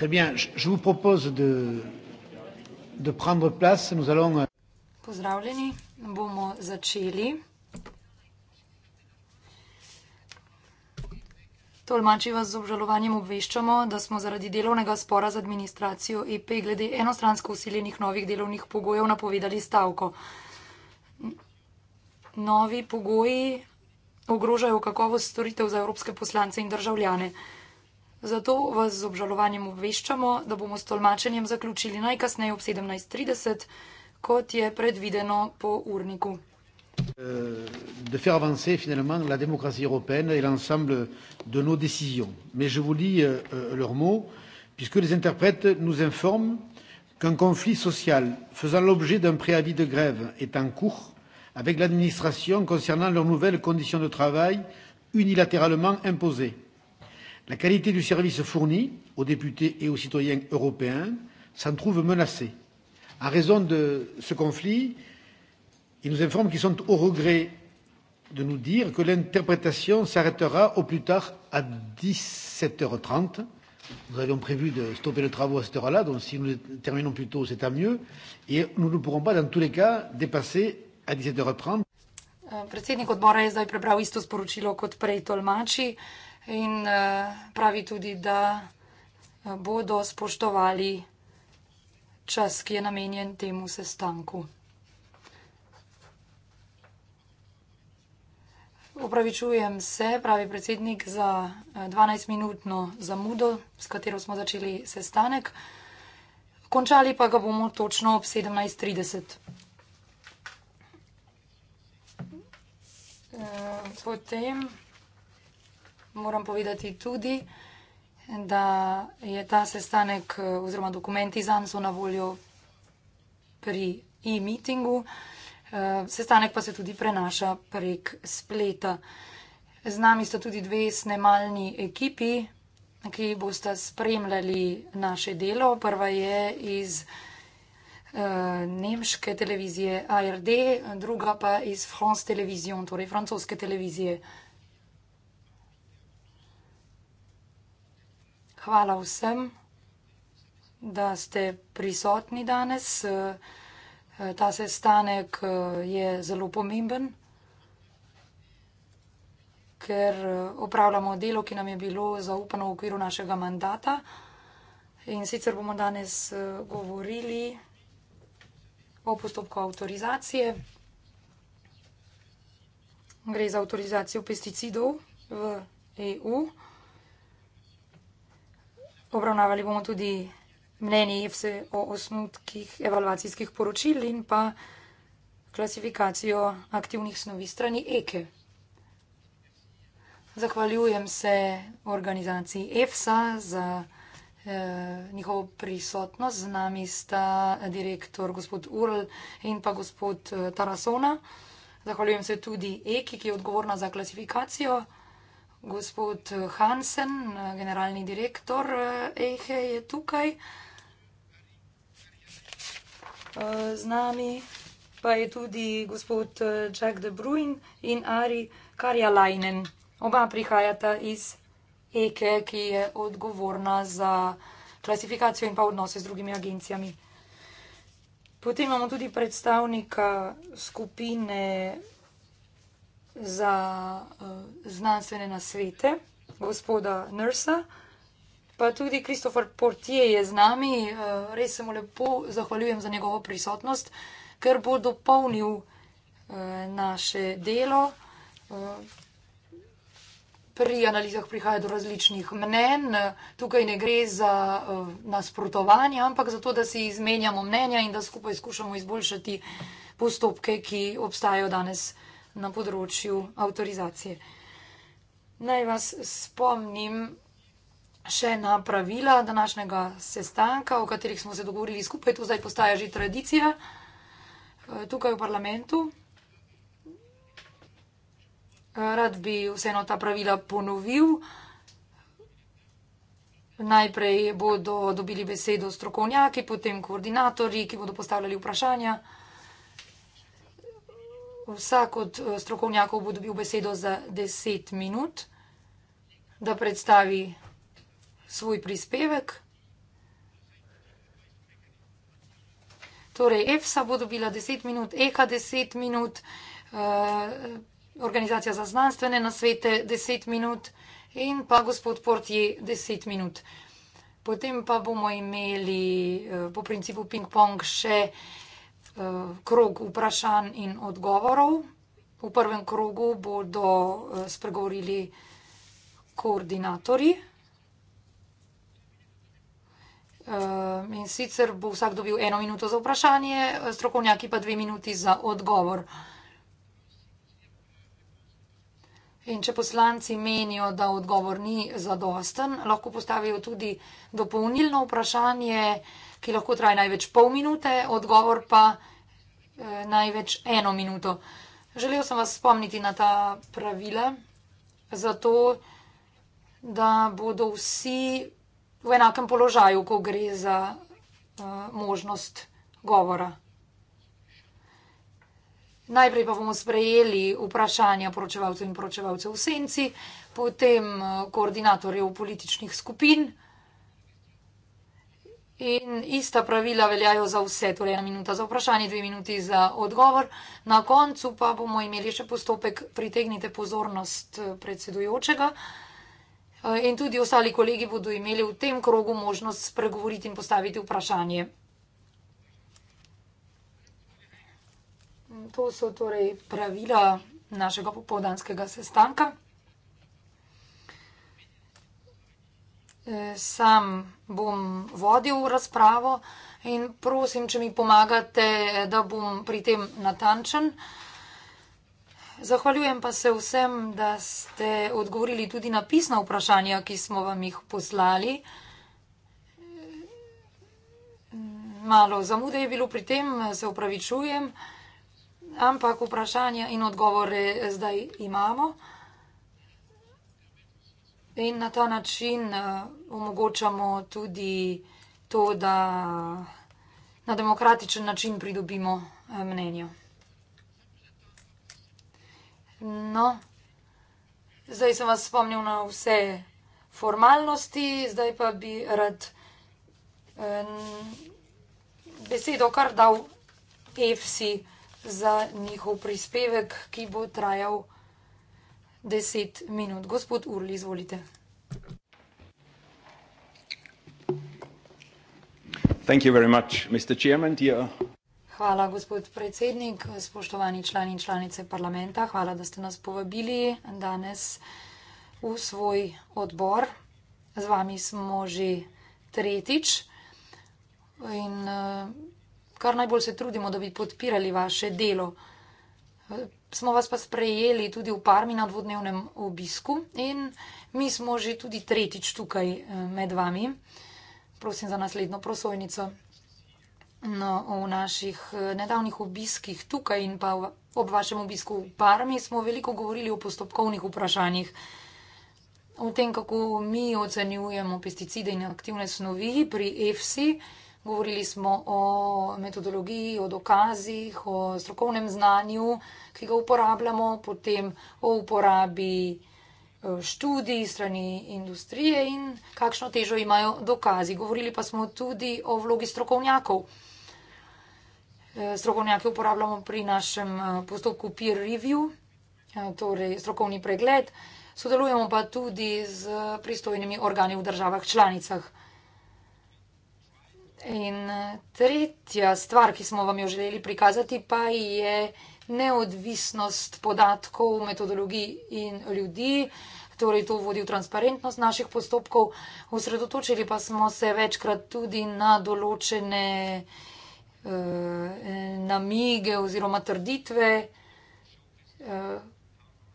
Très bien, je vous propose de, de prendre place. Nous allons... Euh, Pozdravljeni, bomo začeli. Tolmači vas z obžalovanjem obveščamo, da smo zaradi delovnega spora z administracijo EP glede enostransko usiljenih novih delovnih pogojev napovedali stavko. Novi pogoji ogrožajo kakovost storitev za evropske poslance in državljane. Zato vas z obžalovanjem obveščamo, da bomo s tolmačenjem zaključili najkasneje ob 17.30, kot je predvideno po urniku. Euh, de faire avancer finalement la démocratie européenne et l'ensemble de nos décisions. Mais je vous lis euh, euh, leurs mots, puisque les interprètes nous informent qu'un conflit social faisant l'objet d'un préavis de grève est en cours avec l'administration concernant leurs nouvelles conditions de travail unilatéralement imposées. La qualité du service fourni aux députés et aux citoyens européens s'en trouve menacée. En raison de ce conflit, ils nous informent qu'ils sont au regret de nous dire que l'interprétation s'arrêtera au plus tard à 17h30. Nous avions prévu de stopper le travaux à cette heure-là, donc si nous terminons plus tôt, c'est à mieux. Et nous ne pourrons pas, dans tous les cas, dépasser à 17h30. Predsednik odbora je zdaj prebral isto sporočilo kot prej tolmači in eh, pravi tudi, da eh, bodo spoštovali čas, ki je namenjen temu sestanku. Opravičujem se, pravi predsednik, za 12-minutno eh, zamudo, s katero smo začeli sestanek. Končali pa ga bomo točno ob 17.30. Potem. E, moram povedati tudi, da je ta sestanek oziroma dokumenti zanj so na voljo pri e-meetingu. Eh, sestanek pa se tudi prenaša prek spleta. Z nami sta tudi dve snemalni ekipi, ki boste spremljali naše delo. Prva je iz eh, nemške televizije ARD, druga pa iz France Television, torej francoske televizije. Hvala vsem, da ste prisotni danes. Ta sestanek je zelo pomemben, ker opravljamo delo, ki nam je bilo zaupano v okviru našega mandata. In sicer bomo danes govorili o postopku avtorizacije. Gre za avtorizacijo pesticidov v EU. Obravnavali bomo tudi mnenje EFSE o osnutkih evalvacijskih poročil in pa klasifikacijo aktivnih snovi strani EKE. Zahvaljujem se organizaciji EFSA za eh, njihovo prisotnost. Z nami sta direktor gospod Url in pa gospod eh, Tarasona. Zahvaljujem se tudi EKI, ki je odgovorna za klasifikacijo gospod Hansen, generalni direktor eh, EHE, je tukaj eh, z nami, pa je tudi gospod eh, Jack de Bruin in Ari Karjalainen. Oba prihajata iz EKE, ki je odgovorna za klasifikacijo in pa odnose z drugimi agencijami. Potem imamo tudi predstavnika skupine za uh, znanstvene nasvete gospoda Nursa. Pa tudi Kristofer Portier je z nami, uh, res se mu lepo zahvaljujem za njegovo prisotnost, ker bo dopolnil uh, naše delo. Uh, pri analizah prihaja do različnih mnen, tukaj ne gre za uh, nasprotovanje, ampak za to, da si izmenjamo mnenja in da skupaj skušamo izboljšati postopke, ki obstajajo danes na področju avtorizacije. Naj vas spomnim še na pravila današnjega sestanka, o katerih smo se dogovorili skupaj. To zdaj postaja že tradicija eh, tukaj v parlamentu. Rad bi vseeno ta pravila ponovil. Najprej bodo dobili besedo strokovnjaki, potem koordinatorji, ki bodo postavljali vprašanja vsak od eh, strokovnjakov bo dobil besedo za 10 minut, da predstavi svoj prispevek. Torej, EFSA bo dobila 10 minut, EKA 10 minut, eh, Organizacija za znanstvene nasvete 10 minut in pa gospod Portje 10 minut. Potem pa bomo imeli eh, po principu ping-pong še Eh, krog vprašanj in odgovorov. V prvem krogu bodo eh, spregovorili koordinatorji. Eh, in sicer bo vsak dobil eno minuto za vprašanje, strokovnjaki pa dve minuti za odgovor. In če poslanci menijo, da odgovor ni zadosten, lahko postavijo tudi dopolnilno vprašanje, ki je vprašanje, ki lahko traja največ pol minute, odgovor pa eh, največ eno minuto. Želel sem vas spomniti na ta pravila, zato da bodo vsi v enakem položaju, ko gre za eh, možnost govora. Najprej pa bomo sprejeli vprašanja poročevalcev in poročevalcev v senci, potem eh, koordinatorjev političnih skupin. In ista pravila veljajo za vse, torej ena minuta za vprašanje, dve minuti za odgovor. Na koncu pa bomo imeli še postopek, pritegnite pozornost eh, predsedujočega. Eh, in tudi ostali kolegi bodo imeli v tem krogu možnost spregovoriti in postaviti vprašanje. To so torej pravila našega popovdanskega sestanka. sam bom vodil razpravo in prosim, če mi pomagate, da bom pri tem natančen. Zahvaljujem pa se vsem, da ste odgovorili tudi na pisna vprašanja, ki smo vam jih poslali. Malo zamude je bilo pri tem, se upravičujem, ampak vprašanja in odgovore zdaj imamo. In na ta način eh, omogočamo tudi to, da na demokratičen način pridobimo eh, mnenje. No, zdaj sem vas spomnil na vse formalnosti, zdaj pa bi rad eh, besedo kar dal EFSI za njihov prispevek, ki bo trajal vse. 10 minut. Gospod Urli, izvolite. Thank you very much, Mr. Chairman, dear. Hvala, gospod predsednik, spoštovani člani in članice parlamenta. Hvala, da ste nas povabili danes v svoj odbor. Z vami smo že tretjič in eh, kar najbolj se trudimo, da bi podpirali vaše delo smo vas pa sprejeli tudi v parmi na dvodnevnem obisku in mi smo že tudi tretjič tukaj eh, med vami. Prosim za naslednjo prosojnico. No, v naših eh, nedavnih obiskih tukaj in pa ob vašem obisku v parmi smo veliko govorili o postopkovnih vprašanjih. O tem, kako mi ocenjujemo pesticide in aktivne snovi pri EFSI. Govorili smo o metodologiji, o dokazih, o strokovnem znanju, ki ga uporabljamo, potem o uporabi eh, študij strani industrije in kakšno težo imajo dokazi. Govorili pa smo tudi o vlogi strokovnjakov. Eh, strokovnjake uporabljamo pri našem eh, postopku peer review, torej strokovni pregled, sodelujemo pa tudi z pristojnimi organi v državah članicah. In eh, tretja stvar, ki smo vam jo želeli prikazati, pa je neodvisnost podatkov, metodologij in ljudi, torej to vodi v transparentnost naših postopkov. Osredotočili pa smo se večkrat tudi na določene eh, namige oziroma trditve, eh,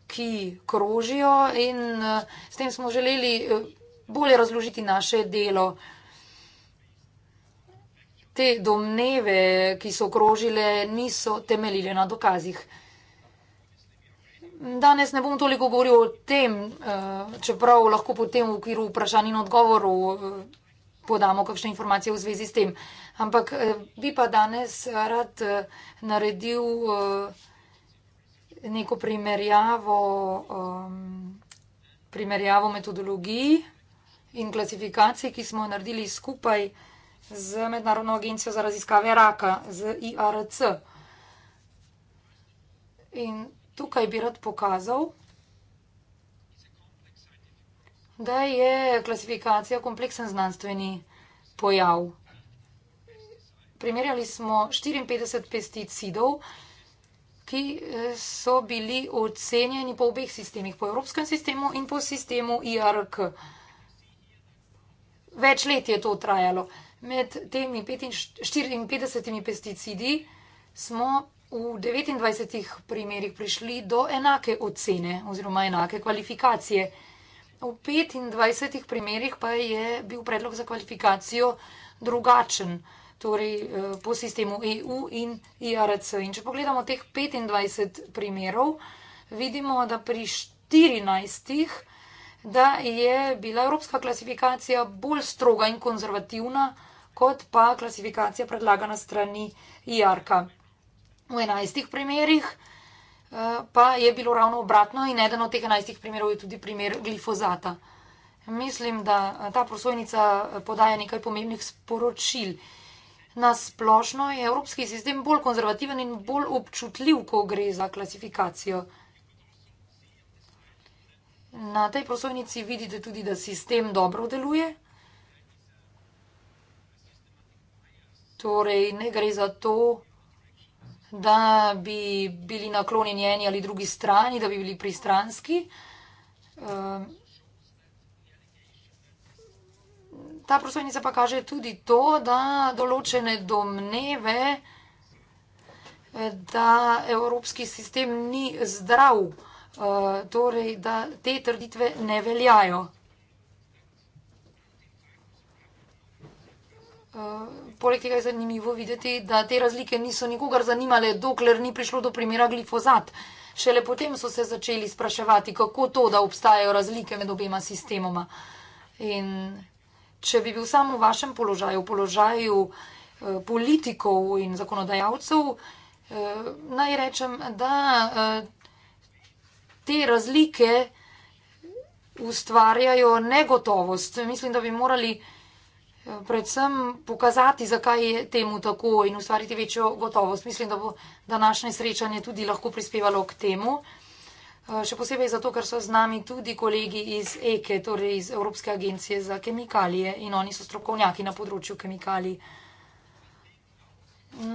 ki krožijo in eh, s tem smo želeli eh, bolje razložiti naše delo te domneve, ki so krožile, niso temeljile na dokazih. Danes ne bom toliko govoril o tem, eh, čeprav lahko potem v okviru vprašanj in odgovorov eh, podamo kakšne informacije v zvezi s tem. Ampak eh, bi pa danes rad naredil neko primerjavo, primerjavo metodologij in klasifikacij, ki smo naredili skupaj z Mednarodno agencijo za raziskave raka, z IRC. In tukaj bi rad pokazal, da je klasifikacija kompleksen znanstveni pojav. Primerjali smo 54 pesticidov, ki eh, so bili ocenjeni po obeh sistemih, po evropskem sistemu in po sistemu IRK. Več let je to trajalo med temi 54 pesticidi smo v 29 primerih prišli do enake ocene oziroma enake kvalifikacije. V 25 primerih pa je bil predlog za kvalifikacijo drugačen, torej eh, po sistemu EU in IRC. In če pogledamo teh 25 primerov, vidimo, da pri 14 primerih da je bila evropska klasifikacija bolj stroga in konzervativna, kot pa klasifikacija predlagana strani Jarka. V enajstih primerjih eh, pa je bilo ravno obratno in eden od teh enajstih primerov je tudi primer glifozata. Mislim, da ta prosojnica eh, podaja nekaj pomembnih sporočil. Na splošno je evropski sistem bolj konzervativen in bolj občutljiv, ko gre za klasifikacijo. Na tej prosojnici vidite tudi, da sistem dobro deluje. Torej, ne gre za to, da bi bili naklonjeni eni ali drugi strani, da bi bili pristranski. Ehm, ta prosojnica pa kaže tudi to, da določene domneve, eh, da evropski sistem ni zdrav, da je zdrav. Eh, torej, da te trditve ne veljajo. Eh, poleg tega je zanimivo videti, da te razlike niso nikogar zanimale, dokler ni prišlo do primera glifozat. Šele potem so se začeli spraševati, kako to, da obstajajo razlike med obema sistemoma. In če bi bil samo v vašem položaju, v položaju eh, politikov in zakonodajalcev, naj rečem, da te razlike ustvarjajo negotovost. Mislim, da bi morali eh, predvsem pokazati, zakaj je temu tako in ustvariti večjo gotovost. Mislim, da bo današnje srečanje tudi lahko prispevalo k temu. Eh, še posebej zato, ker so z nami tudi kolegi iz EKE, e, torej iz Evropske agencije za kemikalije in oni so strokovnjaki na področju kemikalij.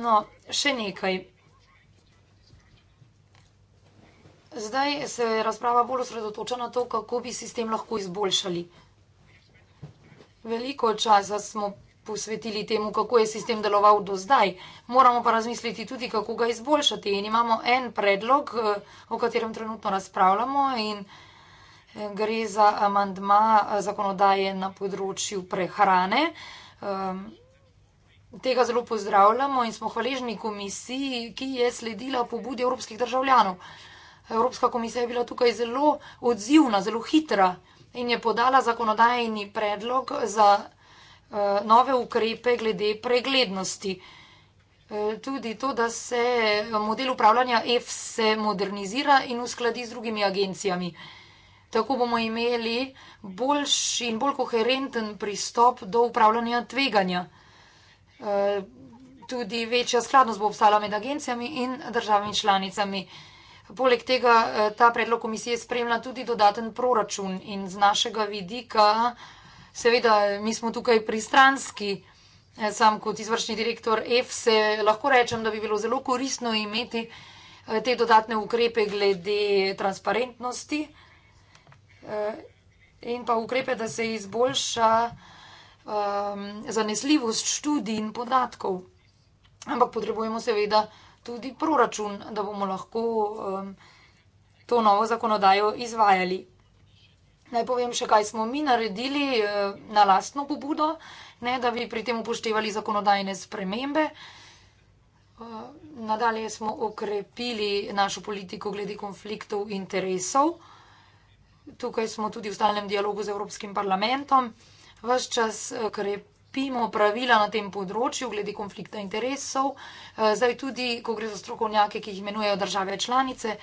No, še nekaj. Zdaj se je razprava bolj osredotoča na to, kako bi sistem lahko izboljšali. Veliko časa smo posvetili temu, kako je sistem deloval do zdaj. Moramo pa razmisliti tudi, kako ga izboljšati. In imamo en predlog, eh, o katerem trenutno razpravljamo in eh, gre za amandma eh, zakonodaje na področju prehrane. Ehm, tega zelo pozdravljamo in smo hvaležni komisiji, ki je sledila pobudi evropskih državljanov. Evropska komisija je bila tukaj zelo odzivna, zelo hitra in je podala zakonodajni predlog za eh, nove ukrepe glede preglednosti. Eh, tudi to, da se eh, model upravljanja EFSE modernizira in uskladi z drugimi agencijami. Tako bomo imeli boljši in bolj koherenten pristop do upravljanja tveganja. Tudi večja skladnost bo obstala med agencijami in državami članicami. Poleg tega eh, ta predlog komisije spremlja tudi dodaten proračun in z našega vidika, seveda mi smo tukaj pristranski, eh, sam kot izvršni direktor EFSE, lahko rečem, da bi bilo zelo koristno imeti eh, te dodatne ukrepe glede transparentnosti in pa ukrepe, da se izboljša ehm, zanesljivost študij in podatkov. Ampak potrebujemo seveda vsega, tudi proračun, da bomo lahko um, to novo zakonodajo izvajali. Naj povem še, kaj smo mi naredili eh, na lastno pobudo, ne, da bi pri tem upoštevali zakonodajne spremembe. Eh, nadalje smo okrepili našo politiko glede konfliktov interesov. Tukaj smo tudi v stalnem dialogu z Evropskim parlamentom. Ves čas eh, krep, krepimo pravila na tem področju, glede konflikta interesov. Eh, zdaj, tudi ko gre za strokovnjake, ki jih imenujejo države članice,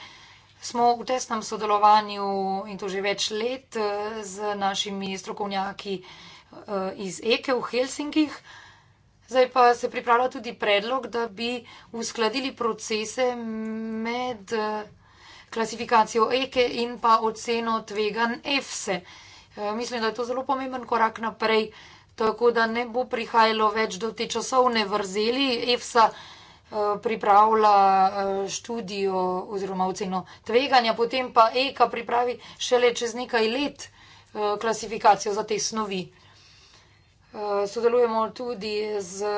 smo v tesnem sodelovanju in to že več let eh, z našimi strokovnjaki eh, iz Eke v Helsinkih. Zdaj pa se pripravlja tudi predlog, da bi uskladili procese med klasifikacijo Eke in pa oceno tvegan EFSE. Mislim, da je to zelo pomemben korak naprej tako da ne bo prihajalo več do te časovne vrzeli. EFSA eh, pripravlja eh, študijo oziroma oceno tveganja, potem pa EKA pripravi šele čez nekaj let eh, klasifikacijo za te snovi. Sodelujemo tudi z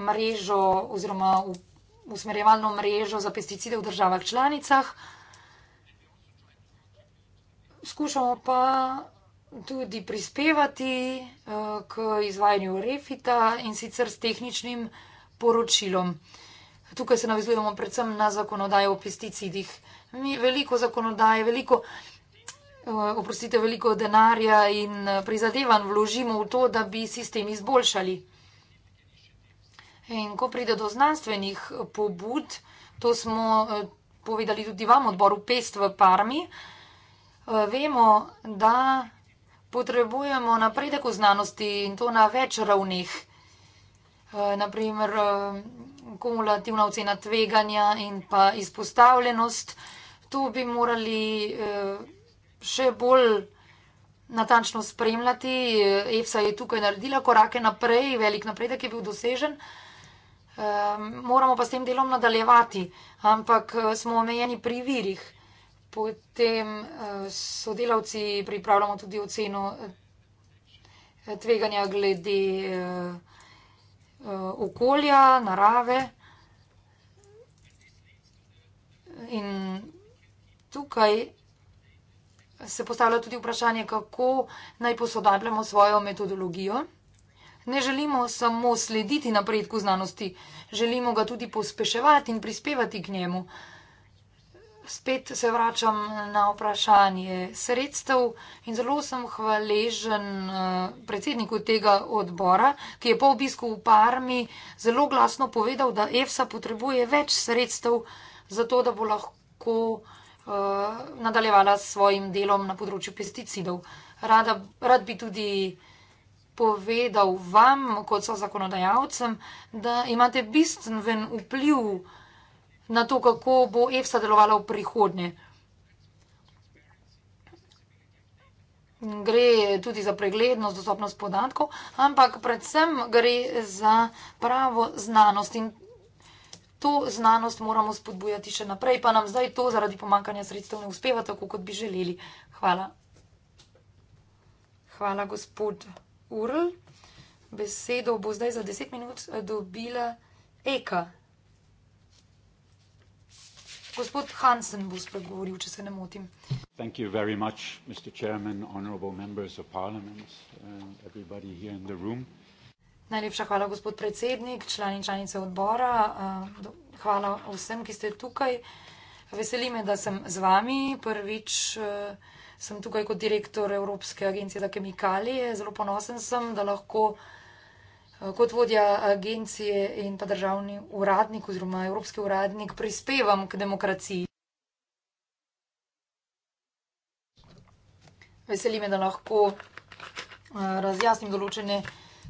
mrežo oziroma usmerjevalno mrežo za pesticide v državah članicah. Skušamo pa tudi prispevati uh, k izvajanju refita in sicer s tehničnim poročilom. Tukaj se navizujemo predvsem na zakonodajo o pesticidih. Mi veliko zakonodaje, veliko, uh, oprostite, veliko denarja in eh, prizadevanj vložimo v to, da bi sistem izboljšali. In ko pride do znanstvenih pobud, to smo uh, povedali tudi vam, odboru Pest v Parmi, uh, vemo, da potrebujemo napredek v znanosti in to na več ravneh. Naprimer, eh, kumulativna ocena tveganja in pa izpostavljenost. Tu bi morali eh, še bolj natančno spremljati. Eh, EFSA je tukaj naredila korake naprej, velik napredek je bil dosežen. Moramo pa s tem delom nadaljevati, ampak smo omejeni pri virih potem eh, sodelavci pripravljamo tudi oceno eh, tveganja glede eh, okolja, narave. In tukaj se postavlja tudi vprašanje, kako naj posodabljamo svojo metodologijo. Ne želimo samo slediti napredku znanosti, želimo ga tudi pospeševati in prispevati k njemu spet se vračam na vprašanje sredstev in zelo sem hvaležen eh, predsedniku tega odbora, ki je po obisku v Parmi zelo glasno povedal, da EFSA potrebuje več sredstev za to, da bo lahko eh, nadaljevala s svojim delom na področju pesticidov. Rada, rad bi tudi povedal vam, kot so zakonodajalcem, da imate bistven vpliv na to, kako bo EFSA delovala v prihodnje. Gre tudi za preglednost, dostopnost podatkov, ampak predvsem gre za pravo znanost in to znanost moramo spodbujati še naprej, pa nam zdaj to zaradi pomankanja sredstev ne uspeva tako, kot bi želeli. Hvala. Hvala, gospod Url. Besedo bo zdaj za deset minut dobila Eka. Hvala. Gospod Hansen bo spregovoril, če se ne motim. Thank you very much, Mr. Chairman, honorable members of parliament, uh, everybody here in the room. Najlepša hvala, gospod predsednik, člani in članice odbora. Uh, hvala vsem, ki ste tukaj. Veseli me, da sem z vami. Prvič uh, sem tukaj kot direktor Evropske agencije za kemikalije. Zelo ponosen sem, da lahko uh, Eh, kot vodja agencije in pa državni uradnik oziroma evropski uradnik prispevam k demokraciji. Veseli me, da lahko eh, razjasnim določene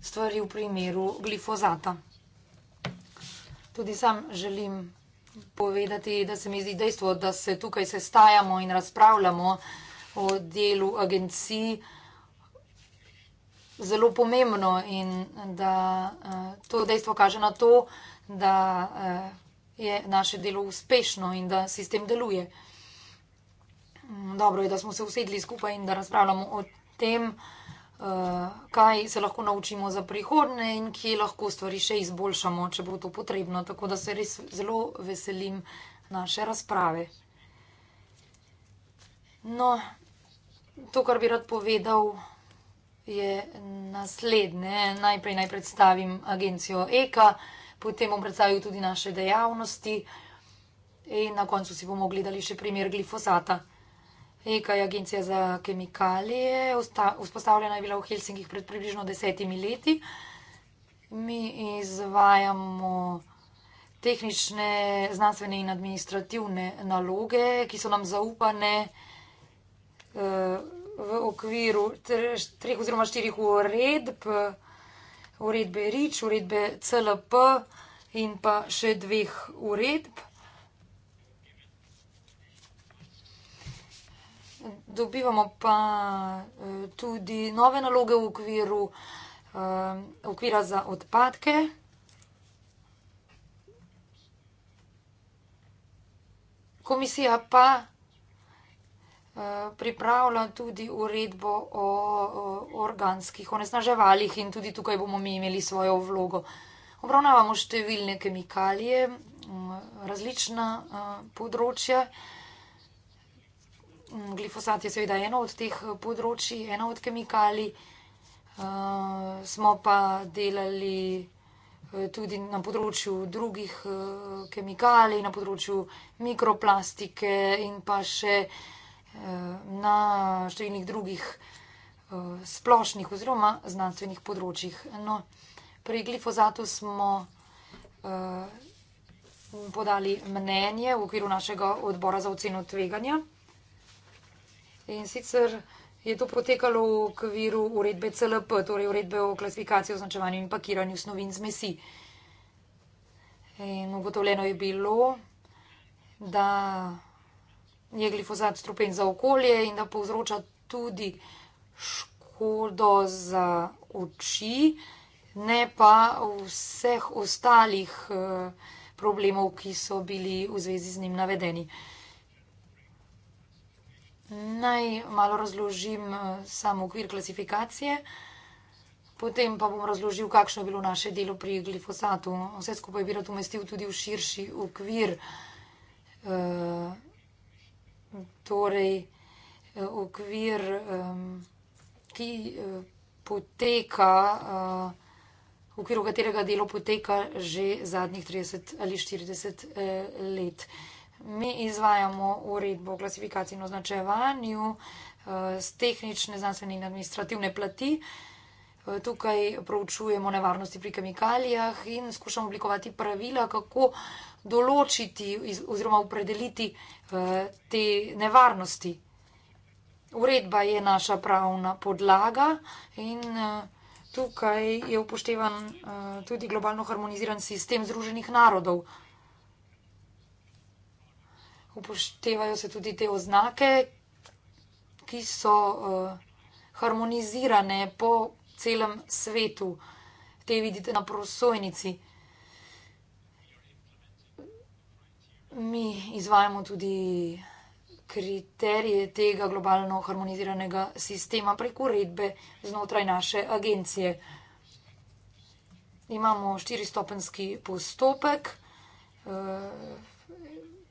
stvari v primeru glifozata. Tudi sam želim povedati, da se mi zdi dejstvo, da se tukaj sestajamo in razpravljamo o delu agencij, zelo pomembno in da uh, to dejstvo kaže na to, da uh, je naše delo uspešno in da sistem deluje. Mm, dobro je, da smo se usedli skupaj in da razpravljamo o tem, eh, kaj se lahko naučimo za prihodne in kje lahko stvari še izboljšamo, če bo to potrebno. Tako da se res zelo veselim naše razprave. No, to, kar bi rad povedal, je naslednje. Najprej naj predstavim agencijo EKA, potem bom predstavil tudi naše dejavnosti in na koncu si bomo gledali še primer glifosata. EKA je agencija za kemikalije, vzpostavljena je bila v Helsinkih pred približno desetimi leti. Mi izvajamo tehnične, znanstvene in administrativne naloge, ki so nam zaupane. Uh, v okviru treh oziroma štirih uredb, uredbe REACH, uredbe CLP in pa še dveh uredb. Dobivamo pa eh, tudi nove naloge v okviru eh, okvira za odpadke. Komisija pa Eh, pripravila tudi uredbo o, o organskih onesnaževalih in tudi tukaj bomo mi imeli svojo vlogo. Obravnavamo številne kemikalije, mm, različna eh, področja. Mm, glifosat je seveda eno od teh eh, področji, eno od kemikalij. Smo pa delali tudi na področju drugih kemikalij, na področju mikroplastike in pa še Eh, na številnih drugih eh, splošnih oziroma znanstvenih področjih. No, pri glifozatu smo eh, podali mnenje v okviru našega odbora za oceno tveganja. In sicer je to potekalo v okviru uredbe CLP, torej uredbe o klasifikaciji, označevanju in pakiranju snovin zmesi. In ugotovljeno je bilo, da je glifosat strupen za okolje in da povzroča tudi škodo za oči, ne pa vseh ostalih eh, problemov, ki so bili v zvezi z njim navedeni. Naj malo razložim eh, samo okvir klasifikacije, potem pa bom razložil, kakšno je bilo naše delo pri glifosatu. Vse skupaj bi rad umestil tudi v širši okvir. Uh, torej eh, okvir, ki eh, poteka, eh, v okviru katerega delo poteka že zadnjih 30 ali 40 let. Mi izvajamo uredbo o klasifikaciji in označevanju z tehnične, znanstvene in administrativne plati. Tukaj proučujemo nevarnosti pri kemikalijah in skušamo oblikovati pravila, kako določiti oziroma opredeliti eh, te nevarnosti. Uredba je naša pravna podlaga in eh, tukaj je upoštevan eh, tudi globalno harmoniziran sistem Združenih narodov. Upoštevajo se tudi te oznake, ki so harmonizirane po celem svetu. Te vidite na prosojnici. mi izvajamo tudi kriterije tega globalno harmoniziranega sistema prek uredbe znotraj naše agencije. Imamo štiristopenski postopek, eh,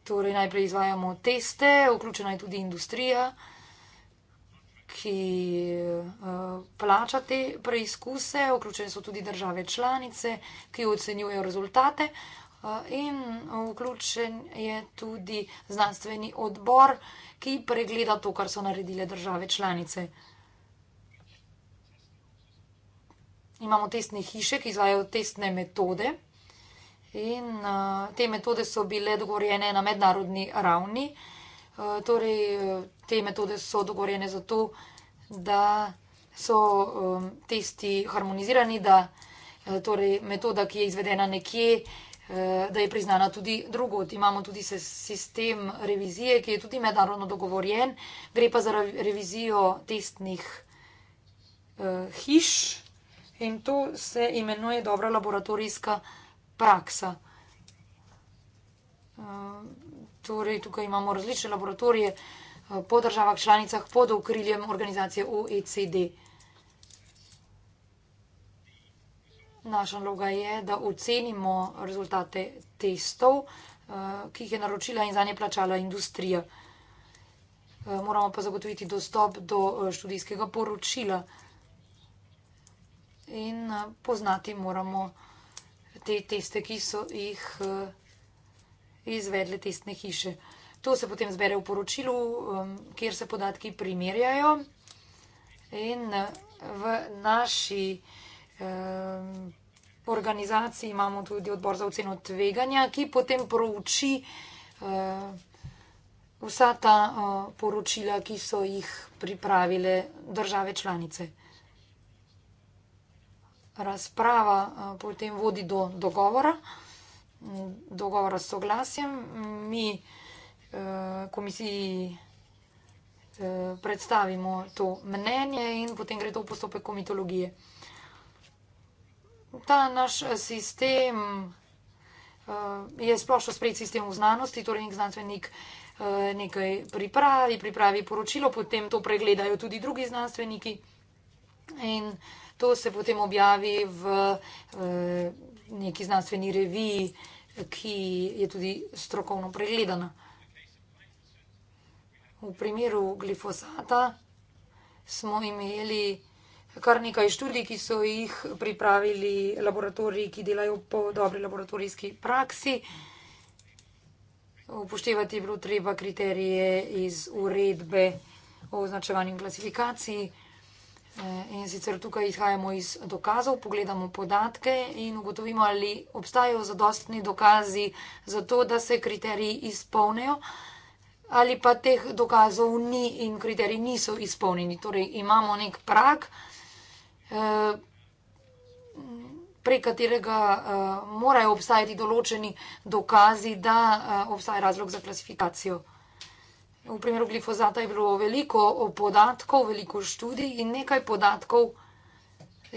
torej najprej izvajamo teste, vključena je tudi industrija, ki eh, plača te preizkuse, vključene so tudi države članice, ki ocenjujejo rezultate. In vključen je tudi znanstveni odbor, ki pregleda to, kar so naredile države članice. Imamo testne hiše, ki izvajo testne metode. In uh, te metode so bile dogovorjene na mednarodni ravni. Uh, torej, eh, te metode so dogovorjene zato, da so um, testi harmonizirani, da uh, torej, metoda, ki je izvedena nekje, uh, Eh, da je priznana tudi drugot. Imamo tudi sistem revizije, ki je tudi mednarodno dogovorjen. Gre pa za revizijo testnih eh, hiš in to se imenuje dobra laboratorijska praksa. Eh, torej, tukaj imamo različne laboratorije po državah članicah pod okriljem organizacije OECD. Naša naloga je, da ocenimo rezultate testov, eh, ki jih je naročila in za nje plačala industrija. Eh, moramo pa zagotoviti dostop do eh, študijskega poročila in poznati moramo te teste, ki so jih izvedle testne hiše. To se potem zbere v poročilu, kjer se podatki primerjajo in v naši vsega po organizaciji imamo tudi odbor za oceno tveganja, ki potem prouči eh, vsa ta eh, poročila, ki so jih pripravile države članice. Razprava eh, potem vodi do dogovora, dogovora s soglasjem. Mi komisiji predstavimo to mnenje in potem gre to v postopek komitologije ta naš eh, sistem eh, je splošno sprejet sistem v znanosti, torej nek znanstvenik eh, nekaj pripravi, pripravi poročilo, potem to pregledajo tudi drugi znanstveniki in to se potem objavi v neki znanstveni reviji, ki je tudi strokovno pregledana. V primeru glifosata smo imeli kar nekaj študij, ki so jih pripravili laboratoriji, ki delajo po dobri laboratorijski praksi. Upoštevati je bilo treba kriterije iz uredbe o označevanju klasifikacij. Eh, in sicer tukaj izhajamo iz dokazov, pogledamo podatke in ugotovimo, ali obstajajo zadostni dokazi za to, da se kriteriji izpolnejo, ali pa teh dokazov ni in kriteriji niso izpolnjeni. Torej imamo nek prak, Eh, prek katerega uh, morajo obstajati določeni dokazi, da uh, obstaja razlog za klasifikacijo. V primeru glifozata je bilo veliko podatkov, veliko študij in nekaj podatkov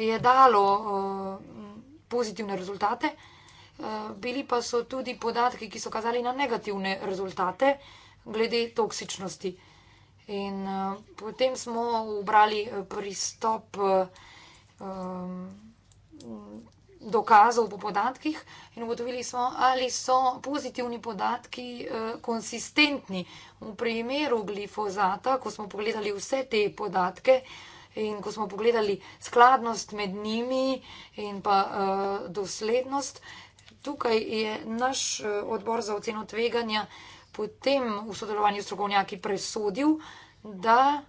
je dalo uh, pozitivne rezultate, uh, bili pa so tudi podatki, ki so kazali na negativne rezultate glede toksičnosti. In uh, potem smo ubrali pristop uh, um, dokazov po podatkih in ugotovili smo, ali so pozitivni podatki uh, konsistentni. V primeru glifozata, ko smo pogledali vse te podatke in ko smo pogledali skladnost med njimi in pa uh, doslednost, tukaj je naš eh, odbor za oceno tveganja potem v sodelovanju s strokovnjaki presodil, da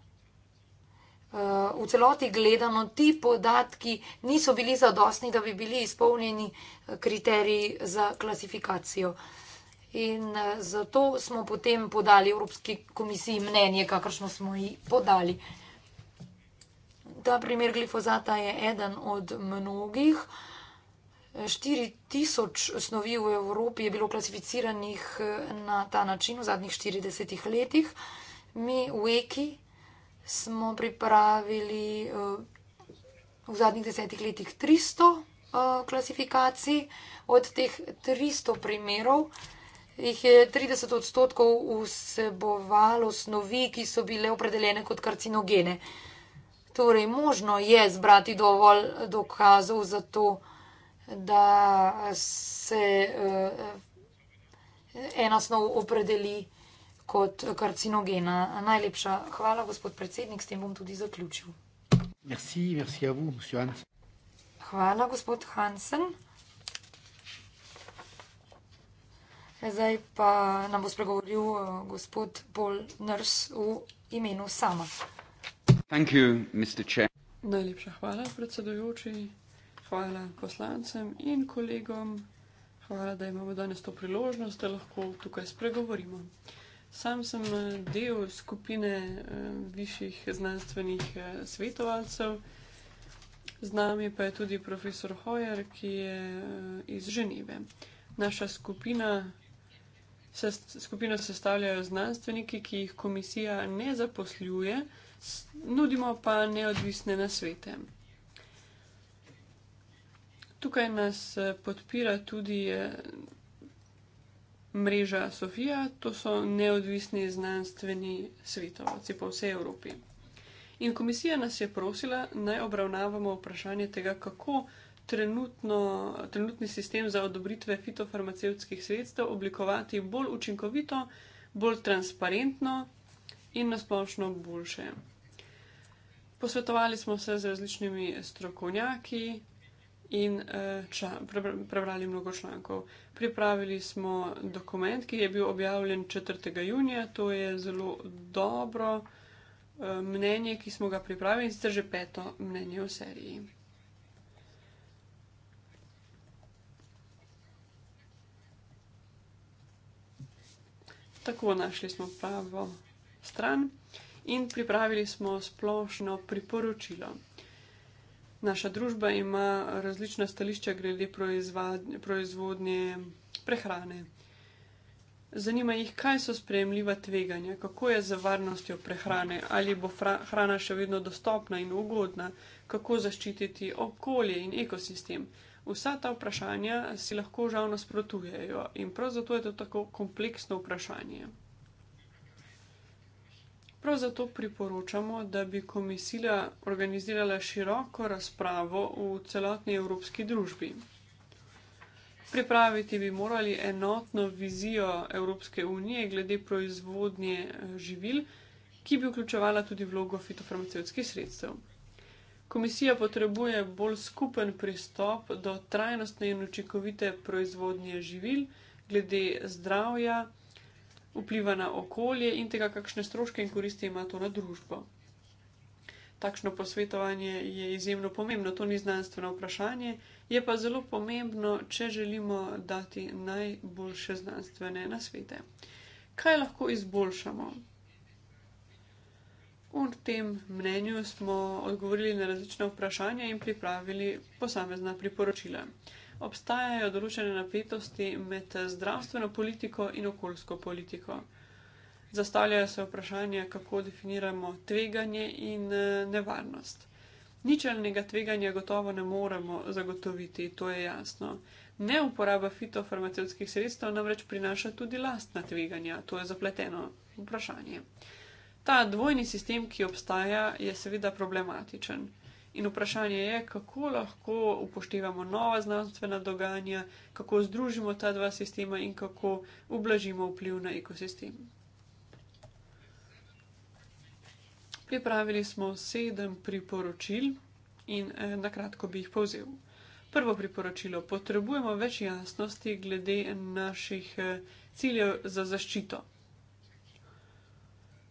Eh, v celoti gledano ti podatki niso bili zadostni, da bi bili izpolnjeni eh, kriteriji za klasifikacijo. In eh, zato smo potem podali Evropski komisiji mnenje, kakršno smo ji podali. Ta primer glifozata je eden od mnogih. 4000 snovi v Evropi je bilo klasificiranih na ta način v zadnjih 40 letih. Mi v Eki smo pripravili eh, v zadnjih desetih letih 300 eh, klasifikacij. Od teh 300 primerov jih je 30 odstotkov vsebovalo snovi, ki so bile opredeljene kot karcinogene. Torej, možno je zbrati dovolj dokazov za to, da se eh, ena snov opredeli kot karcinogena. Najlepša hvala, gospod predsednik, s tem bom tudi zaključil. Merci, merci vous, hvala, gospod Hansen. Zdaj pa nam bo spregovoril eh, gospod Paul Nurse v imenu sama. Thank you, Mr. Chair. Najlepša hvala, predsedujoči. Hvala poslancem in kolegom. Hvala, da imamo danes to priložnost, da lahko tukaj spregovorimo. Sam sem eh, del skupine eh, višjih znanstvenih eh, svetovalcev, z nami pa je tudi profesor Hojer, ki je eh, iz Ženeve. Naša skupina, se, skupino sestavljajo znanstveniki, ki jih komisija ne zaposljuje, nudimo pa neodvisne nasvete. Tukaj nas eh, podpira tudi. Eh, mreža Sofija, to so neodvisni znanstveni svetovci po vsej Evropi. In komisija nas je prosila, naj obravnavamo vprašanje tega, kako trenutno, trenutni sistem za odobritve fitofarmacevskih sredstev oblikovati bolj učinkovito, bolj transparentno in nasplošno boljše. Posvetovali smo se z različnimi strokovnjaki, in eh, ča, prebrali mnogo člankov. Pripravili smo dokument, ki je bil objavljen 4. junija, to je zelo dobro eh, mnenje, ki smo ga pripravili, zdaj že peto mnenje v seriji. Tako našli smo pravo stran in pripravili smo splošno priporočilo naša družba ima različna stališča glede proizvodnje prehrane. Zanima jih, kaj so sprejemljiva tveganja, kako je z varnostjo prehrane, ali bo hrana še vedno dostopna in ugodna, kako zaščititi okolje in ekosistem. Vsa ta vprašanja si lahko žal nasprotujejo in prav zato je to tako kompleksno vprašanje. Prav zato priporočamo, da bi komisija organizirala široko razpravo v celotni evropski družbi. Pripraviti bi morali enotno vizijo Evropske unije glede proizvodnje eh, živil, ki bi vključevala tudi vlogo fitofarmacevskih sredstev. Komisija potrebuje bolj skupen pristop do trajnostne in učinkovite proizvodnje živil glede zdravja vpliva na okolje in tega, kakšne stroške in koristi ima to na družbo. Takšno posvetovanje je izjemno pomembno, to ni znanstveno vprašanje, je pa zelo pomembno, če želimo dati najboljše znanstvene nasvete. Kaj lahko izboljšamo? V tem mnenju smo odgovorili na različne vprašanja in pripravili posamezna priporočila obstajajo določene napetosti med zdravstveno politiko in okoljsko politiko. Zastavljajo se vprašanje, kako definiramo tveganje in eh, nevarnost. Ničelnega tveganja gotovo ne moremo zagotoviti, to je jasno. Neuporaba fitofarmacevskih sredstev namreč prinaša tudi lastna tveganja, to je zapleteno vprašanje. Ta dvojni sistem, ki obstaja, je seveda problematičen. In vprašanje je, kako lahko upoštevamo nova znanstvena dogajanja, kako združimo ta dva sistema in kako ublažimo vpliv na ekosistem. Pripravili smo sedem priporočil in eh, na kratko bi jih povzel. Prvo priporočilo: potrebujemo več jasnosti glede naših eh, ciljev za zaščito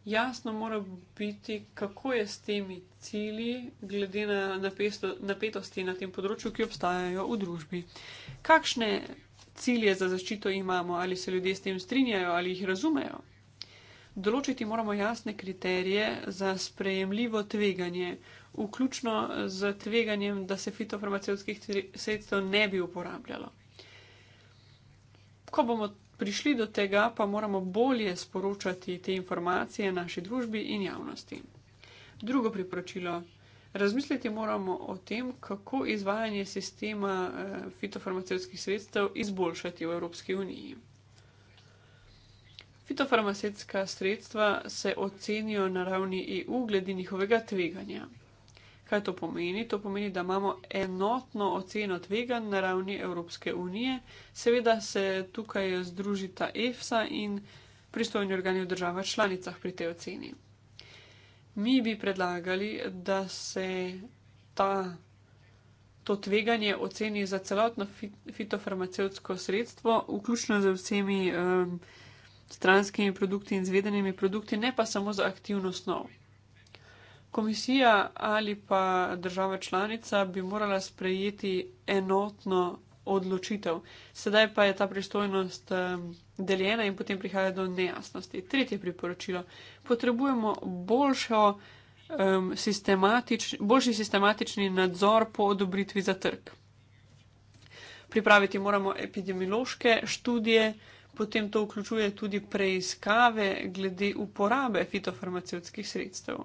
jasno mora biti, kako je s temi cilji, glede na napesto, napetosti na tem področju, ki obstajajo v družbi. Kakšne cilje za zaščito imamo, ali se ljudje s tem strinjajo ali jih razumejo? Določiti moramo jasne kriterije za sprejemljivo tveganje, vključno z tveganjem, da se fitofarmacevskih sredstev ne bi uporabljalo. Ko bomo prišli do tega, pa moramo bolje sporočati te informacije naši družbi in javnosti. Drugo priporočilo. Razmisliti moramo o tem, kako izvajanje sistema eh, fitofarmacevskih sredstev izboljšati v Evropski uniji. Fitofarmacevska sredstva se ocenijo na ravni EU glede njihovega tveganja. Kaj to pomeni? To pomeni, da imamo enotno oceno tvega na ravni Evropske unije. Seveda se tukaj združita EFSA in pristojni organi v državah članicah pri tej oceni. Mi bi predlagali, da se ta, to tveganje oceni za celotno fit, fitofarmacevtsko sredstvo, vključno z vsemi um, stranskimi produkti in zvedenimi produkti, ne pa samo za aktivno snov komisija ali pa država članica bi morala sprejeti enotno odločitev. Sedaj pa je ta pristojnost deljena in potem prihaja do nejasnosti. Tretje priporočilo. Potrebujemo boljšo, um, sistematič, boljši sistematični nadzor po odobritvi za trg. Pripraviti moramo epidemiološke študije, potem to vključuje tudi preiskave glede uporabe fitofarmacevskih sredstev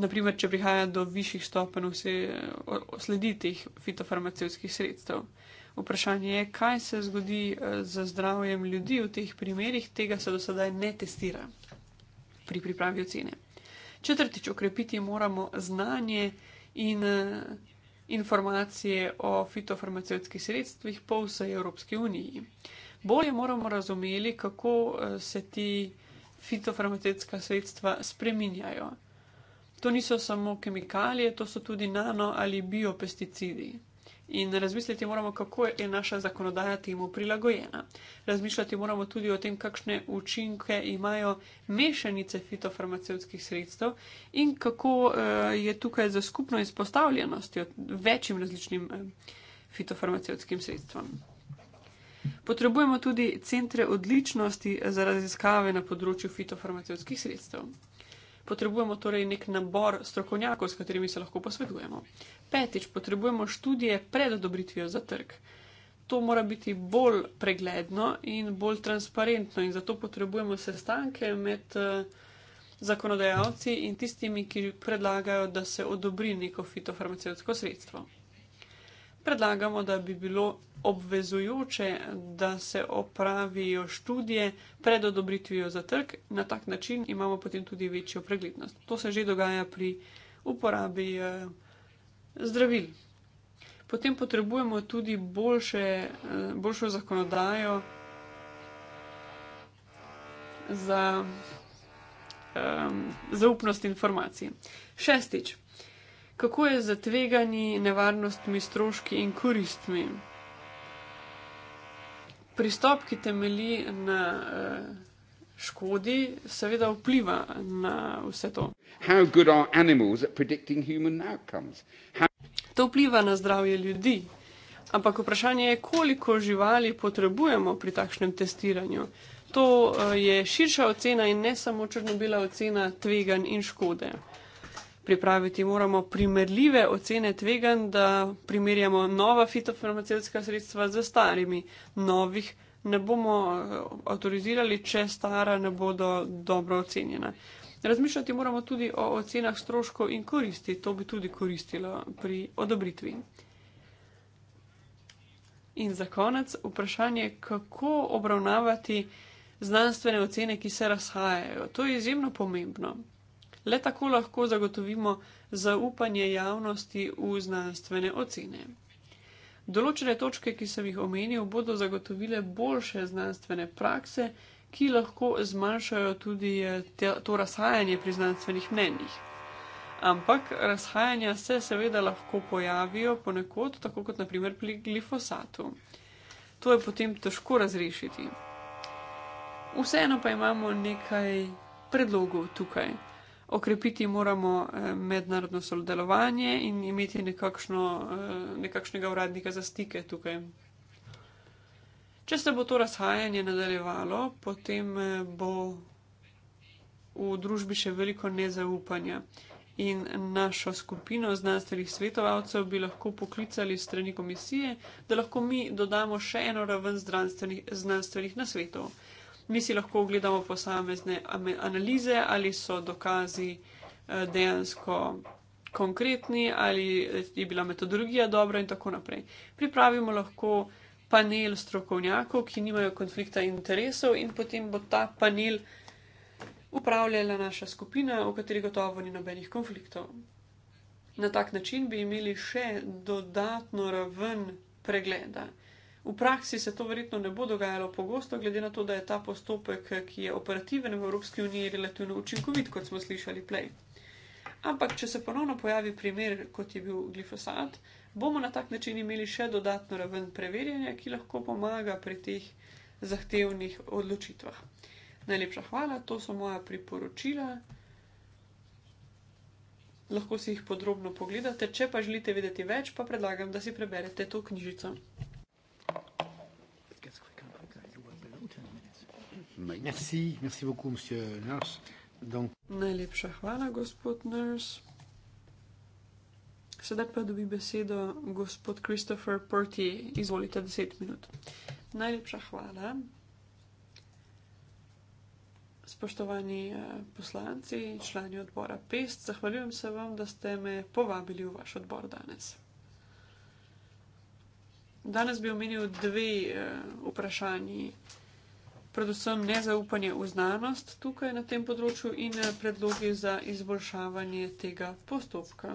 naprimer, če prihaja do višjih stopenj vse slediteh fitofarmacevskih sredstev. Vprašanje je, kaj se zgodi eh, z zdravjem ljudi v teh primerih, tega se do sedaj ne testira pri pripravi ocene. Četrtič, okrepiti moramo znanje in eh, informacije o fitofarmacevskih sredstvih po vsej Evropski uniji. Bolje moramo razumeli, kako eh, se ti fitofarmacevska sredstva spreminjajo. To niso samo kemikalije, to so tudi nano ali biopesticidi. In razmisliti moramo, kako je naša zakonodaja temu prilagojena. Razmišljati moramo tudi o tem, kakšne učinke imajo mešanice fitofarmacevskih sredstev in kako eh, je tukaj za skupno izpostavljenostjo večjim različnim eh, fitofarmacevskim sredstvom. Potrebujemo tudi centre odličnosti za raziskave na področju fitofarmacevskih sredstev potrebujemo torej nek nabor strokovnjakov, s katerimi se lahko posvetujemo. Petič, potrebujemo študije pred odobritvijo za trg. To mora biti bolj pregledno in bolj transparentno, in zato potrebujemo sestanke med eh, zakonodajalci in tistimi, ki predlagajo, da se odobri neko fitofarmacevtsko sredstvo predlagamo, da bi bilo obvezujoče, da se opravijo študije pred odobritvijo za trg. Na tak način imamo potem tudi večjo preglednost. To se že dogaja pri uporabi eh, zdravil. Potem potrebujemo tudi boljše, eh, boljšo zakonodajo za um, zaupnost informacij. Šestič kako je z tveganji, nevarnostmi, stroški in koristmi. Pristop, ki temelji na uh, škodi, seveda vpliva na vse to. To vpliva na zdravje ljudi. Ampak vprašanje je, koliko živali potrebujemo pri takšnem testiranju. To eh, je širša ocena in ne samo črno-bela ocena tveganj in škode pripraviti. Moramo primerljive ocene tvegan, da primerjamo nova fitofarmacevska sredstva z starimi. Novih ne bomo eh, avtorizirali, če stara ne bodo dobro ocenjena. Razmišljati moramo tudi o ocenah stroškov in koristi. To bi tudi koristilo pri odobritvi. In za konec vprašanje, kako obravnavati znanstvene ocene, ki se razhajajo. To je izjemno pomembno. Le tako lahko zagotovimo zaupanje javnosti v znanstvene ocene. Določene točke, ki sem jih omenil, bodo zagotovile boljše znanstvene prakse, ki lahko zmanjšajo tudi eh, to razhajanje pri znanstvenih mnenjih. Ampak razhajanja se seveda lahko pojavijo ponekod, tako kot naprimer pri glifosatu. To je potem težko razrešiti. Vseeno pa imamo nekaj predlogov tukaj okrepiti moramo eh, mednarodno sodelovanje in imeti nekakšno, eh, nekakšnega uradnika za stike tukaj. Če se bo to razhajanje nadaljevalo, potem eh, bo v družbi še veliko nezaupanja in našo skupino znanstvenih svetovalcev bi lahko poklicali strani komisije, da lahko mi dodamo še eno raven znanstvenih nasvetov. Na mi si lahko ogledamo posamezne analize, ali so dokazi eh, dejansko konkretni, ali eh, je bila metodologija dobra in tako naprej. Pripravimo lahko panel strokovnjakov, ki nimajo konflikta interesov in potem bo ta panel upravljala naša skupina, v kateri gotovo ni nobenih konfliktov. Na tak način bi imeli še dodatno raven pregleda. V praksi se to verjetno ne bo dogajalo pogosto, glede na to, da je ta postopek, ki je operativen v Evropski uniji, relativno učinkovit, kot smo slišali prej. Ampak, če se ponovno pojavi primer, kot je bil glifosat, bomo na tak način imeli še dodatno raven preverjanja, ki lahko pomaga pri teh zahtevnih odločitvah. Najlepša hvala, to so moja priporočila. Lahko si jih podrobno pogledate, če pa želite vedeti več, pa predlagam, da si preberete to knjižico. Merci, merci beaucoup, monsieur Nurse. Donc... Najlepša hvala, gospod Nurse. Sedaj pa dobi besedo gospod Christopher Portier. Izvolite, 10 minut. Najlepša hvala. Spoštovani eh, poslanci, člani odbora PEST, zahvaljujem se vam, da ste me povabili v vaš odbor danes. Danes bi omenil dve eh, vprašanji predvsem nezaupanje v znanost tukaj na tem področju in eh, predlogi za izboljšavanje tega postopka.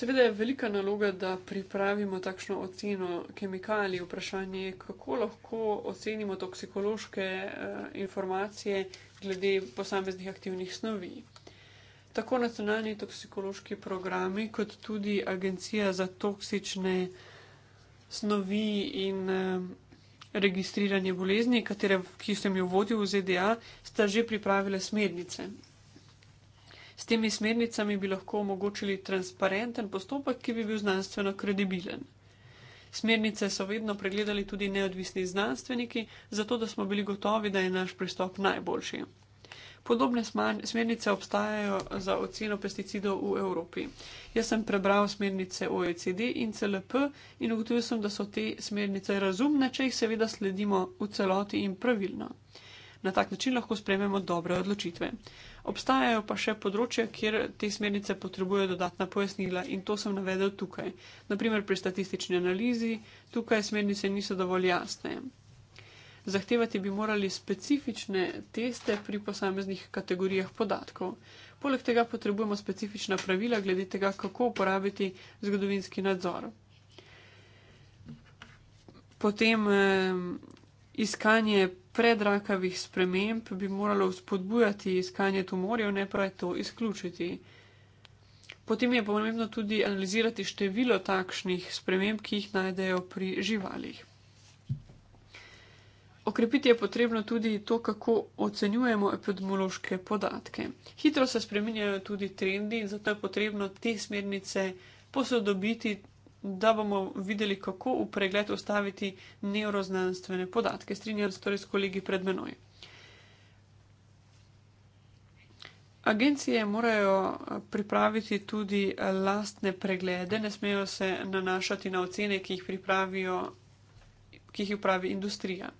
Seveda je velika naloga, da pripravimo takšno oceno kemikalij. Vprašanje je, kako lahko ocenimo toksikološke eh, informacije glede posameznih aktivnih snovi. Tako nacionalni toksikološki programi, kot tudi agencija za toksične snovi in eh, registriranje bolezni, katere, ki sem jo vodil v ZDA, sta že pripravile smernice. S temi smernicami bi lahko omogočili transparenten postopek, ki bi bil znanstveno kredibilen. Smernice so vedno pregledali tudi neodvisni znanstveniki, zato da smo bili gotovi, da je naš pristop najboljši. Podobne smernice obstajajo za oceno pesticidov v Evropi. Jaz sem prebral smernice OECD in CLP in ugotovil sem, da so te smernice razumne, če jih seveda sledimo v celoti in pravilno. Na tak način lahko sprememo dobre odločitve. Obstajajo pa še področja, kjer te smernice potrebujejo dodatna pojasnila in to sem navedel tukaj. Naprimer pri statistični analizi, tukaj smernice niso dovolj jasne. Zahtevati bi morali specifične teste pri posameznih kategorijah podatkov. Poleg tega potrebujemo specifična pravila glede tega, kako uporabiti zgodovinski nadzor. Potem eh, iskanje predrakavih sprememb bi moralo spodbujati iskanje tumorjev, ne pa to izključiti. Potem je pomembno tudi analizirati število takšnih sprememb, ki jih najdejo pri živalih. Okrepiti je potrebno tudi to, kako ocenjujemo epidemiološke podatke. Hitro se spreminjajo tudi trendi in zato je potrebno te smernice posodobiti, da bomo videli, kako v pregled ustaviti neuroznanstvene podatke. Strinjam se torej s kolegi pred menoj. Agencije morajo pripraviti tudi lastne preglede, ne smejo se nanašati na ocene, ki jih pripravijo, ki jih upravi industrija.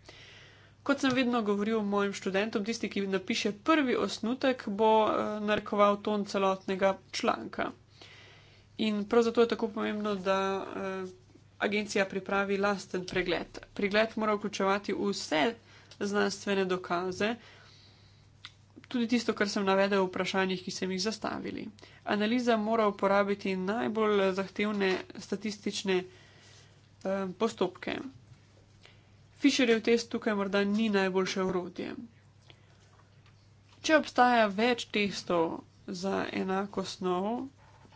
Kot sem vedno govoril mojim študentom, tisti, ki napiše prvi osnutek, bo eh, narekoval ton celotnega članka. In prav zato je tako pomembno, da eh, agencija pripravi lasten pregled. Pregled mora vključevati vse znanstvene dokaze, tudi tisto, kar sem navedel v vprašanjih, ki sem jih zastavili. Analiza mora uporabiti najbolj zahtevne statistične eh, postopke. Fisherjev test tukaj morda ni najboljše orodje. Če obstaja več testov za enako snov,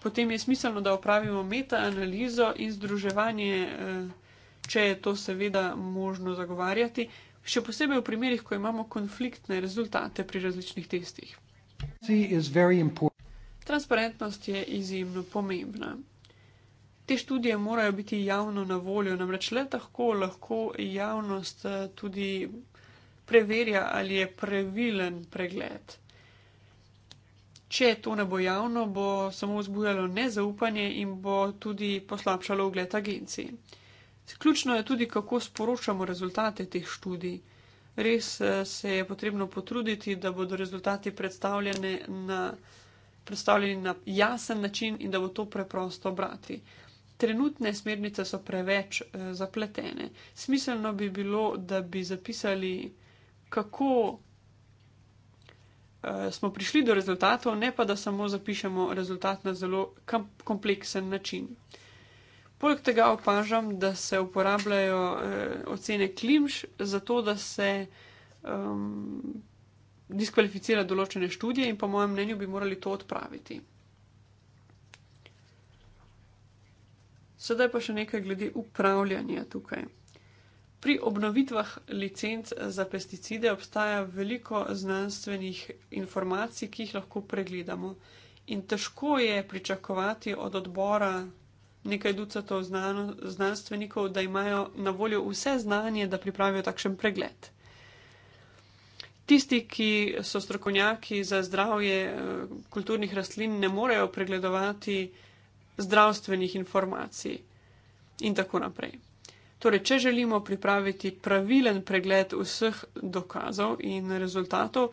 potem je smiselno, da opravimo metaanalizo in združevanje, eh, če je to seveda možno zagovarjati, še posebej v primerih, ko imamo konfliktne rezultate pri različnih testih. Transparentnost je izjemno pomembna. Te študije morajo biti javno na voljo, namreč le tako lahko javnost eh, tudi preverja, ali je pravilen pregled. Če to ne bo javno, bo samo vzbujalo nezaupanje in bo tudi poslabšalo ugled agenciji. Ključno je tudi, kako sporočamo rezultate teh študij. Res eh, se je potrebno potruditi, da bodo rezultati predstavljeni na, predstavljeni na jasen način in da bo to preprosto brati. Trenutne smernice so preveč eh, zapletene. Smiselno bi bilo, da bi zapisali, kako eh, smo prišli do rezultatov, ne pa da samo zapišemo rezultat na zelo kompleksen način. Poleg tega opažam, da se uporabljajo eh, ocene klimš za to, da se um, diskvalificira določene študije in po mojem mnenju bi morali to odpraviti. Sedaj pa še nekaj glede upravljanja tukaj. Pri obnovitvah licenc za pesticide obstaja veliko znanstvenih informacij, ki jih lahko pregledamo. In težko je pričakovati od odbora nekaj ducatov znano, znanstvenikov, da imajo na voljo vse znanje, da pripravijo takšen pregled. Tisti, ki so strokovnjaki za zdravje eh, kulturnih rastlin, ne morejo pregledovati zdravstvenih informacij in tako naprej. Torej, če želimo pripraviti pravilen pregled vseh dokazov in rezultatov,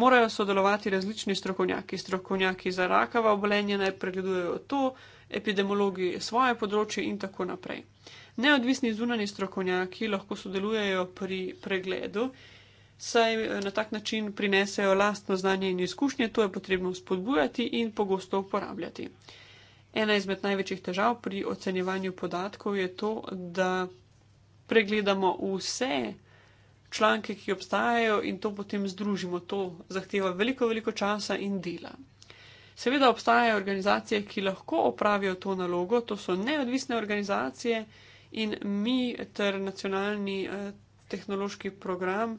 morajo sodelovati različni strokovnjaki. Strokovnjaki za rakava obolenja naj pregledujejo to, epidemiologi svoje področje in tako naprej. Neodvisni zunani strokovnjaki lahko sodelujejo pri pregledu, saj eh, na tak način prinesejo lastno znanje in izkušnje, to je potrebno spodbujati in pogosto uporabljati. Ena izmed največjih težav pri ocenjevanju podatkov je to, da pregledamo vse članke, ki obstajajo in to potem združimo. To zahteva veliko, veliko časa in dela. Seveda obstajajo organizacije, ki lahko opravijo to nalogo, to so neodvisne organizacije in mi ter nacionalni eh, tehnološki program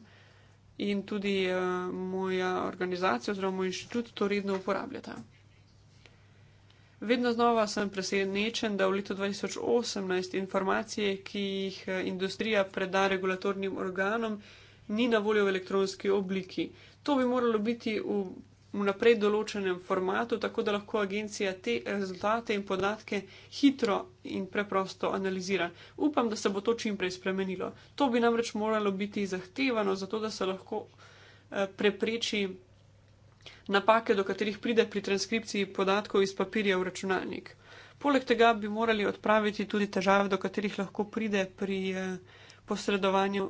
in tudi eh, moja organizacija oziroma moj inštitut to redno uporabljata. Vedno znova sem presenečen, da v letu 2018 informacije, ki jih eh, industrija preda regulatornim organom, ni na voljo v elektronski obliki. To bi moralo biti v vnaprej določenem formatu, tako da lahko agencija te eh, rezultate in podatke hitro in preprosto analizira. Upam, da se bo to čimprej spremenilo. To bi namreč moralo biti zahtevano, zato da se lahko eh, prepreči napake, do katerih pride pri transkripciji podatkov iz papirja v računalnik. Poleg tega bi morali odpraviti tudi težave, do katerih lahko pride pri eh, posredovanju,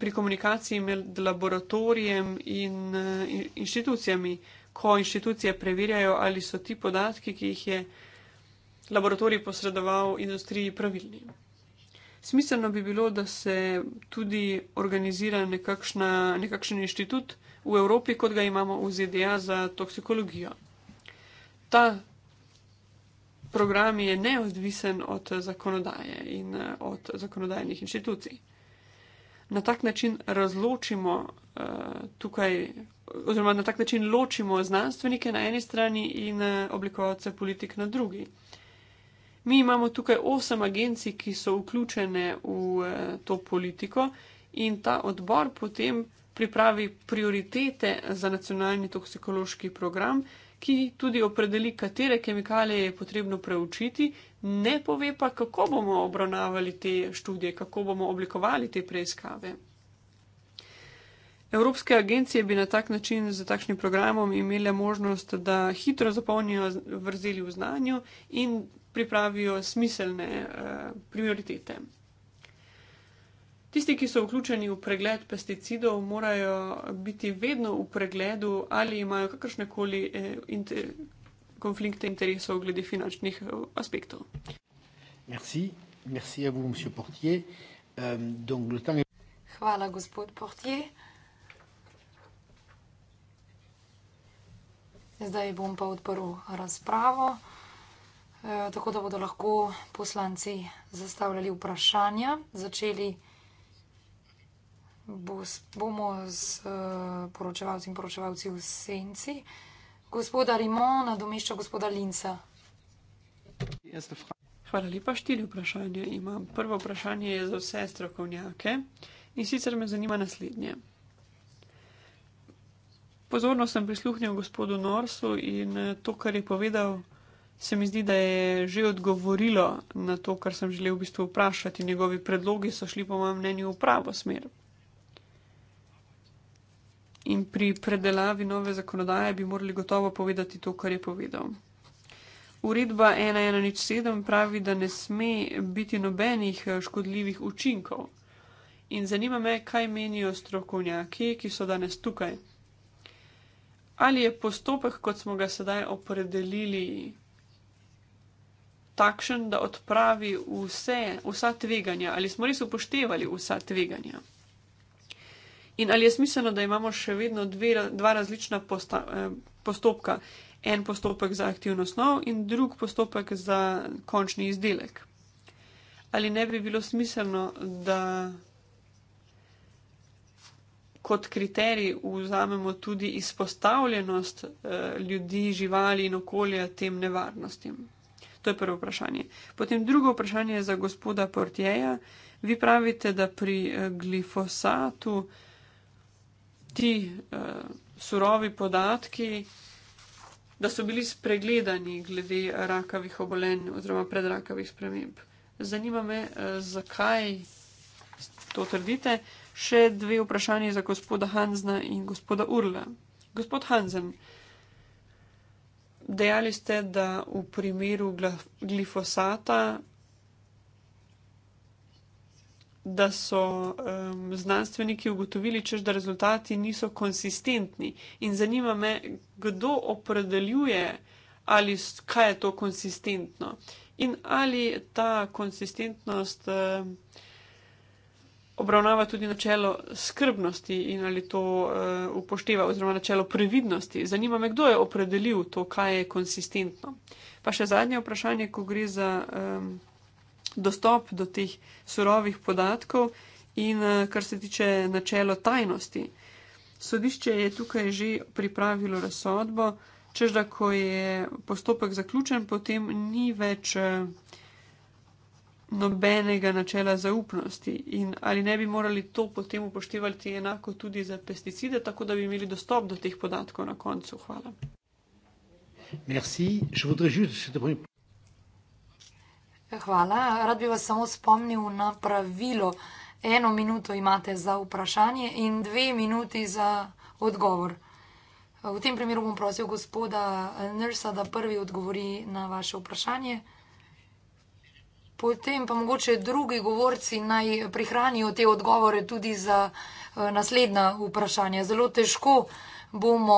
pri komunikaciji med laboratorijem eh, in inštitucijami, ko inštitucije preverjajo, ali so ti podatki, ki jih je laboratorij posredoval industriji pravilni smiselno bi bilo, da se tudi organizira nekakšna, nekakšen inštitut v Evropi, kot ga imamo v ZDA za toksikologijo. Ta program je neodvisen od zakonodaje in eh, od zakonodajnih inštitucij. Na tak način razločimo uh, tukaj, oziroma na tak način ločimo znanstvenike na eni strani in uh, oblikovalce politik na drugi. Uh, Mi imamo tukaj osem agencij, ki so vključene v eh, to politiko in ta odbor potem pripravi prioritete za nacionalni toksikološki program, ki tudi opredeli, katere kemikalije je potrebno preučiti, ne pove pa, kako bomo obravnavali te študije, kako bomo oblikovali te preiskave. Evropske agencije bi na tak način z takšnim programom imele možnost, da hitro zapolnijo vrzeli v znanju in pripravijo smiselne uh, prioritete. Tisti, ki so vključeni v pregled pesticidov, morajo biti vedno v pregledu ali imajo kakršne koli eh, inter, konflikte interesov glede finančnih eh, aspektov. Merci. Merci vous, um, donc, temps... Hvala, gospod Portier. Zdaj bom pa odprl razpravo. Eh, tako da bodo lahko poslanci zastavljali vprašanja. Začeli bomo z eh, poročevalci in poročevalci v senci. Gospoda Rimona domišča gospoda Linca. Hvala lepa, štiri vprašanja imam. Prvo vprašanje je za vse strokovnjake in sicer me zanima naslednje. Pozorno sem prisluhnil gospodu Norsu in eh, to, kar je povedal se mi zdi, da je že odgovorilo na to, kar sem želel v bistvu vprašati. Njegovi predlogi so šli, po mojem mnenju, v pravo smer. In pri predelavi nove zakonodaje bi morali gotovo povedati to, kar je povedal. Uredba 1107 pravi, da ne sme biti nobenih eh, škodljivih učinkov. In zanima me, kaj menijo strokovnjaki, ki so danes tukaj. Ali je postopek, kot smo ga sedaj opredelili, takšen, da odpravi vse, vsa tveganja, ali smo res upoštevali vsa tveganja. In ali je smiselno, da imamo še vedno dve, dva različna posta, eh, postopka, en postopek za aktivno snov in drug postopek za končni izdelek. Ali ne bi bilo smiselno, da kot kriterij vzamemo tudi izpostavljenost eh, ljudi, živali in okolja tem nevarnostim? To je prvo vprašanje. Potem drugo vprašanje je za gospoda Portjeja. Vi pravite, da pri eh, glifosatu ti uh, surovi podatki, da so bili spregledani glede rakavih obolenj oziroma predrakavih sprememb. Zanima me, uh, zakaj to trdite. Še dve vprašanje za gospoda Hanzna in gospoda Urla. Gospod Hanzen. Dejali ste, da v primeru glifosata, da so um, znanstveniki ugotovili, čež, da rezultati niso konsistentni. In zanima me, kdo opredeljuje, ali, kaj je to konsistentno. In ali ta konsistentnost. Um, obravnava tudi načelo skrbnosti in ali to uh, upošteva, oziroma načelo previdnosti. Zanima me, kdo je opredelil to, kaj je konsistentno. Pa še zadnje vprašanje, ko gre za um, dostop do teh surovih podatkov in uh, kar se tiče načelo tajnosti. Sodišče je tukaj že pripravilo razsodbo, čež da ko je postopek zaključen, potem ni več. Uh, nobenega načela zaupnosti in ali ne bi morali to potem upoštevati enako tudi za pesticide, tako da bi imeli dostop do teh podatkov na koncu. Hvala. Hvala. Rad bi vas samo spomnil na pravilo. Eno minuto imate za vprašanje in dve minuti za odgovor. V tem primeru bom prosil gospoda Nersa, da prvi odgovori na vaše vprašanje potem pa mogoče drugi govorci naj prihranijo te odgovore tudi za eh, naslednja vprašanja. Zelo težko bomo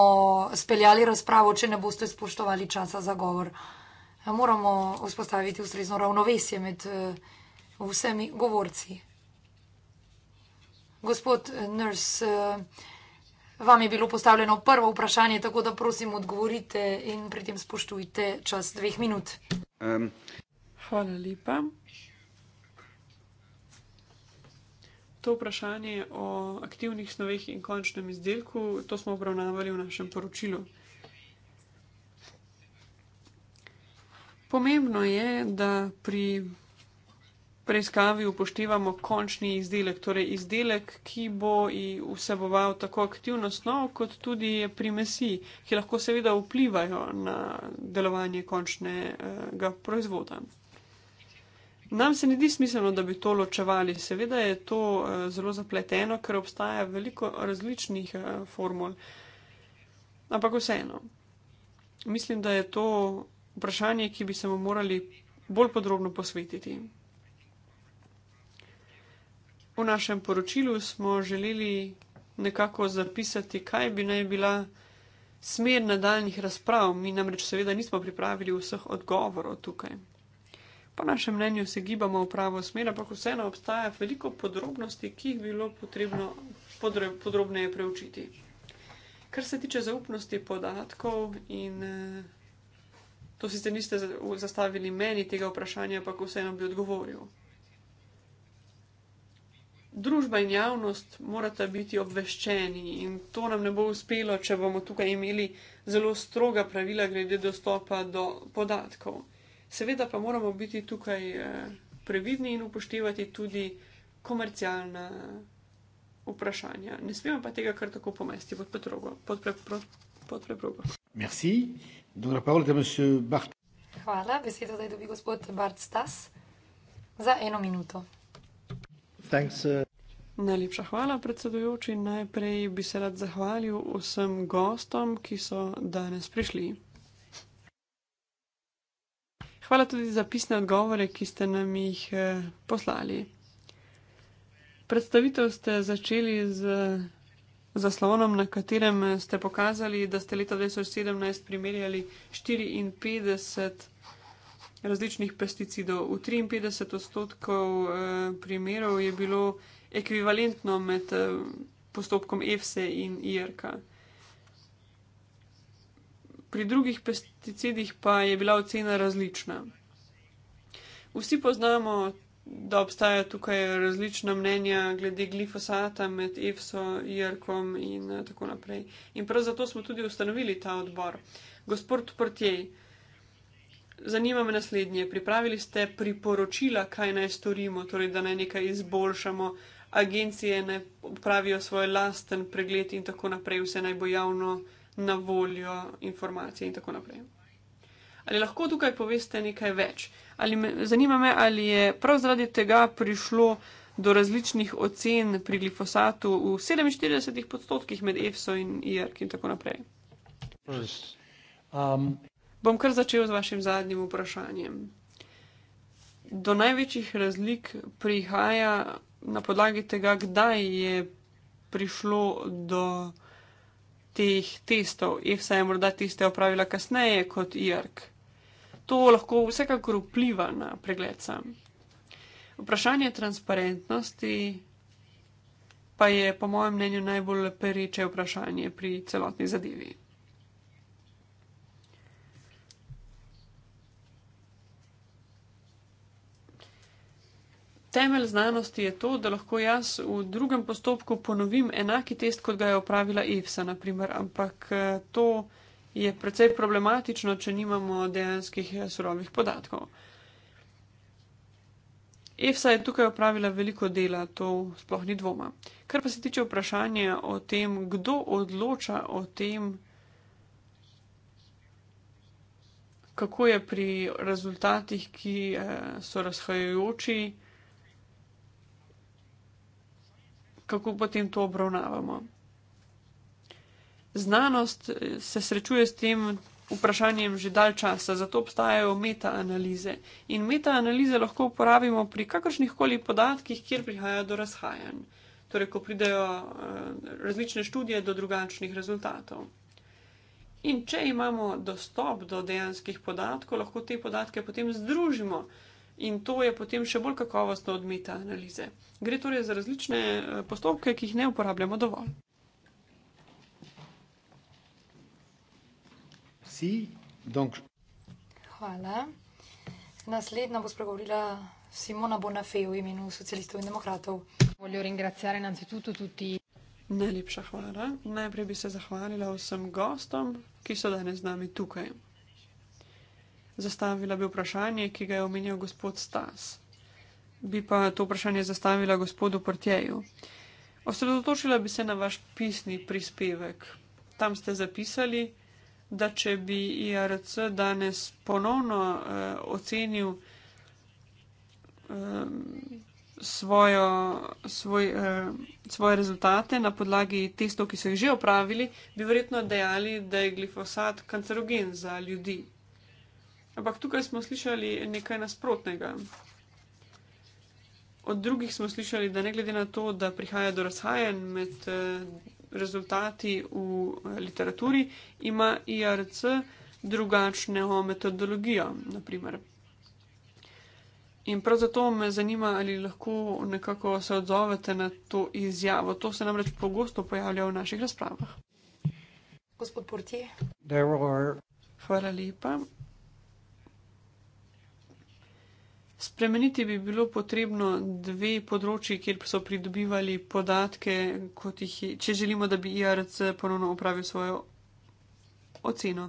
speljali razpravo, če ne boste spoštovali časa za govor. Eh, moramo vzpostaviti ustrezno ravnovesje med eh, vsemi govorci. Gospod Nurs, vam je bilo postavljeno prvo vprašanje, tako da prosim odgovorite in pri tem spoštujte čas dveh minut. Um. Hvala lepa. To vprašanje o aktivnih snoveh in končnem izdelku, to smo obravnavali v našem poročilu. Pomembno je, da pri preiskavi upoštevamo končni izdelek, torej izdelek, ki bo vseboval tako aktivno snov, kot tudi primesi, ki lahko seveda vplivajo na delovanje končnega proizvoda. Nam se ne di smiselno, da bi to ločevali. Seveda je to eh, zelo zapleteno, ker obstaja veliko različnih eh, formul. Ampak vseeno, mislim, da je to vprašanje, ki bi se mu morali bolj podrobno posvetiti. V našem poročilu smo želeli nekako zapisati, kaj bi naj bila smer nadaljnih razprav. Mi namreč seveda nismo pripravili vseh odgovorov tukaj. Po našem mnenju se gibamo v pravo smer, ampak vseeno obstaja veliko podrobnosti, ki jih bilo potrebno podrobneje preučiti. Kar se tiče zaupnosti podatkov in eh, to sicer niste zastavili meni tega vprašanja, ampak vseeno bi odgovoril. Družba in javnost morata biti obveščeni in to nam ne bo uspelo, če bomo tukaj imeli zelo stroga pravila glede dostopa do podatkov. Seveda pa moramo biti tukaj eh, previdni in upoštevati tudi komercialna eh, vprašanja. Ne smemo pa tega kar tako pomesti pod, petrogo, pod, prepro, pod preprogo. Merci. Dobro, Pavle, Hvala, besedo zdaj dobi gospod Bart Stas za eno minuto. Thanks, uh, Najlepša hvala, predsedujoči. Najprej bi se rad zahvalil vsem gostom, ki so danes prišli. Hvala tudi za pisne odgovore, ki ste nam jih eh, poslali. Predstavitev ste začeli z zaslonom, na katerem ste pokazali, da ste leta 2017 primerjali 54 različnih pesticidov. V 53 odstotkov eh, primerov je bilo ekvivalentno med eh, postopkom EFSE in IRK pri drugih pesticidih pa je bila ocena različna. Vsi poznamo, da obstaja tukaj različna mnenja glede glifosata med EFSO, IRKOM in eh, tako naprej. In prav zato smo tudi ustanovili ta odbor. Gospod Portjej, zanima me naslednje. Pripravili ste priporočila, kaj naj storimo, torej da naj nekaj izboljšamo, agencije naj pravijo svoj lasten pregled in tako naprej, vse naj bo javno na voljo informacije in tako naprej. Ali lahko tukaj poveste nekaj več? Ali me zanima, me, ali je prav zaradi tega prišlo do različnih ocen pri glifosatu v 47 odstotkih med EFSO in IRK in tako naprej? Um. Bom kar začel z vašim zadnjim vprašanjem. Do največjih razlik prihaja na podlagi tega, kdaj je prišlo do teh testov. EFSA je morda tiste opravila kasneje kot IRK. To lahko vsekakor vpliva na pregled sam. Vprašanje transparentnosti pa je po mojem mnenju najbolj pereče vprašanje pri celotni zadevi. Temelj znanosti je to, da lahko jaz v drugem postopku ponovim enaki test, kot ga je opravila IFSA, naprimer. ampak eh, to je precej problematično, če nimamo dejanskih eh, surovih podatkov. EFSA je tukaj opravila veliko dela, to sploh ni dvoma. Kar pa se tiče vprašanja o tem, kdo odloča o tem, kako je pri rezultatih, ki eh, so razhajajoči, kako potem to obravnavamo. Znanost eh, se srečuje s tem vprašanjem že dal časa, zato obstajajo metaanalize. In metaanalize lahko uporabimo pri kakršnih koli podatkih, kjer prihaja do razhajanj. Torej, ko pridejo eh, različne študije do drugačnih rezultatov. In če imamo dostop do dejanskih podatkov, lahko te podatke potem združimo in to je potem še bolj kakovostno od metaanalize. Gre torej za različne eh, postopke, ki jih ne uporabljamo dovolj. Si, Hvala. Naslednja bo spregovorila Simona Bonafeu v imenu socialistov in demokratov. Voljo ringraziare innanzitutto tutti. Najlepša hvala. Najprej bi se zahvalila vsem gostom, ki so danes z nami tukaj zastavila bi vprašanje, ki ga je omenil gospod Stas. Bi pa to vprašanje zastavila gospodu Portjeju. Osredotočila bi se na vaš pisni prispevek. Tam ste zapisali, da če bi IRC danes ponovno eh, ocenil eh, svojo, svoj, eh, svoje rezultate na podlagi testov, ki so jih že opravili, bi verjetno dejali, da je glifosat kancerogen za ljudi. Ampak tukaj smo slišali nekaj nasprotnega. Od drugih smo slišali, da ne glede na to, da prihaja do razhajanj med eh, rezultati v eh, literaturi, ima IRC drugačno metodologijo. Naprimer. In prav zato me zanima, ali lahko nekako se odzovete na to izjavo. To se namreč pogosto pojavlja v naših razpravah. Gospod Portje. Hvala lepa. Spremeniti bi bilo potrebno dve področji, kjer so pridobivali podatke, jih, če želimo, da bi IRC ponovno upravil svojo oceno.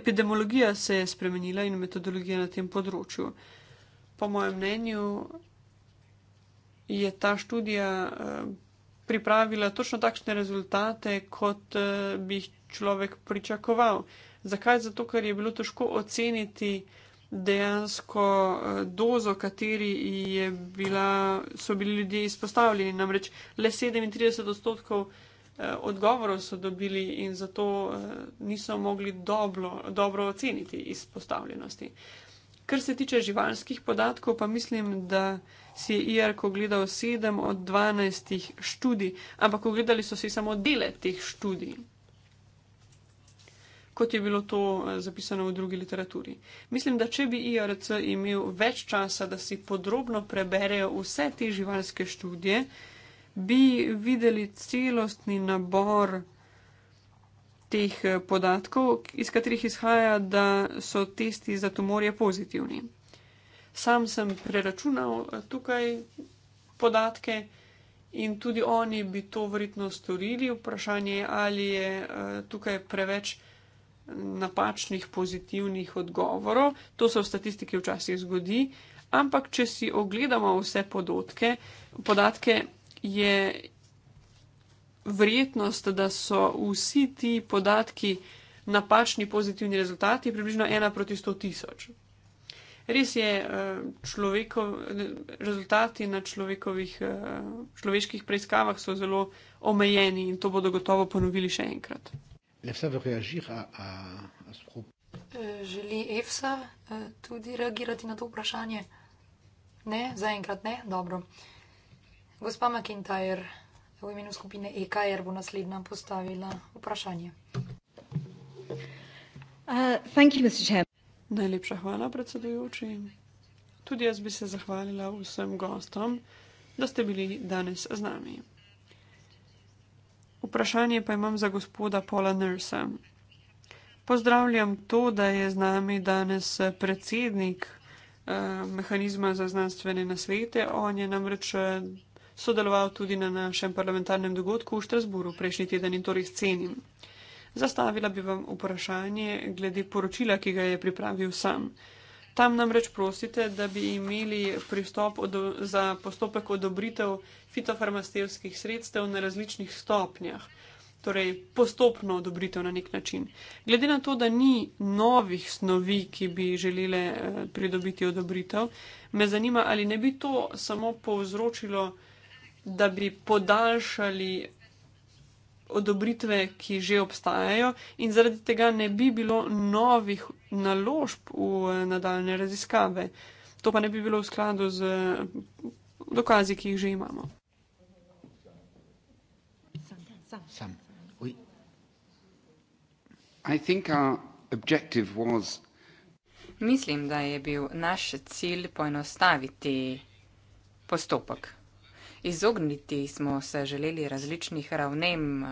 Epidemiologija se je spremenila in metodologija na tem področju. Po mojem mnenju je ta študija eh, pripravila točno takšne rezultate, kot eh, bi človek pričakoval. Zakaj? Zato, ker je bilo težko oceniti dejansko eh, dozo, kateri bila, so bili ljudje izpostavljeni. Namreč le 37 odstotkov eh, odgovorov so dobili in zato eh, niso mogli dobro, dobro oceniti izpostavljenosti. Kar se tiče živalskih podatkov, pa mislim, da si je IRK ogledal 7 od 12 študij, ampak ogledali so si samo dele teh študij kot je bilo to eh, zapisano v drugi literaturi. Mislim, da če bi IRC imel več časa, da si podrobno preberejo vse te živalske študije, bi videli celostni nabor teh eh, podatkov, iz katerih izhaja, da so testi za tumorje pozitivni. Sam sem preračunal eh, tukaj podatke in tudi oni bi to verjetno storili. Vprašanje je, ali je tukaj preveč napačnih pozitivnih odgovorov. To se v statistiki včasih zgodi, ampak če si ogledamo vse podotke, podatke, je vrednost, da so vsi ti podatki napačni pozitivni rezultati približno ena proti sto tisoč. Res je, eh, človeko, rezultati na eh, človeških preiskavah so zelo omejeni in to bodo gotovo ponovili še enkrat. EFSA veut réagir à, à, à ce propos. Euh, je lis EFSA, e, tout dit réagir à ton question. Ne, za enkrat ne, dobro. Gospa McIntyre, v imenu skupine EKR, bo naslednja postavila vprašanje. Uh, you, Najlepša hvala, predsedujoči. Tudi jaz bi se zahvalila vsem gostom, da ste bili danes z nami. Vprašanje pa imam za gospoda Paula Nursa. Pozdravljam to, da je z nami danes predsednik eh, mehanizma za znanstvene nasvete. On je namreč eh, sodeloval tudi na našem parlamentarnem dogodku v Štrasburu prejšnji teden in to res cenim. Zastavila bi vam vprašanje glede poročila, ki ga je pripravil sam. Tam namreč prosite, da bi imeli pristop odo, za postopek odobritev fitofarmacevskih sredstev na različnih stopnjah, torej postopno odobritev na nek način. Glede na to, da ni novih snovi, ki bi želele eh, pridobiti odobritev, me zanima, ali ne bi to samo povzročilo, da bi podaljšali odobritve, ki že obstajajo, in zaradi tega ne bi bilo novih naložb v eh, nadaljne raziskave. To pa ne bi bilo v skladu z eh, dokazi, ki jih že imamo. Sam. Mislim, da je bil naš cilj poenostaviti postopek izogniti smo se želeli različnih ravnem eh,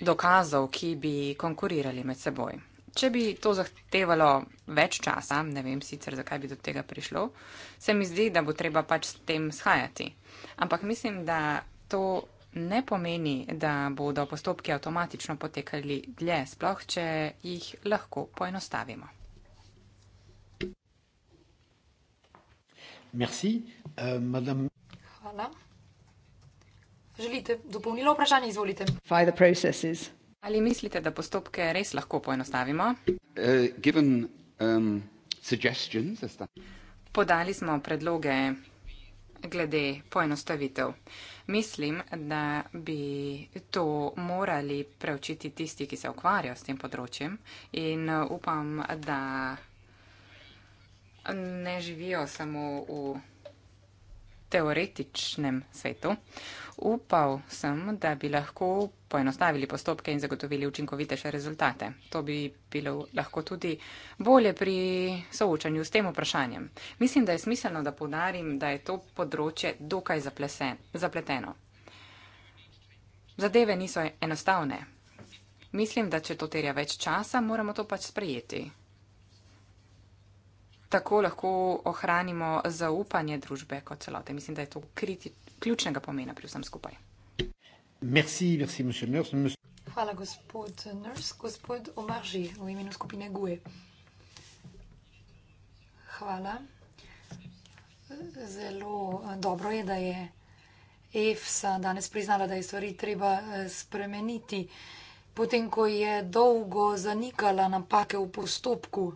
dokazov, ki bi konkurirali med seboj. Če bi to zahtevalo več časa, ne vem sicer, zakaj bi do tega prišlo, se mi zdi, da bo treba pač s tem shajati. Ampak mislim, da to ne pomeni, da bodo postopki avtomatično potekali dlje, sploh če jih lahko poenostavimo. Merci, uh, madame. Hvala. Želite dopolnilo vprašanje? Izvolite. Ali mislite, da postopke res lahko poenostavimo? Uh, given, um, Podali smo predloge glede poenostavitev. Mislim, da bi to morali preučiti tisti, ki se ukvarjajo s tem področjem in uh, upam, da ne živijo samo v teoretičnem svetu. Upal sem, da bi lahko poenostavili postopke in zagotovili učinkovitejše rezultate. To bi bilo lahko tudi bolje pri soočanju s tem vprašanjem. Mislim, da je smiselno, da podarim, da je to področje dokaj zapleteno. Zadeve niso enostavne. Mislim, da če to terja več časa, moramo to pač sprejeti tako lahko ohranimo zaupanje družbe kot celote. Mislim, da je to kriti, ključnega pomena pri vsem skupaj. Merci, merci, Hvala, gospod Nurs, gospod Omarži v imenu skupine GUE. Hvala. Zelo eh, dobro je, da je EFSA danes priznala, da je stvari treba eh, spremeniti, potem ko je dolgo zanikala napake v postopku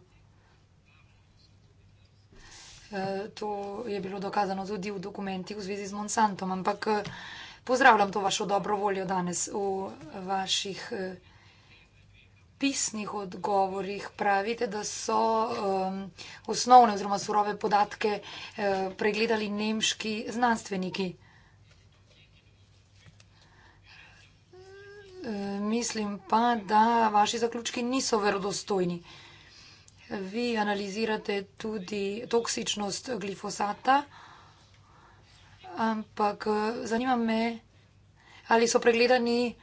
Eh, to je bilo dokazano tudi v dokumentih v zvezi z Monsantom, ampak eh, pozdravljam to vašo dobro voljo danes v vaših eh, pisnih odgovorih. Pravite, da so um, osnovne oziroma surove podatke uh, pregledali nemški znanstveniki. Mislim pa, da vaši zaključki niso verodostojni. Uh, Vi analizirate tudi toksičnost glifosata, ampak eh, zanima me, ali so pregledani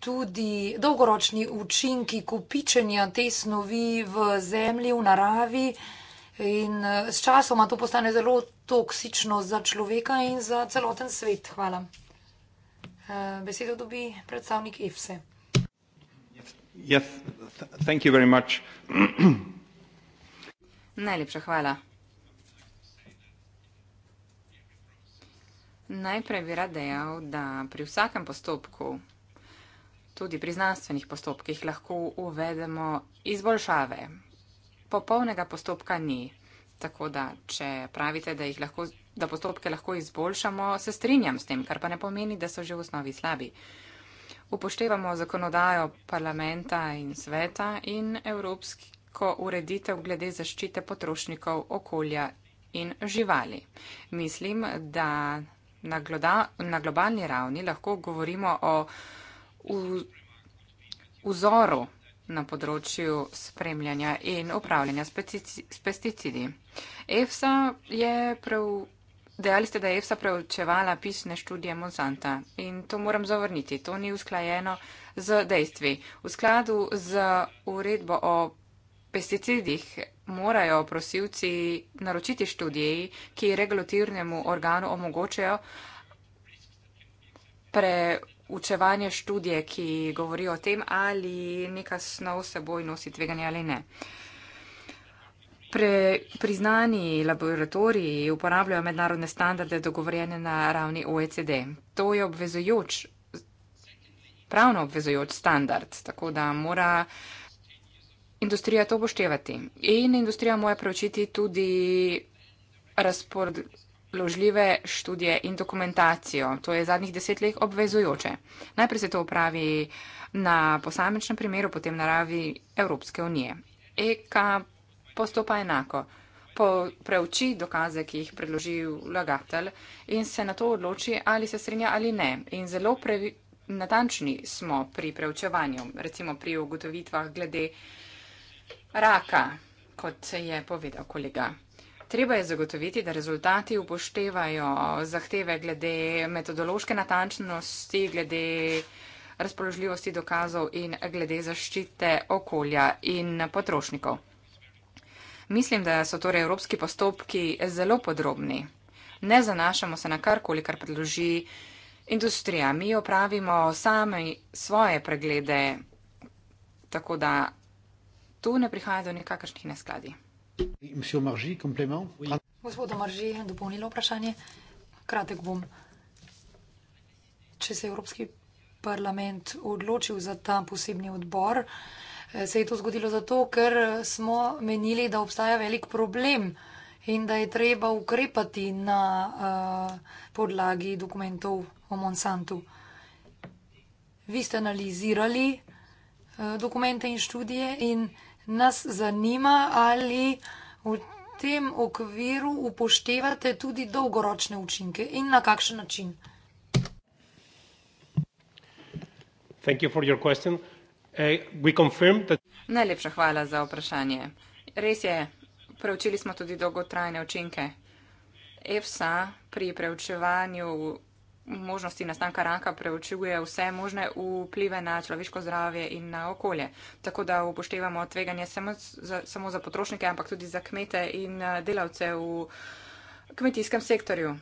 tudi dolgoročni učinki kupičenja te snovi v zemlji, v naravi in eh, s časoma to postane zelo toksično za človeka in za celoten svet. Hvala. Eh, besedo dobi predstavnik EFSE. Yes, thank you very much. Najlepša hvala. Najprej bi rad dejal, da pri vsakem postopku, tudi pri znanstvenih postopkih, lahko uvedemo izboljšave. Popolnega postopka ni. Tako da, če pravite, da, lahko, da postopke lahko izboljšamo, se strinjam s tem, kar pa ne pomeni, da so že v osnovi slabi. Upoštevamo zakonodajo parlamenta in sveta in evropskih ko ureditev glede zaščite potrošnikov okolja in živali. Mislim, da na, gloda, na globalni ravni lahko govorimo o vzoru na področju spremljanja in upravljanja s pesticidi. EFSA je prav, dejali ste, da je EFSA preučevala pisne študije Monsanta in to moram zavrniti. To ni usklajeno z dejstvi. V skladu z uredbo o pesticidih morajo prosilci naročiti študiji, ki regulativnemu organu omogočajo preučevanje študije, ki govori o tem, ali neka snov seboj nosi tveganje ali ne. Pre, priznani laboratoriji uporabljajo mednarodne standarde dogovorjene na ravni OECD. To je obvezujoč, pravno obvezujoč standard, tako da mora industrija to upoštevati. In industrija mora preučiti tudi razpoložljive študije in dokumentacijo. To je zadnjih deset let obvezujoče. Najprej se to upravi na posamečnem primeru, potem na ravi Evropske unije. EK postopa enako. Po, preuči dokaze, ki jih predloži vlagatelj in se na to odloči, ali se strinja ali ne. In zelo previ, natančni smo pri preučevanju, recimo pri ugotovitvah glede raka, kot je povedal kolega. Treba je zagotoviti, da rezultati upoštevajo zahteve glede metodološke natančnosti, glede razpoložljivosti dokazov in glede zaščite okolja in potrošnikov. Mislim, da so torej evropski postopki zelo podrobni. Ne zanašamo se na kar koli, kar predloži industrija. Mi opravimo sami svoje preglede, tako da tu ne prihaja do nekakršnih neskladij. Gospod Marži, dopolnilo vprašanje. Kratek bom. Če se je Evropski parlament odločil za ta posebni odbor, eh, se je to zgodilo zato, ker smo menili, da obstaja velik problem in da je treba ukrepati na uh, podlagi dokumentov o Monsantu. Vi ste analizirali uh, dokumente in študije in nas zanima, ali v tem okviru upoštevate tudi dolgoročne učinke in na kakšen način. Eh, Najlepša hvala za vprašanje. Res je, preučili smo tudi dolgotrajne učinke. EFSA pri preučevanju možnosti nastanka raka preučuje vse možne vplive na človeško zdravje in na okolje. Tako da upoštevamo tveganje samo za, samo za potrošnike, ampak tudi za kmete in eh, delavce v kmetijskem sektorju.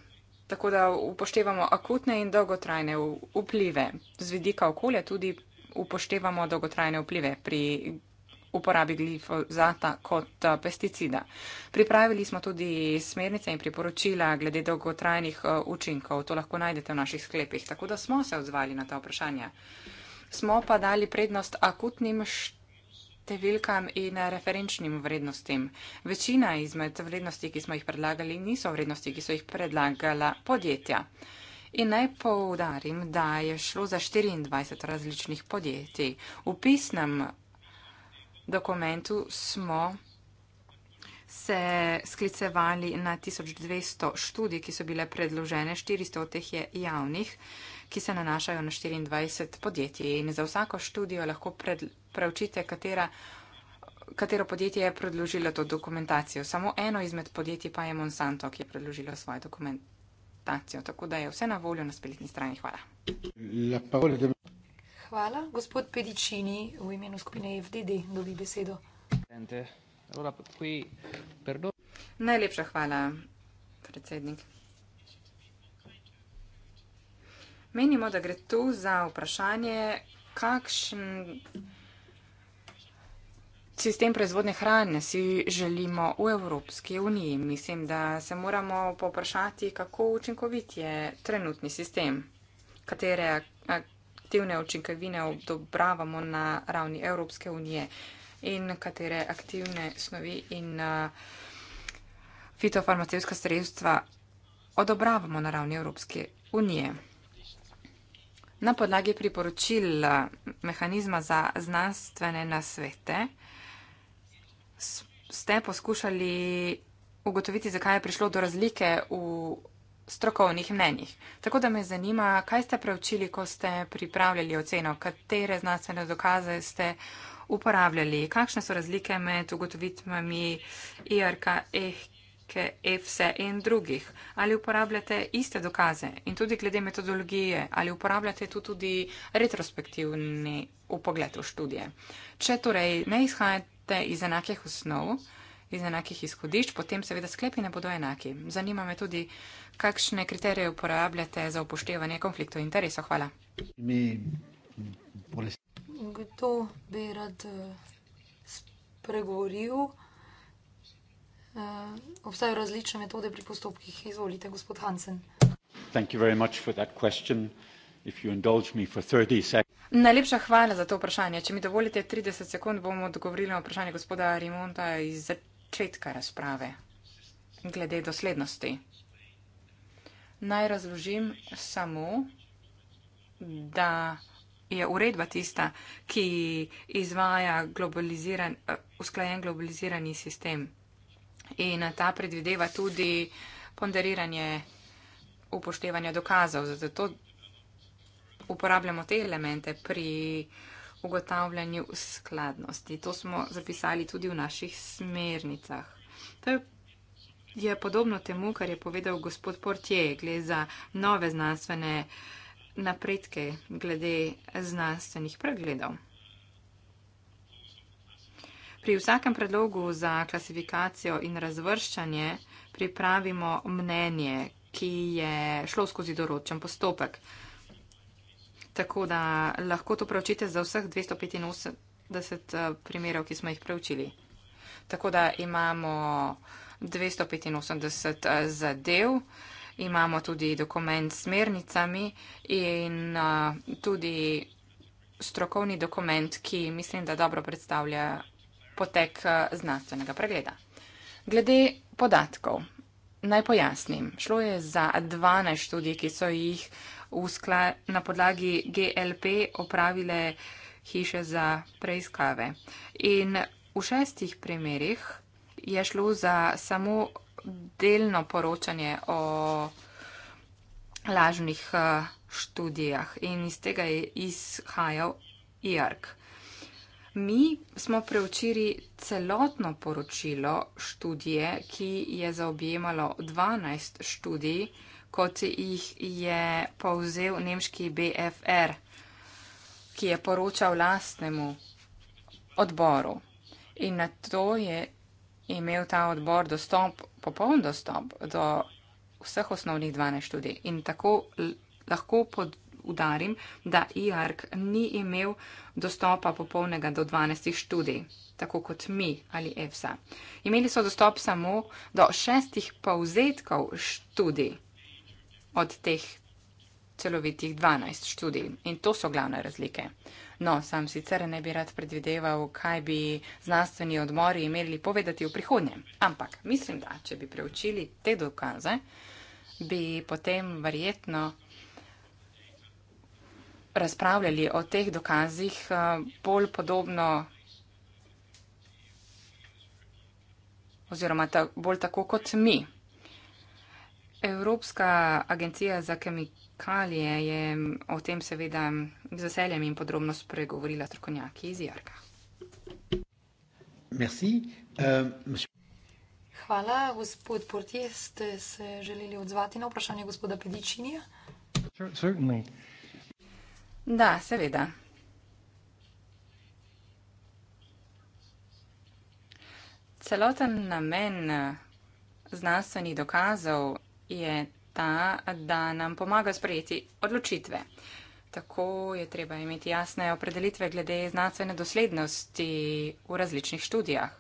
Tako da upoštevamo akutne in dolgotrajne vplive. Z vidika okolja tudi upoštevamo dolgotrajne vplive pri uporabi glifozata kot eh, pesticida. Pripravili smo tudi smernice in priporočila glede dolgotrajnih eh, učinkov. To lahko najdete v naših sklepih. Tako da smo se odzvali na ta vprašanja. Smo pa dali prednost akutnim številkam in eh, referenčnim vrednostim. Večina izmed vrednosti, ki smo jih predlagali, niso vrednosti, ki so jih predlagala podjetja. In naj poudarim, da je šlo za 24 različnih podjetij. V pisnem dokumentu smo se sklicevali na 1200 študij, ki so bile predložene, 400 od teh je javnih, ki se nanašajo na 24 podjetij. In za vsako študijo lahko pred, preučite, katera, katero podjetje je predložilo to dokumentacijo. Samo eno izmed podjetij pa je Monsanto, ki je predložilo svojo dokumentacijo. Tako da je vse na voljo na spletni strani. Hvala. La parole de... Hvala. Gospod Pedičini v imenu skupine FDD dobi besedo. Najlepša hvala, predsednik. Menimo, da gre tu za vprašanje, kakšen sistem proizvodne hrane si želimo v Evropski uniji. Mislim, da se moramo poprašati, kako učinkovit je trenutni sistem, katere aktivne učinkovine odobravamo na ravni Evropske unije in katere aktivne snovi in uh, fitofarmacevska sredstva odobravamo na ravni Evropske unije. Na podlagi priporočil uh, mehanizma za znanstvene nasvete ste poskušali ugotoviti, zakaj je prišlo do razlike v strokovnih mnenjih. Tako da me zanima, kaj ste preučili, ko ste pripravljali oceno, katere znanstvene dokaze ste uporabljali, kakšne so razlike med ugotovitvami IRK, EHK, EFSE in drugih. Ali uporabljate iste dokaze in tudi glede metodologije, ali uporabljate tu tudi retrospektivni upogled v študije. Če torej ne izhajate iz enakih osnov, iz enakih izhodišč, potem seveda sklepi ne bodo enaki. Zanima me tudi, kakšne kriterije uporabljate za upoštevanje konfliktov interesov. Hvala. Mi, Kdo bi rad eh, spregovoril? Uh, obstajajo različne metode pri postopkih. Izvolite, gospod Hansen. Najlepša hvala za to vprašanje. Če mi dovolite 30 sekund, bom odgovorila na vprašanje gospoda Rimonta iz začetka razprave glede doslednosti. Naj razložim samo, da je uredba tista, ki izvaja globaliziran, eh, usklajen globalizirani sistem. In ta predvideva tudi ponderiranje upoštevanja dokazov. Zato uporabljamo te elemente pri ugotavljanju skladnosti. To smo zapisali tudi v naših smernicah. To je podobno temu, kar je povedal gospod Portje, glede za nove znanstvene napredke, glede znanstvenih pregledov. Pri vsakem predlogu za klasifikacijo in razvrščanje pripravimo mnenje, ki je šlo skozi določen postopek. Tako da lahko to preučite za vseh 285 eh, primerov, ki smo jih preučili. Tako da imamo 285 eh, zadev, imamo tudi dokument s smernicami in eh, tudi strokovni dokument, ki mislim, da dobro predstavlja potek znanstvenega pregleda. Glede podatkov, naj pojasnim, šlo je za 12 študij, ki so jih na podlagi GLP opravile hiše za preiskave. In v šestih primerjih je šlo za samo delno poročanje o lažnih eh, študijah in iz tega je izhajal IARC. Mi smo preučili celotno poročilo študije, ki je zaobjemalo 12 študij, kot jih je povzel nemški BFR, ki je poročal lastnemu odboru. In na to je imel ta odbor dostop, popoln dostop do vseh osnovnih 12 študij. In tako lahko udarim, da IARC ni imel dostopa popolnega do 12 študij, tako kot mi ali EFSA. Imeli so dostop samo do šestih povzetkov študij od teh celovitih 12 študij. In to so glavne razlike. No, sam sicer ne bi rad predvideval, kaj bi znanstveni odmori imeli povedati v prihodnje. Ampak mislim, da če bi preučili te dokaze, bi potem verjetno razpravljali o teh dokazih eh, bolj podobno oziroma ta, bolj tako kot mi. Evropska agencija za kemikalije je o tem seveda z veseljem in podrobno spregovorila strokovnjaki iz Jarka. Merci. Euh, Hvala, gospod Portje, ste se želeli odzvati na vprašanje gospoda Pedičinija? Da, seveda. Celoten namen eh, znanstvenih dokazov je ta, da nam pomaga sprejeti odločitve. Tako je treba imeti jasne opredelitve glede znanstvene doslednosti v različnih študijah.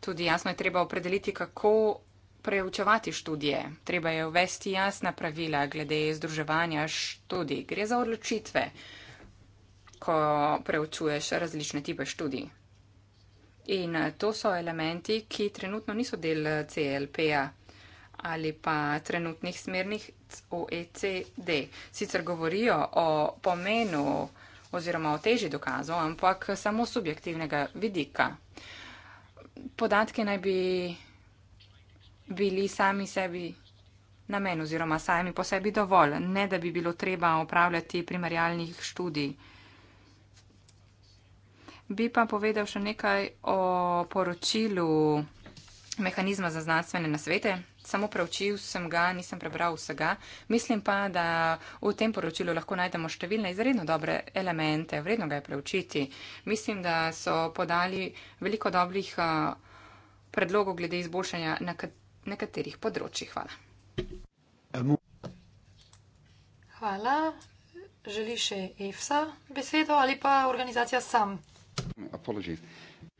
Tudi jasno je treba opredeliti, kako preučevati študije. Treba je uvesti jasna pravila glede združevanja študij. Gre za odločitve, ko preučuješ različne type študij. In to so elementi, ki trenutno niso del CLP-a ali pa trenutnih smernih OECD. Sicer govorijo o pomenu oziroma o teži dokazov, ampak samo subjektivnega vidika. Podatki naj bi bili sami sebi namen oziroma sami po sebi dovolj, ne da bi bilo treba upravljati primarjalnih študij. Bi pa povedal še nekaj o poročilu mehanizma za znanstvene nasvete, samo preučil sem ga, nisem prebral vsega. Mislim pa, da v tem poročilu lahko najdemo številne izredno dobre elemente, vredno ga je preučiti. Mislim, da so podali veliko dobrih eh, predlogov glede izboljšanja na nekaterih področjih. Hvala. Hvala. Želi še EFSA besedo ali pa organizacija sam? Apologies.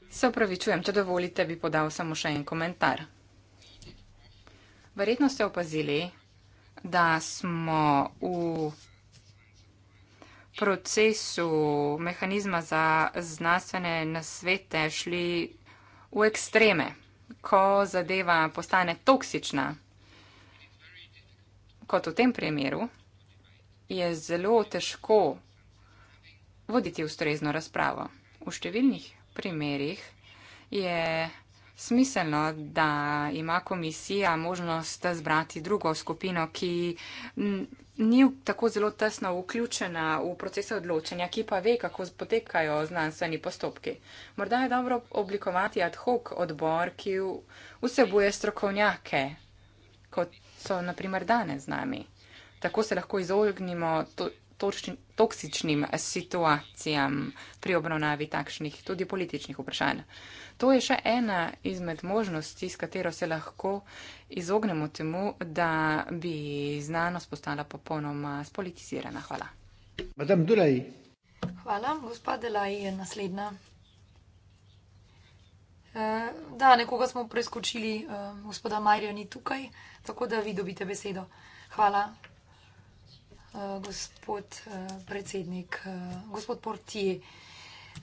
Se upravičujem, če dovolite, bi podal samo še en komentar. Verjetno ste opazili, da smo v procesu mehanizma za znanstvene nasvete šli v ekstreme, ko zadeva postane toksična. Kot v tem primeru je zelo težko voditi ustrezno razpravo. V številnih primerih je smiselno, da ima komisija možnost zbrati drugo skupino, ki ni tako zelo tesno vključena v procese odločanja, ki pa ve, kako potekajo znanstveni postopki. Morda je dobro oblikovati ad hoc odbor, ki vsebuje strokovnjake, kot so naprimer danes z nami. Tako se lahko izognimo toksičnim situacijam pri obravnavi takšnih tudi političnih vprašanj. To je še ena izmed možnosti, s katero se lahko izognemo temu, da bi znanost postala popolnoma spolitizirana. Hvala. Hvala, gospod Delaj je naslednja. Eh, da, nekoga smo preskočili, eh, gospoda Marija ni tukaj, tako da vi dobite besedo. Hvala. Eh, gospod eh, predsednik, eh, gospod Portije.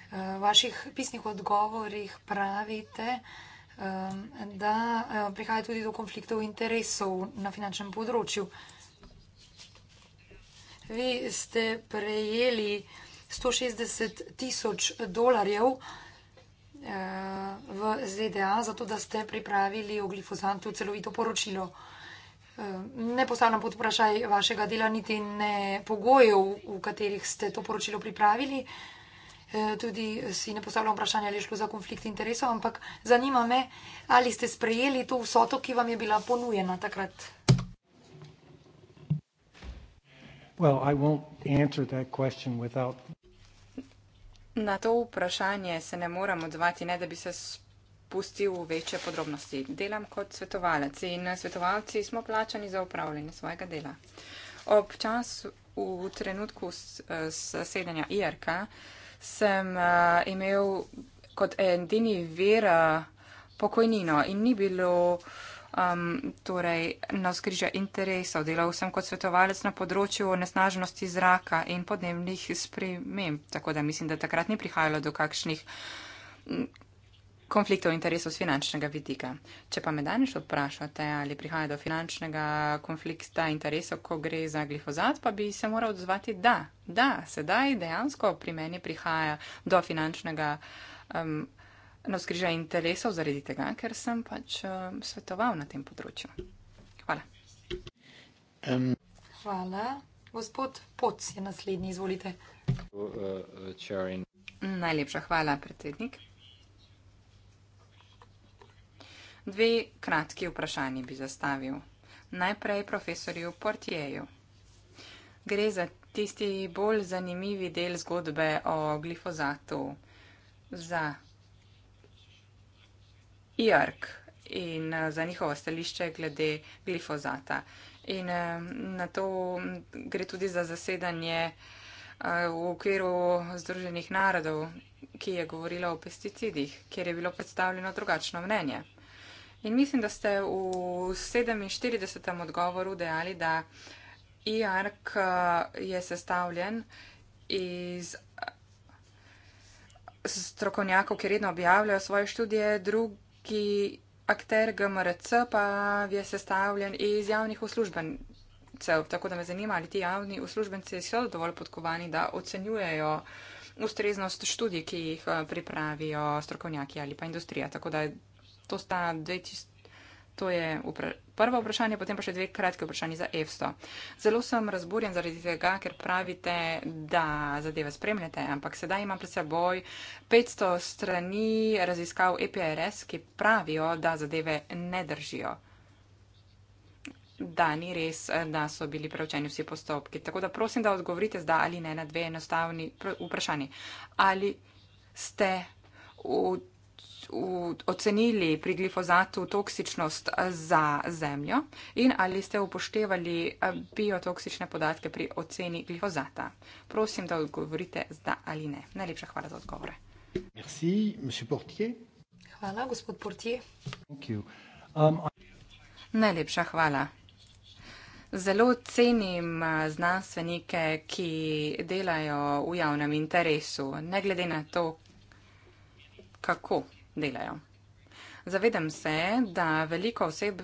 V vaših pisnih odgovorih pravite, da prihaja tudi do konfliktov interesov na finančnem področju. Vi ste prejeli 160 tisoč dolarjev v ZDA, zato da ste pripravili o glifozantu celovito poročilo. Eh, ne postavljam pod vprašaj vašega dela, niti ne pogojev, v katerih ste to poročilo pripravili. Eh, tudi si ne postavljam vprašanja, ali je šlo za konflikt interesov, ampak zanima me, ali ste sprejeli to vsoto, ki vam je bila ponujena takrat. Well, Na to vprašanje se ne morem odzvati, ne da bi se pustil v večje podrobnosti. Delam kot svetovalec in svetovalci smo plačani za upravljanje svojega dela. Ob času v trenutku zasedanja IRK sem uh, imel kot edini vir eh, pokojnino in ni bilo um, torej, na skrižja interesov. Delal sem kot svetovalec na področju nesnaženosti zraka in podnebnih sprememb, tako da mislim, da takrat ni prihajalo do kakšnih konfliktov interesov z finančnega vidika. Če pa me danes vprašate, ali prihaja do finančnega konflikta interesov, ko gre za glifozat, pa bi se moral odzvati, da, da, sedaj dejansko pri meni prihaja do finančnega um, navskrižja interesov zaradi tega, ker sem pač um, svetoval na tem področju. Hvala. Um. Hvala. Gospod Poc je naslednji, izvolite. Uh, uh, Najlepša hvala, predsednik. Dve kratki vprašanji bi zastavil. Najprej profesorju Portjeju. Gre za tisti bolj zanimivi del zgodbe o glifozatu za IRK in eh, za njihovo stališče glede glifozata. In eh, na to gre tudi za zasedanje eh, v okviru Združenih narodov, ki je govorilo o pesticidih, kjer je bilo predstavljeno drugačno mnenje. In mislim, da ste v 47. odgovoru dejali, da IARC eh, je sestavljen iz eh, strokovnjakov, ki redno objavljajo svoje študije, drugi akter GMRC pa je sestavljen iz javnih uslužbencev. Tako da me zanima, ali ti javni uslužbenci so dovolj podkovani, da ocenjujejo ustreznost študij, ki jih eh, pripravijo strokovnjaki ali pa industrija. Tako da to sta dve tisti. To je upra prvo vprašanje, potem pa še dve kratke vprašanje za EFSO. Zelo sem razburjen zaradi tega, ker pravite, da zadeve spremljate, ampak sedaj imam pred seboj 500 strani raziskav EPRS, ki pravijo, da zadeve ne držijo. Da ni res, da so bili preučeni vsi postopki. Tako da prosim, da odgovorite zdaj ali ne na dve enostavni vprašanje. Ali ste v v, ocenili pri glifozatu toksičnost za zemljo in ali ste upoštevali eh, biotoksične podatke pri oceni glifozata. Prosim, da odgovorite zda ali ne. Najlepša hvala za odgovore. Merci, hvala, gospod Portier. Um, I... Najlepša hvala. Zelo cenim eh, znanstvenike, ki delajo v javnem interesu, ne glede na to, kako delajo. Zavedam se, da veliko oseb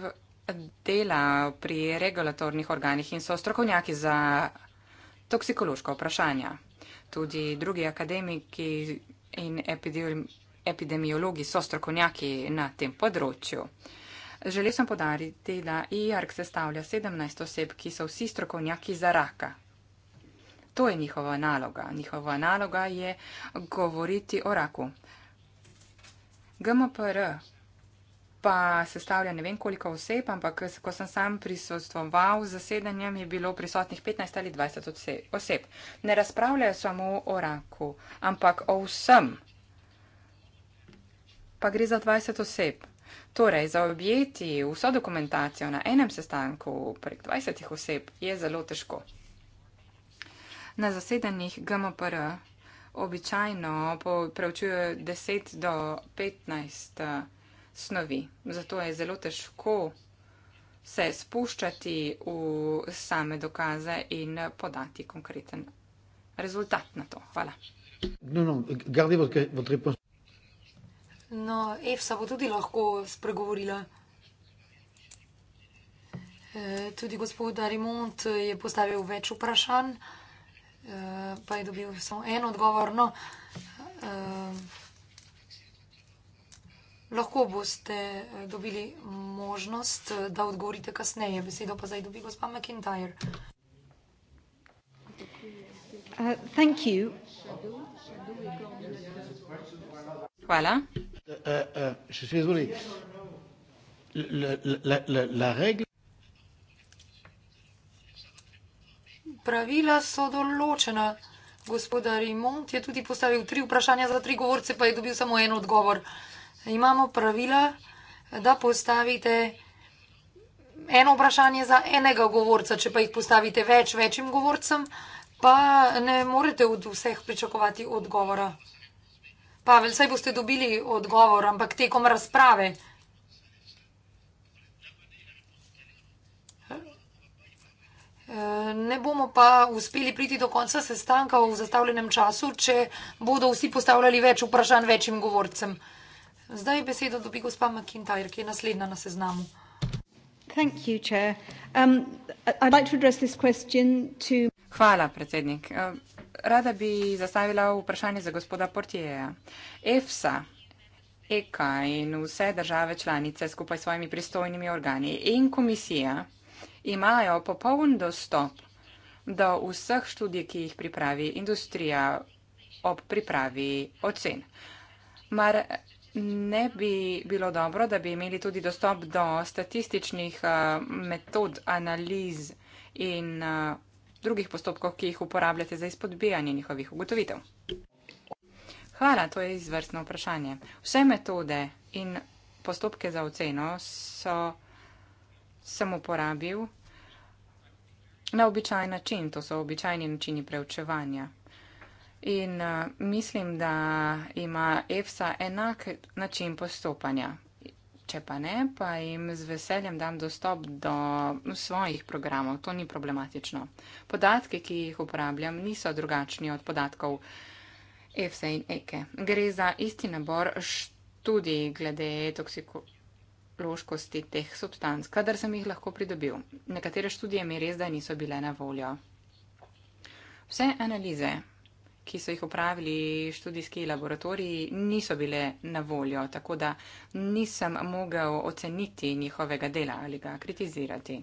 dela pri regulatornih organih in so strokovnjaki za toksikološko vprašanje. Tudi drugi akademiki in epidemiologi so strokovnjaki na tem področju. Želel sem podariti, da IARC sestavlja 17 oseb, ki so vsi strokovnjaki za raka. To je njihova naloga. Njihova naloga je govoriti o raku. GMPR pa sestavlja ne vem koliko oseb, ampak ko sem sam prisostoval z zasedanjem, je bilo prisotnih 15 ali 20 oseb. Ne razpravljajo samo o raku, ampak o vsem. Pa gre za 20 oseb. Torej, za objeti vso dokumentacijo na enem sestanku prek 20 oseb je zelo težko. Na zasedanjih GMPR običajno preučujejo 10 do 15 eh, snovi, zato je zelo težko se spuščati v same dokaze in podati konkreten rezultat na to. Hvala. No, no, votre, votre... no EFSA bo tudi lahko spregovorila. E, tudi gospod Arimont je postavil več vprašanj. Eh, pa je dobil samo en odgovor. No, eh, lahko boste eh, dobili možnost, da odgovorite kasneje. Besedo pa zdaj dobi gospa McIntyre. Uh, thank you. Hvala. Uh, uh, uh, je suis désolé. La, la, la, la règle. pravila so določena. Gospod Rimont je tudi postavil tri vprašanja za tri govorce, pa je dobil samo en odgovor. Imamo pravila, da postavite eno vprašanje za enega govorca, če pa jih postavite več večjim govorcem, pa ne morete od vseh pričakovati odgovora. Pavel, saj boste dobili odgovor, ampak tekom razprave. Ne bomo pa uspeli priti do konca sestanka v zastavljenem času, če bodo vsi postavljali več vprašanj večjim govorcem. Zdaj besedo dobi gospa McIntyre, ki je naslednja na seznamu. Um, Hvala, predsednik. Uh, rada bi zastavila vprašanje za gospoda Portijeja. EFSA, EKA in vse države članice skupaj s svojimi pristojnimi organi in komisija imajo popoln dostop do vseh študij, ki jih pripravi industrija ob pripravi ocen. Mar ne bi bilo dobro, da bi imeli tudi dostop do statističnih eh, metod, analiz in eh, drugih postopkov, ki jih uporabljate za izpodbijanje njihovih ugotovitev? Hvala, to je izvrstno vprašanje. Vse metode in postopke za oceno so, sem uporabil na običajen način, to so običajni načini preučevanja. In uh, mislim, da ima EFSA enak način postopanja. Če pa ne, pa jim z veseljem dam dostop do svojih programov. To ni problematično. Podatke, ki jih uporabljam, niso drugačni od podatkov EFSA in EKE. Gre za isti nabor študij glede toksikov loškosti teh substanc, kadar sem jih lahko pridobil. Nekatere študije mi res da niso bile na voljo. Vse analize, ki so jih upravili študijski laboratoriji, niso bile na voljo, tako da nisem mogel oceniti njihovega dela ali ga kritizirati.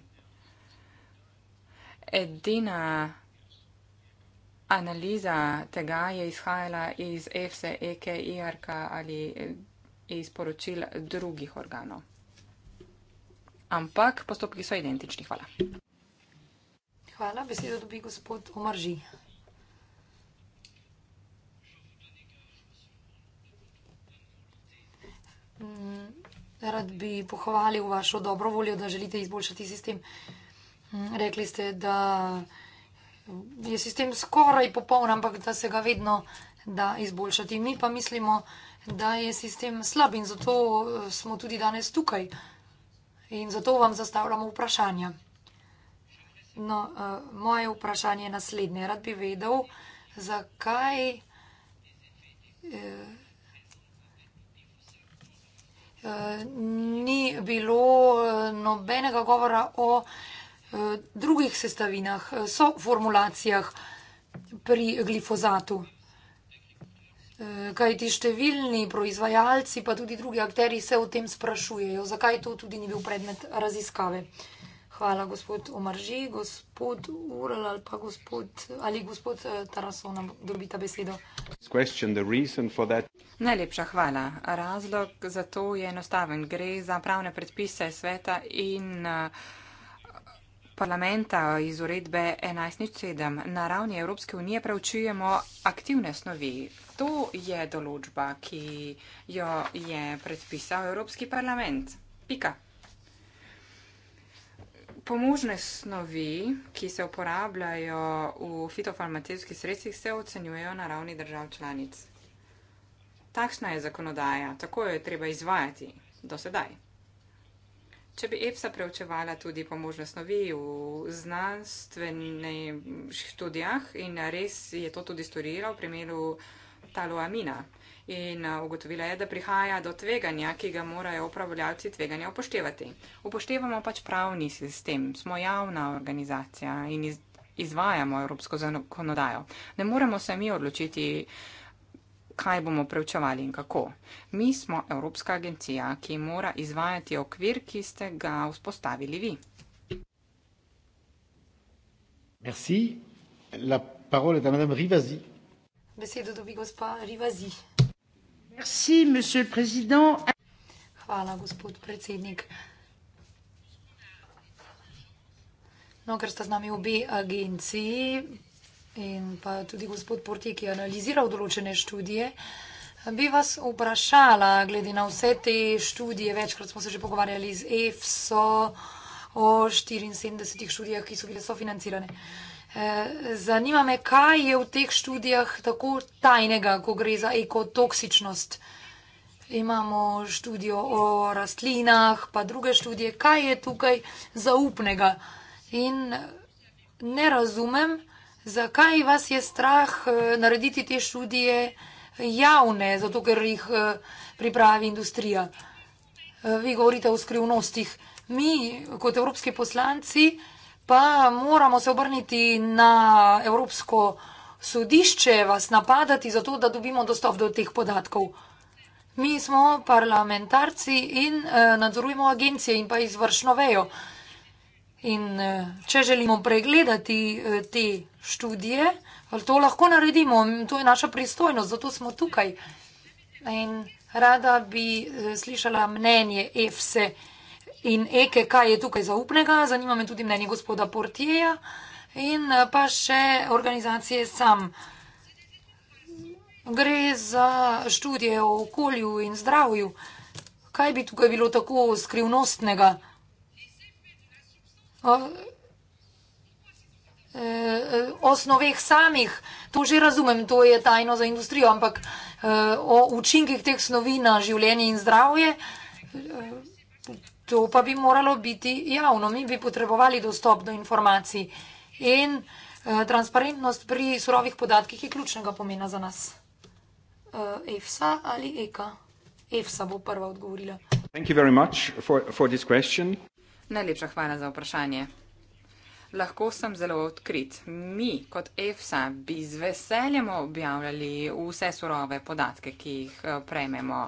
Edina analiza tega je izhajala iz EFSE, EKE, IRK ali eh, iz poročil drugih organov ampak postopki so identični. Hvala. Hvala, besedo dobi gospod Omarži. Mm, rad bi pohvalil vašo dobro voljo, da želite izboljšati sistem. Mm, rekli ste, da je sistem skoraj popoln, ampak da se ga vedno da izboljšati. Mi pa mislimo, da je sistem slab in zato eh, smo tudi danes tukaj. In zato vam zastavljamo vprašanja. No, uh, moje vprašanje je naslednje. Rad bi vedel, zakaj uh, uh, ni bilo nobenega govora o uh, drugih sestavinah, soformulacijah pri glifozatu. Eh, Kaj ti številni proizvajalci, pa tudi drugi akteri se o tem sprašujejo, zakaj to tudi ni bil predmet raziskave. Hvala, gospod Omarži, gospod Ural ali pa gospod, ali gospod eh, Tarasona, dobita besedo. Najlepša hvala. Razlog za to je enostaven. Gre za pravne predpise sveta in eh, parlamenta iz uredbe 11.7. Na ravni Evropske unije preučujemo aktivne snovi, to je določba, ki jo je predpisal Evropski parlament. Pika. Pomožne snovi, ki se uporabljajo v fitofarmacijskih sredstvih, se ocenjujejo na ravni držav članic. Takšna je zakonodaja, tako jo je treba izvajati do sedaj. Če bi EPSA preučevala tudi pomožne snovi v znanstvenih študijah in res je to tudi storila v primeru taloamina. In uh, ugotovila je, da prihaja do tveganja, ki ga morajo upravljalci tveganja upoštevati. Upoštevamo pač pravni sistem, smo javna organizacija in iz, izvajamo evropsko zakonodajo. Ne moremo se mi odločiti, kaj bomo preučevali in kako. Mi smo Evropska agencija, ki mora izvajati okvir, ki ste ga vzpostavili vi. Merci. La parole est à Madame Rivasi. Besedo dobi gospa Rivazi. Merci, monsieur le président. Hvala, gospod predsednik. No, ker sta z nami obe agenciji in pa tudi gospod Porti, ki je analiziral določene študije, bi vas vprašala, glede na vse te študije, večkrat smo se že pogovarjali z EFSO o 74 študijah, ki so bile sofinancirane. Eh, zanima me, kaj je v teh študijah tako tajnega, ko gre za ekotoksičnost. Imamo študijo o rastlinah, pa druge študije. Kaj je tukaj zaupnega? In ne razumem, zakaj vas je strah eh, narediti te študije javne, zato ker jih eh, pripravi industrija. Vi govorite o skrivnostih. Mi, kot evropski poslanci, pa moramo se obrniti na Evropsko sodišče, vas napadati, zato da dobimo dostop do teh podatkov. Mi smo parlamentarci in eh, nadzorujemo agencije in pa izvršno vejo. In eh, če želimo pregledati eh, te študije, to lahko naredimo, to je naša pristojnost, zato smo tukaj. In rada bi slišala mnenje EFSE, ki je vse in Eke, kaj je tukaj zaupnega, zanima me tudi mnenje gospoda Portjeja in eh, pa še organizacije sam. Gre za študije o okolju in zdravju. Kaj bi tukaj bilo tako skrivnostnega? O eh, eh, snoveh samih, to že razumem, to je tajno za industrijo, ampak o učinkih teh snovi na življenje in zdravje, To pa bi moralo biti javno, mi bi potrebovali dostop do informacij in eh, transparentnost pri surovih podatkih je ključnega pomena za nas. Eh, EFSA ali EKA? EFSA bo prva odgovorila. For, for Najlepša hvala za vprašanje. Lahko sem zelo odkrit. Mi kot EFSA bi z veseljem objavljali vse surove podatke, ki jih eh, prejmemo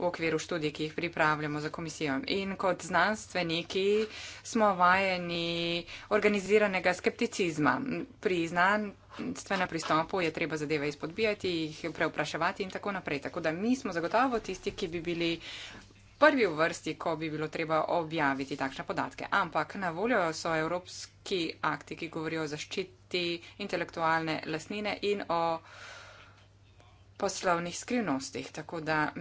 v okviru študij, ki jih pripravljamo za komisijo. In kot znanstveniki smo vajeni organiziranega skepticizma. Pri znanstvenem pristopu je treba zadeve izpodbijati, jih preopraševati in tako naprej. Tako da mi smo zagotovo tisti, ki bi bili. Prvi v vrsti, ko bi bilo treba objaviti takšne podatke. Ampak na voljo so evropski akti, ki govorijo o zaščiti intelektualne lasnine in o uh, poslovnih skrivnostih, tako da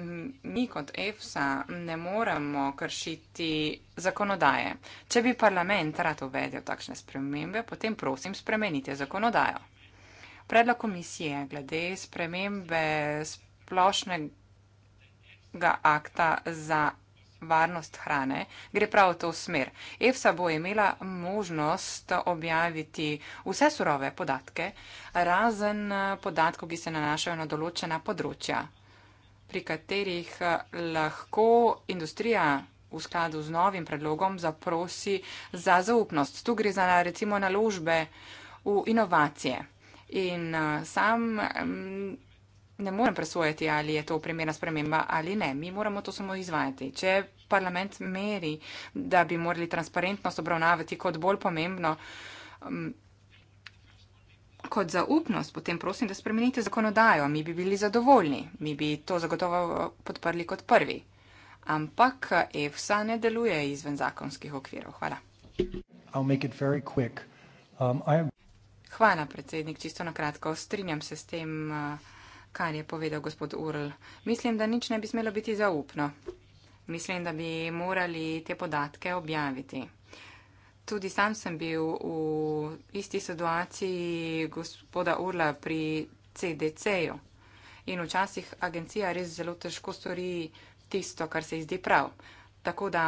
mi kot EFSA ne moremo kršiti zakonodaje. Če bi parlament rad uvedel takšne spremembe, potem prosim spremenite zakonodajo. Predlog komisije glede spremembe splošnega akta za varnost hrane, gre prav v to smer. EFSA bo imela možnost objaviti vse surove podatke, razen eh, podatkov, ki se nanašajo na določena področja, pri katerih eh, lahko industrija v skladu z novim predlogom zaprosi za zaupnost. Tu gre za recimo naložbe v inovacije. In eh, sam mm, ne morem presojati, ali je to primerna sprememba ali ne. Mi moramo to samo izvajati. Če parlament meri, da bi morali transparentnost obravnavati kot bolj pomembno, um, kot zaupnost, potem prosim, da spremenite zakonodajo. Mi bi bili zadovoljni. Mi bi to zagotovo podprli kot prvi. Ampak EFSA ne deluje izven zakonskih okvirov. Hvala. Um, Hvala, predsednik. Čisto na kratko. Strinjam se s tem. Uh, kar je povedal gospod Url. Mislim, da nič ne bi smelo biti zaupno. Mislim, da bi morali te podatke objaviti. Tudi sam sem bil v isti situaciji gospoda Urla pri CDC-ju. In včasih agencija res zelo težko stori tisto, kar se ji zdi prav. Tako da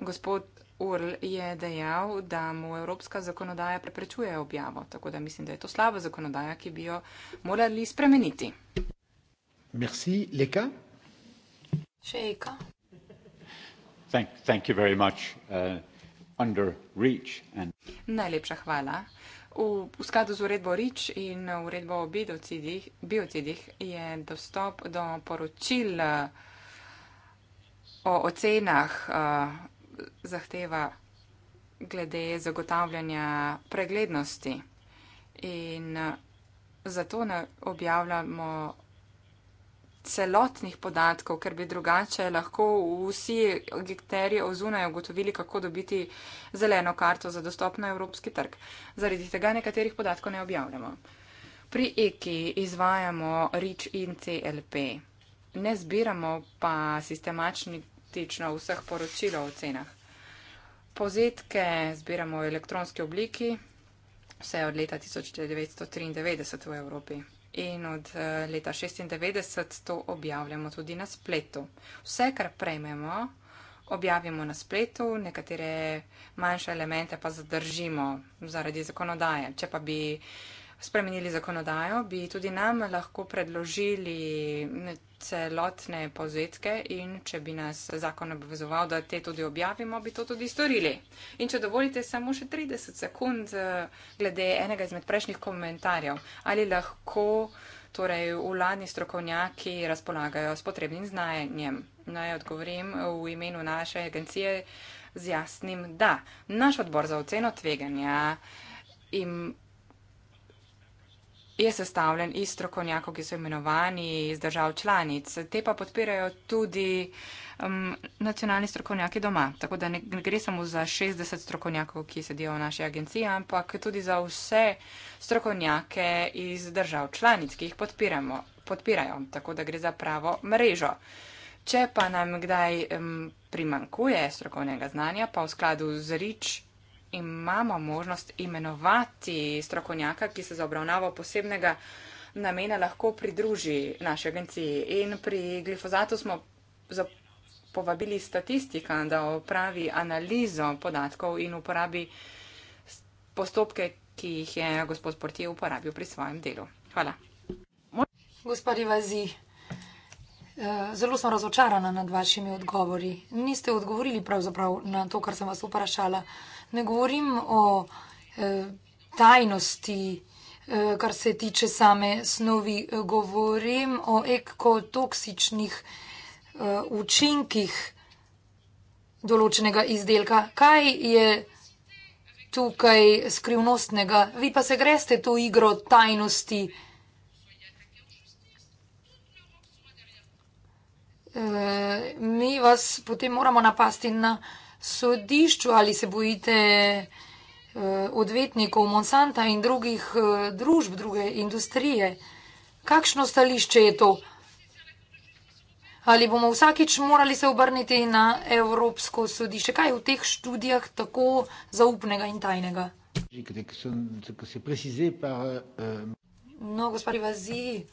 gospod Url je dejal, da mu evropska zakonodaja preprečuje objavo, tako da mislim, da je to slaba zakonodaja, ki bi jo morali spremeniti. Merci, Leka. Še Eka. Thank, thank you very much. Uh, under reach and. Najlepša hvala. V, v skladu z uredbo REACH in uredbo o biocidih, biocidih je dostop do poročil uh, o ocenah uh, zahteva glede zagotavljanja preglednosti. In eh, zato ne objavljamo celotnih podatkov, ker bi drugače lahko vsi gekterji ozunaj ugotovili, kako dobiti zeleno karto za dostop na evropski trg. Zaradi tega nekaterih podatkov ne objavljamo. Pri EKI izvajamo REACH in CLP. Ne zbiramo pa sistematičnih praktično vseh poročil o cenah. Povzetke zbiramo v elektronski obliki, vse od leta 1993 v Evropi. In od eh, leta 1996 to objavljamo tudi na spletu. Vse, kar prejmemo, objavimo na spletu, nekatere manjše elemente pa zadržimo zaradi zakonodaje. Če pa bi spremenili zakonodajo, bi tudi nam lahko predložili celotne povzetke in če bi nas zakon obvezoval, da te tudi objavimo, bi to tudi storili. In če dovolite samo še 30 sekund eh, glede enega izmed prejšnjih komentarjev, ali lahko torej vladni strokovnjaki razpolagajo s potrebnim znanjem. Naj odgovorim v imenu naše agencije z jasnim da. Naš odbor za oceno tveganja im je sestavljen iz strokovnjakov, ki so imenovani iz držav članic. Te pa podpirajo tudi um, nacionalni strokovnjaki doma. Tako da ne, ne gre samo za 60 strokovnjakov, ki sedijo v naši agenciji, ampak tudi za vse strokovnjake iz držav članic, ki jih podpiramo, podpirajo. Tako da gre za pravo mrežo. Če pa nam kdaj um, primankuje strokovnega znanja, pa v skladu z rič imamo možnost imenovati strokovnjaka, ki se za obravnavo posebnega namena lahko pridruži naši agenciji. In pri glifozatu smo povabili statistika, da opravi analizo podatkov in uporabi postopke, ki jih je gospod Portje uporabil pri svojem delu. Hvala. Gospod Ivazi, eh, zelo sem razočarana nad vašimi odgovori. Niste odgovorili pravzaprav na to, kar sem vas vprašala ne govorim o eh, tajnosti, eh, kar se tiče same snovi, e, govorim o ekotoksičnih eh, učinkih določenega izdelka. Kaj je tukaj skrivnostnega? Vi pa se greste to igro tajnosti. E, mi vas potem moramo napasti na sodišču ali se bojite eh, odvetnikov Monsanta in drugih eh, družb, druge industrije. Kakšno stališče je to? Ali bomo vsakič morali se obrniti na Evropsko sodišče? Kaj je v teh študijah tako zaupnega in tajnega? No, gospod Rivazi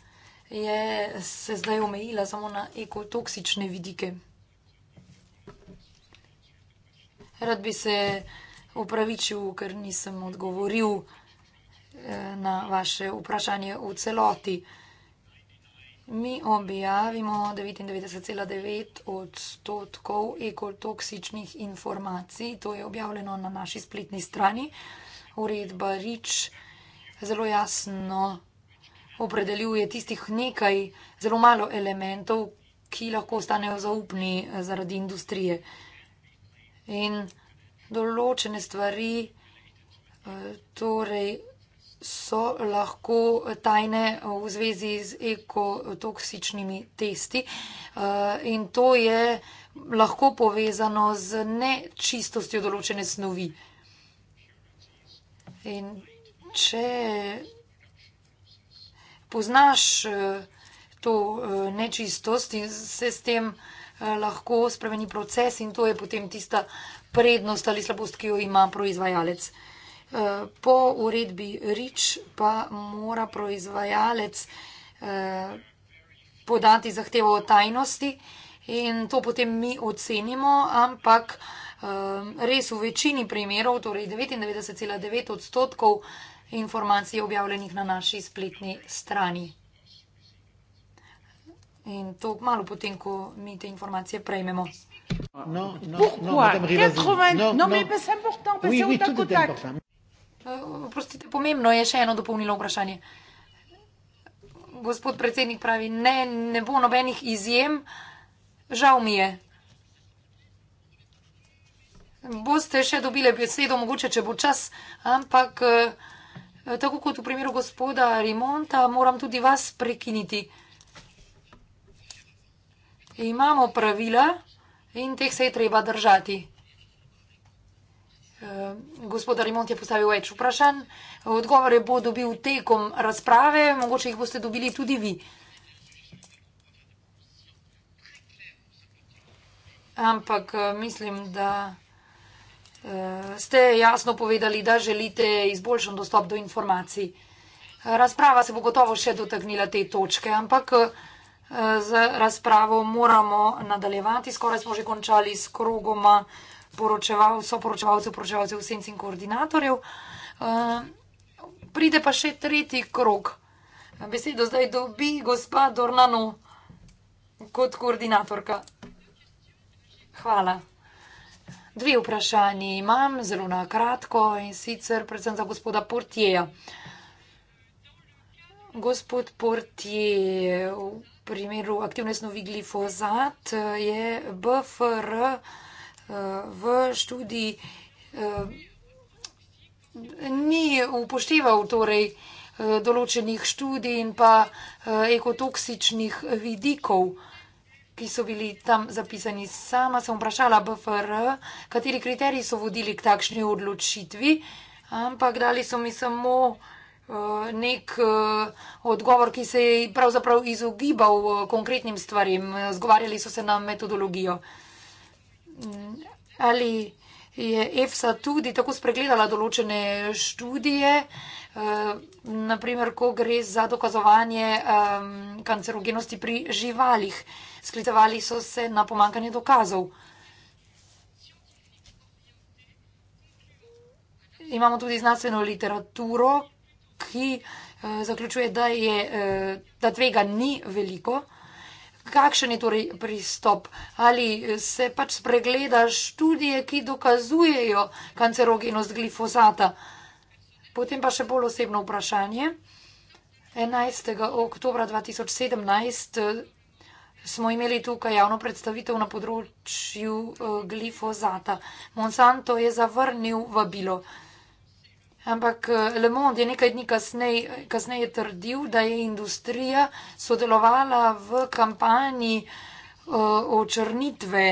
je se zdaj omejila samo na ekotoksične vidike. Rad bi se upravičil, ker nisem odgovoril eh, na vaše vprašanje v celoti. Mi objavimo 99,9 odstotkov ekotoksičnih informacij, to je objavljeno na naši spletni strani. Uredba Rič zelo jasno opredeljuje tistih nekaj, zelo malo elementov, ki lahko ostanejo zaupni eh, zaradi industrije in določene stvari eh, torej so lahko tajne v zvezi z ekotoksičnimi testi eh, in to je lahko povezano z nečistostjo določene snovi. In če poznaš eh, to nečistost in se s tem vsega, Eh, lahko spremeni proces in to je potem tista prednost ali slabost, ki jo ima proizvajalec. Eh, po uredbi REACH pa mora proizvajalec eh, podati zahtevo o tajnosti in to potem mi ocenimo, ampak res v večini primerov, torej 99,9 odstotkov informacij je objavljenih na naši spletni strani in to malo potem, ko mi te informacije prejmemo. Oprostite, pomembno je še eno dopolnilo vprašanje. Gospod predsednik pravi, ne, ne bo nobenih izjem, žal mi je. Boste še dobile besedo, mogoče, če bo čas, ampak eh, tako kot v primeru gospoda Rimonta, moram tudi vas prekiniti imamo pravila in teh se je treba držati. Eh, gospod Arimont je postavil več vprašanj. Odgovore bo dobil tekom razprave, mogoče jih boste dobili tudi vi. Ampak eh, mislim, da eh, ste jasno povedali, da želite izboljšen dostop do informacij. Razprava se bo gotovo še dotaknila te točke, ampak vsega, z razpravo moramo nadaljevati. Skoraj smo že končali s krogoma soporočevalcev, poročevalcev, senc in koordinatorjev. Eh, pride pa še tretji krog. Besedo zdaj dobi gospa Dornano kot koordinatorka. Hvala. Dve vprašanje imam, zelo na kratko in sicer predvsem za gospoda Portjeja. Gospod Portjev, primeru aktivne snovi glifozat eh, je BFR eh, v študiji eh, ni upošteval torej določenih študij in pa ekotoksičnih vidikov, ki so bili tam zapisani. Sama sem vprašala BFR, kateri kriteriji so vodili k takšni odločitvi, ampak dali so mi samo Eh, nek eh, odgovor, ki se je pravzaprav izogibal eh, konkretnim stvarim. Zgovarjali so se na metodologijo. Mm, ali je EFSA tudi tako spregledala določene študije, naprimer, ko gre za dokazovanje kancerogenosti pri živalih. Sklicevali so se na pomankanje dokazov. Imamo tudi znanstveno literaturo, ki eh, zaključuje, da, je, eh, da tvega ni veliko. Kakšen je torej pristop? Ali eh, se pač spregleda študije, ki dokazujejo kancerogenost glifosata? Potem pa še bolj osebno vprašanje. 11. oktobra 2017 smo imeli tukaj javno predstavitev na področju glifosata. Monsanto je zavrnil vabilo. Ampak eh, Le Monde je nekaj dni kasneje kasnej trdil, da je industrija sodelovala v kampanji uh, očrnitve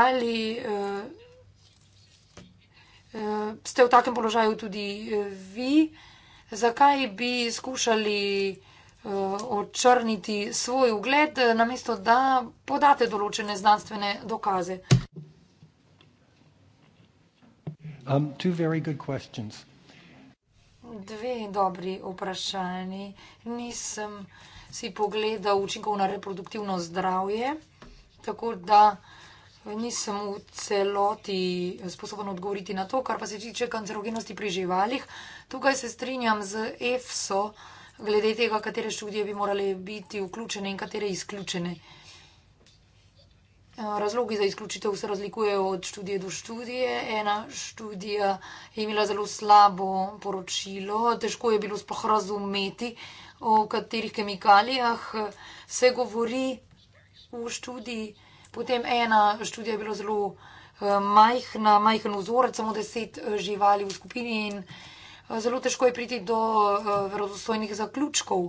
ali uh, uh, ste v takem položaju tudi vi, zakaj bi skušali uh, očrniti svoj ugled, namesto da podate določene znanstvene dokaze. Um, two very good questions. Dve dobri vprašanji. Nisem si pogledal učinkov na reproduktivno zdravje, tako da nisem v celoti sposoben odgovoriti na to, kar pa se tiče kancerogenosti pri živalih. Tukaj se strinjam z EFSO glede tega, katere študije bi morali biti vključene in katere izključene. Uh, Eh, razlogi za izključitev se razlikujejo od študije do študije. Ena študija je imela zelo slabo poročilo, težko je bilo sploh razumeti, o katerih kemikalijah se govori v študiji. Potem ena študija je bila zelo eh, majhna, majhen vzorec, samo deset eh, živali v skupini in zelo težko je priti do verodostojnih zaključkov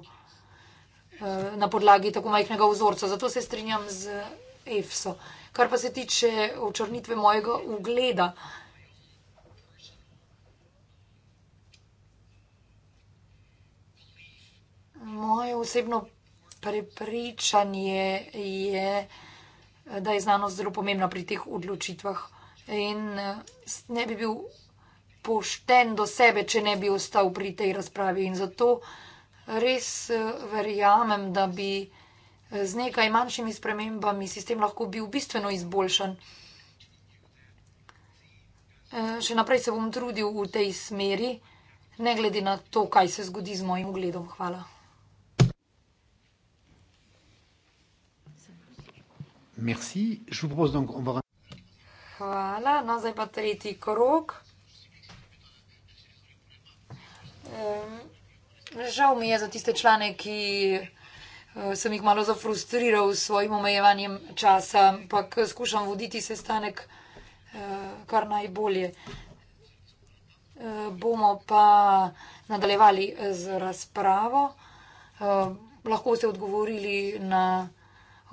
na podlagi tako majhnega vzorca. Zato se strinjam z. EFSO. Kar pa se tiče očrnitve mojega ugleda. Moje osebno prepričanje je, da je znanost zelo pomembna pri teh odločitvah in ne bi bil pošten do sebe, če ne bi ostal pri tej razpravi. In zato res eh, verjamem, da bi vsega, z nekaj manjšimi spremembami sistem lahko bil bistveno izboljšan. E, še naprej se bom trudil v tej smeri, ne glede na to, kaj se zgodi z mojim ugledom. Hvala. Hvala. No, zdaj pa tretji krok. Žal mi je za tiste člane, ki... Eh, sem jih malo zafrustriral s svojim omejevanjem časa, ampak skušam voditi sestanek eh, kar najbolje. Eh, bomo pa nadaljevali z razpravo. Lahko ste odgovorili na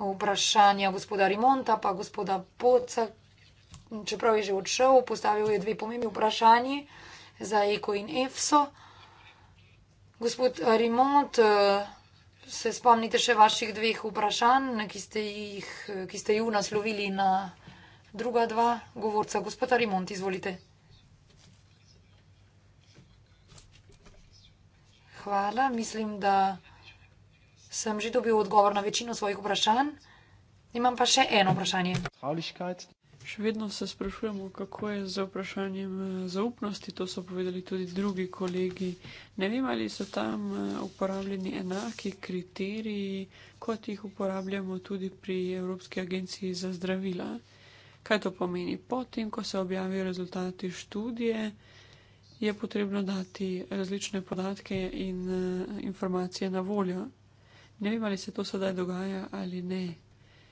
vprašanja gospoda Rimonta, pa gospoda Poca, čeprav je že odšel, postavil je dve pomembni vprašanji za Eko in EFSO. Gospod Rimont, se spomnite še vaših dveh vprašanj, ki ste jih, ki ste jih naslovili na druga dva govorca. Gospod Arimont, izvolite. Hvala, mislim, da sem že dobil odgovor na večino svojih vprašanj. Imam pa še eno vprašanje. Še vedno se sprašujemo, kako je z vprašanjem eh, zaupnosti. To so povedali tudi drugi kolegi. Ne vem, ali so tam eh, uporabljeni enaki kriteriji, kot jih uporabljamo tudi pri Evropski agenciji za zdravila. Kaj to pomeni? Potem, ko se objavijo rezultati študije, je potrebno dati različne podatke in eh, informacije na voljo. Ne vem, ali se to sedaj dogaja ali ne.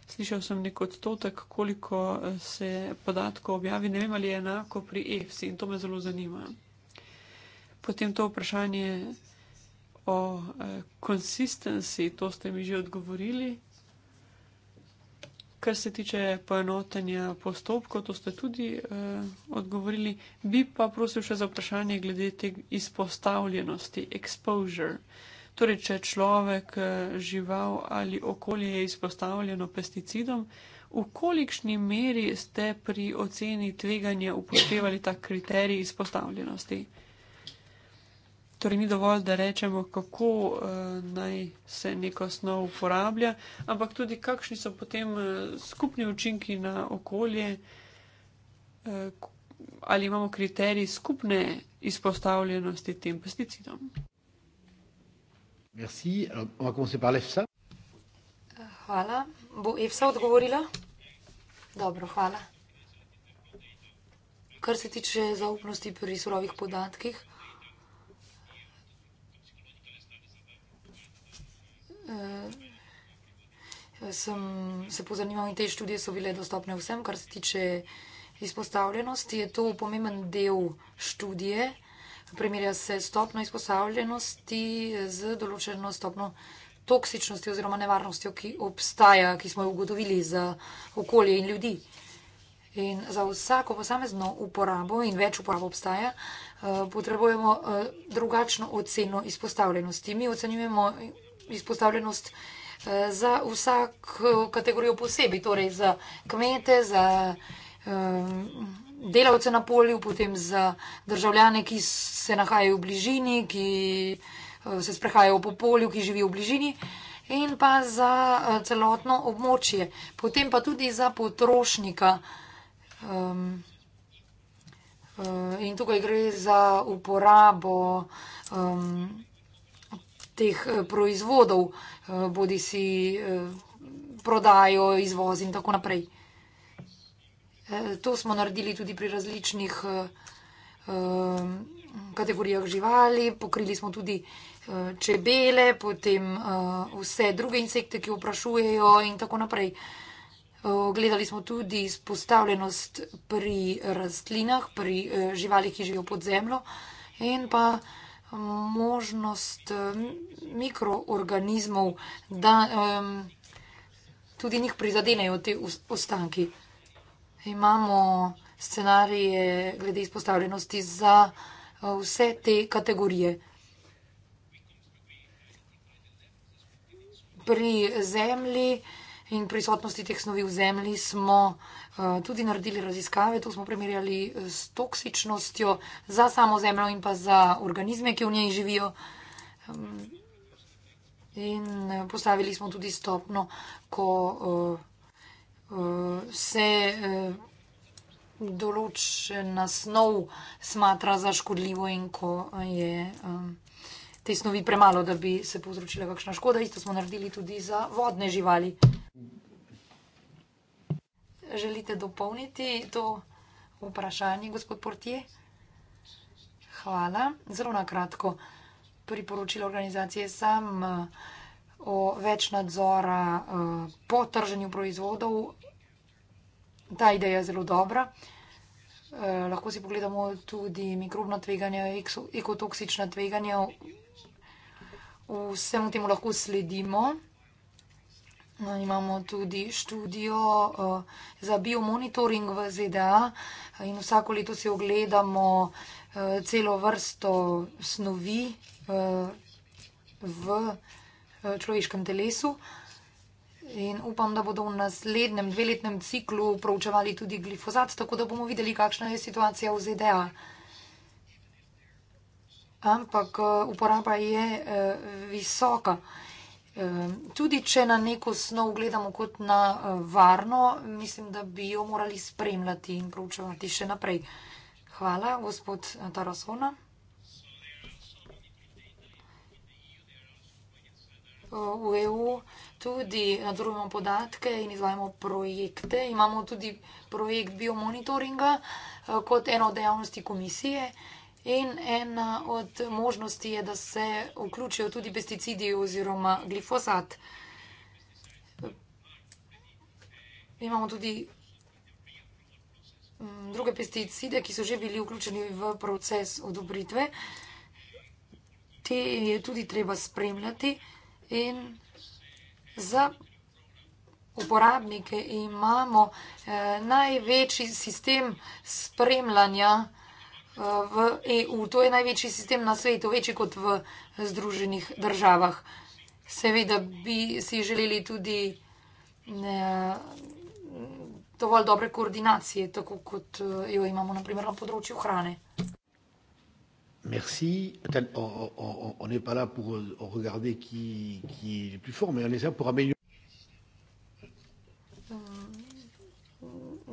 Slišal sem neko odstotek, koliko eh, se podatkov objavi, ne vem, ali je enako pri EFSI in to me zelo zanima. Potem to vprašanje o konsistenci, eh, to ste mi že odgovorili. Kar se tiče poenotenja postopkov, to ste tudi eh, odgovorili. Bi pa prosil še za vprašanje glede te izpostavljenosti, exposure. Eh, Torej, če človek, eh, žival ali okolje je izpostavljeno pesticidom, v kolikšni meri ste pri oceni tveganja upoštevali ta kriterij izpostavljenosti? Torej, ni dovolj, da rečemo, kako uh, naj se neko snov uporablja, ampak tudi kakšni so potem uh, skupni učinki na okolje, uh, ali imamo kriterij skupne izpostavljenosti tem pesticidom. Merci. Alors, on va commencer par l'EFSA. Hvala. Bo EFSA odgovorila? Dobro, hvala. Kar se tiče zaupnosti pri surovih podatkih, eh, sem se pozanimal in te študije so bile dostopne vsem. Kar se tiče izpostavljenosti, je to pomemben del študije primerja se stopno izpostavljenosti z določeno stopno toksičnosti oziroma nevarnostjo, ki obstaja, ki smo jo ugotovili za okolje in ljudi. In za vsako posamezno uporabo in več uporabo obstaja, eh, potrebujemo eh, drugačno oceno izpostavljenosti. Mi ocenjujemo izpostavljenost eh, za vsak kategorijo posebej, torej za kmete, za um, delavce na polju, potem za državljane, ki se nahajajo v bližini, ki eh, se sprehajajo po polju, ki živijo v bližini, in pa za eh, celotno območje. Potem pa tudi za potrošnika. Um, in tukaj gre za uporabo um, teh proizvodov, bodi si prodajo, izvoz in tako naprej. Eh, to smo naredili tudi pri različnih eh, eh, kategorijah živali, pokrili smo tudi čebele, potem vse druge insekte, ki vprašujejo in tako naprej. Gledali smo tudi izpostavljenost pri rastlinah, pri živalih, ki živijo pod zemljo in pa možnost mikroorganizmov, da tudi njih prizadenejo te ostanki imamo scenarije glede izpostavljenosti za eh, vse te kategorije. Pri zemlji in prisotnosti teh snovi v zemlji smo eh, tudi naredili raziskave, to smo primerjali eh, s toksičnostjo za samo zemljo in pa za organizme, ki v njej živijo. Ehm, in postavili smo tudi stopno, ko uh, se eh, določena snov smatra za škodljivo in ko je eh, te snovi premalo, da bi se povzročila kakšna škoda. Isto smo naredili tudi za vodne živali. Želite dopolniti to vprašanje, gospod Portije? Hvala. Zelo nakratko priporočila organizacije sam eh, o več nadzora po trženju proizvodov ta ideja je zelo dobra. Eh, lahko si pogledamo tudi mikrobno tveganje, ekotoksična tveganja. Vsemu temu lahko sledimo. No, imamo tudi študijo uh, za biomonitoring v ZDA in vsako leto si ogledamo uh, celo vrsto snovi uh, v uh, človeškem telesu. Uh, In upam, da bodo v naslednjem dveletnem ciklu proučevali tudi glifozat, tako da bomo videli, kakšna je situacija v ZDA. Ampak eh, uporaba je eh, visoka. Eh, tudi, če na neko snov gledamo kot na varno, mislim, da bi jo morali spremljati in proučevati še naprej. Hvala, gospod Tarasona. v EU, tudi nadzorujemo podatke in izvajamo projekte. Imamo tudi projekt biomonitoringa eh, kot eno od dejavnosti komisije in ena od možnosti je, da se vključijo tudi pesticidi oziroma glifosat. Imamo tudi mm, druge pesticide, ki so že bili vključeni v proces odobritve. Te je tudi treba spremljati in In za uporabnike imamo eh, največji sistem spremljanja eh, v EU. To je največji sistem na svetu, večji kot v Združenih državah. Seveda bi si želeli tudi dovolj dobre koordinacije, tako kot eh, jo imamo na primer na področju hrane. Merci. Attends, on n'est pas là pour euh, regarder qui, qui est le plus fort, mais on est là pour améliorer. Mm.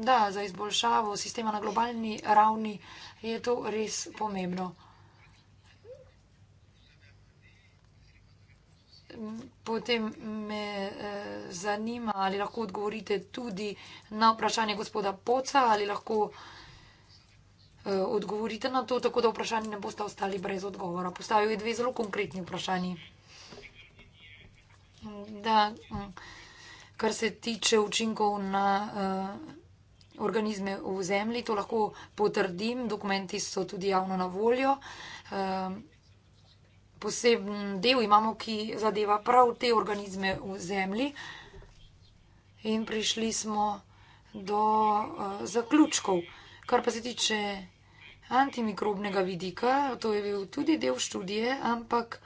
Da, za izboljšavo sistema na globalni ravni je to res pomembno. Potem me eh, zanima, ali lahko odgovorite tudi na vprašanje gospoda Poca, ali lahko odgovorite. Eh, odgovorite na to, tako da vprašanje ne boste ostali brez odgovora. Postavil je dve zelo konkretni vprašanji. Da, mm, kar se tiče učinkov na eh, organizme v zemlji, to lahko potrdim, dokumenti so tudi javno na voljo. Eh, poseben del imamo, ki zadeva prav te organizme v zemlji in prišli smo do zaključkov. Kar pa se tiče antimikrobnega vidika, to je bil tudi del študije, ampak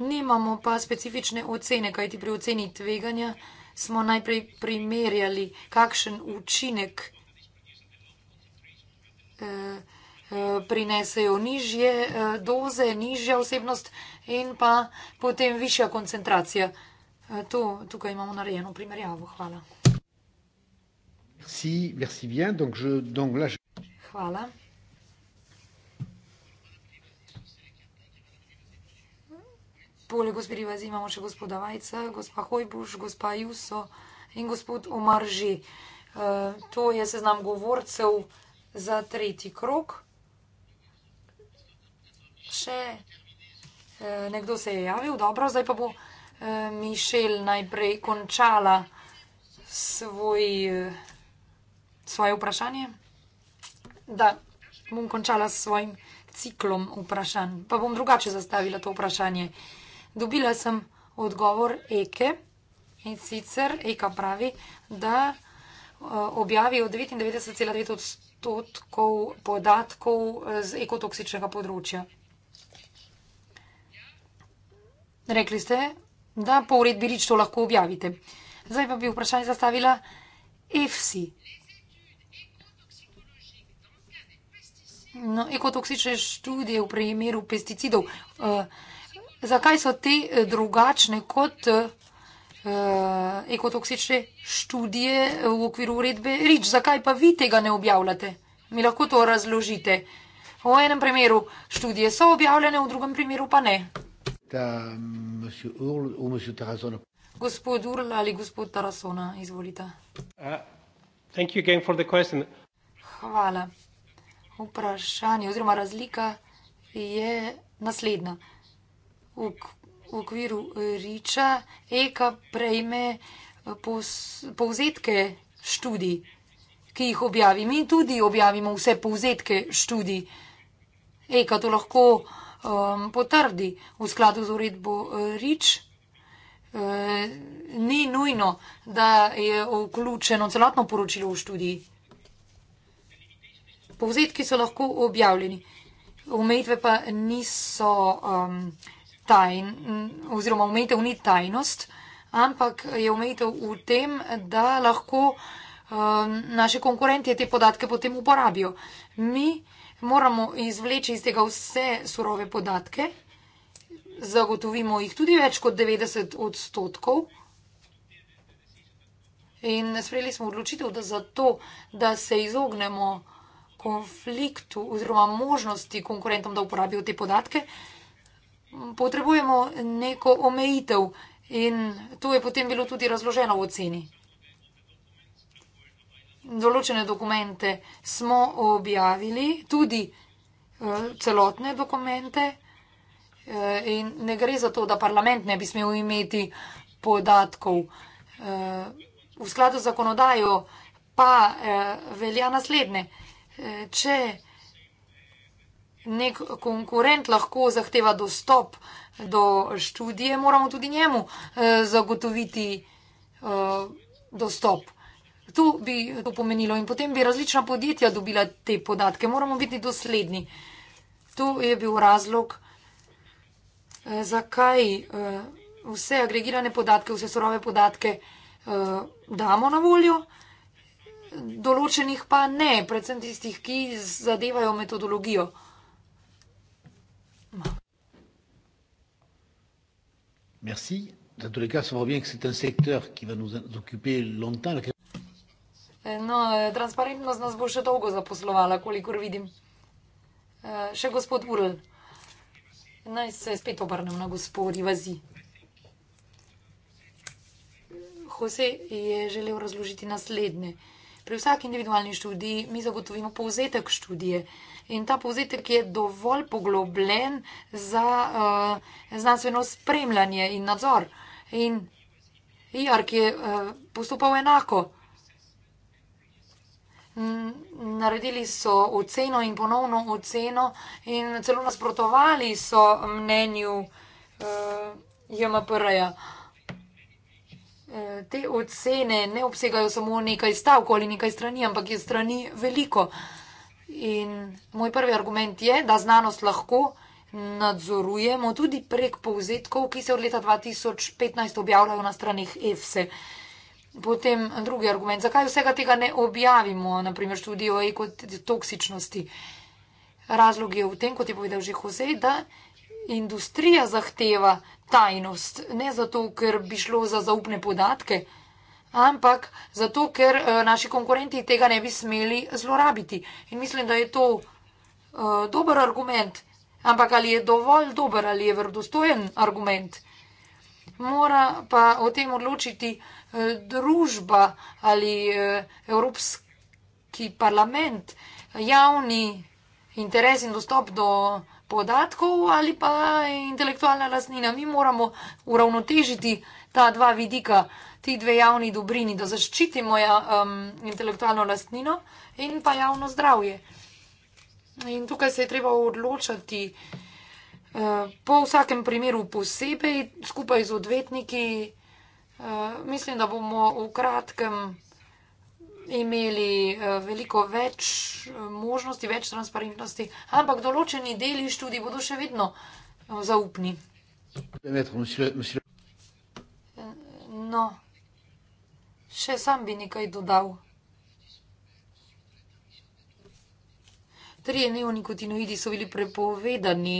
nimamo pa specifične ocene, kajti pri oceni tveganja smo najprej primerjali, kakšen učinek eh, eh, prinesejo nižje eh, doze, nižja osebnost in pa potem višja koncentracija. To tukaj imamo narejeno primerjavo. Hvala. Merci, merci bien. Donc je, donc là, je... Hvala. Poleg gospodi Vazi imamo še gospoda Vajca, gospa Hojbuš, gospa Juso in gospod Omar Ži. E, to je seznam govorcev za tretji krok. Še e, nekdo se je javil, dobro, zdaj pa bo e, Mišel najprej končala svoje vprašanje da bom končala s svojim ciklom vprašanj. Pa bom drugače zastavila to vprašanje. Dobila sem odgovor Eke in sicer Eka pravi, da e, objavijo 99,9 odstotkov podatkov e, z ekotoksičnega področja. Rekli ste, da po uredbi rič to lahko objavite. Zdaj pa bi vprašanje zastavila EFSI. no, ekotoksične študije v primeru pesticidov. Eh, zakaj so te eh, drugačne kot eh, ekotoksične študije v okviru uredbe RIČ? Zakaj pa vi tega ne objavljate? Mi lahko to razložite. V enem primeru študije so objavljene, v drugem primeru pa ne. Gospod Url ali gospod Tarasona, izvolite. Uh, Hvala vprašanje, oziroma razlika je naslednja. V, v okviru Riča Eka prejme pos, povzetke študij, ki jih objavi. Mi tudi objavimo vse povzetke študij. Eka to lahko um, potrdi v skladu z uredbo eh, Rič. Eh, ni nujno, da je vključeno celotno poročilo v študiji. Povzetki so lahko objavljeni, omejitve pa niso um, tajn, oziroma omejitev ni tajnost, ampak je omejitev v tem, da lahko um, naše konkurentje te podatke potem uporabijo. Mi moramo izvleči iz tega vse surove podatke, zagotovimo jih tudi več kot 90 odstotkov. In sprejeli smo odločitev, da zato, da se izognemo konfliktu oziroma možnosti konkurentom, da uporabijo te podatke, potrebujemo neko omejitev in to je potem bilo tudi razloženo v oceni. Določene dokumente smo objavili, tudi eh, celotne dokumente eh, in ne gre za to, da parlament ne bi smel imeti podatkov. Eh, v skladu z zakonodajo pa velja naslednje če nek konkurent lahko zahteva dostop do študije, moramo tudi njemu eh, zagotoviti eh, dostop. To bi to pomenilo in potem bi različna podjetja dobila te podatke. Moramo biti dosledni. To je bil razlog, eh, zakaj vse agregirane podatke, vse surove podatke damo na voljo določenih pa ne, predvsem tistih, ki zadevajo metodologijo. Merci. Za tous les cas, ça va bien que c'est un secteur qui va nous occuper longtemps. Eh, no, eh, transparentnost nas bo še dolgo zaposlovala, kolikor vidim. Eh, še gospod Url. Naj se spet obrnem na gospod Ivazi. Jose je želel razložiti naslednje. Pri vsaki individualni študiji mi zagotovimo povzetek študije in ta povzetek je dovolj poglobljen za uh, znanstveno spremljanje in nadzor. In IARC je uh, postopal enako. Naredili so oceno in ponovno oceno in celo nasprotovali so mnenju uh, eh, JMPR-ja. Uh, Eh, te ocene ne obsegajo samo nekaj stavkov ali nekaj strani, ampak je strani veliko. In moj prvi argument je, da znanost lahko nadzorujemo tudi prek povzetkov, ki se od leta 2015 objavljajo na stranih EFSE. Potem drugi argument, zakaj vsega tega ne objavimo, naprimer študijo o ekotoksičnosti. Razlog je v tem, kot je povedal že Hosej, da industrija zahteva, tajnost. Ne zato, ker bi šlo za zaupne podatke, ampak zato, ker eh, naši konkurenti tega ne bi smeli zlorabiti. In mislim, da je to eh, dober argument, ampak ali je dovolj dober ali je verodostojen argument. Mora pa o tem odločiti eh, družba ali Evropski parlament, javni interes in dostop do podatkov ali pa intelektualna lastnina. Mi moramo uravnotežiti ta dva vidika, ti dve javni dobrini, da zaščitimo ja, um, intelektualno lastnino in pa javno zdravje. In tukaj se je treba odločati uh, po vsakem primeru posebej, skupaj z odvetniki. Uh, mislim, da bomo v kratkem imeli eh, veliko več eh, možnosti, več transparentnosti, ampak določeni deli študij bodo še vedno eh, zaupni. No, še sam bi nekaj dodal. Trije neonikotinoidi so bili prepovedani,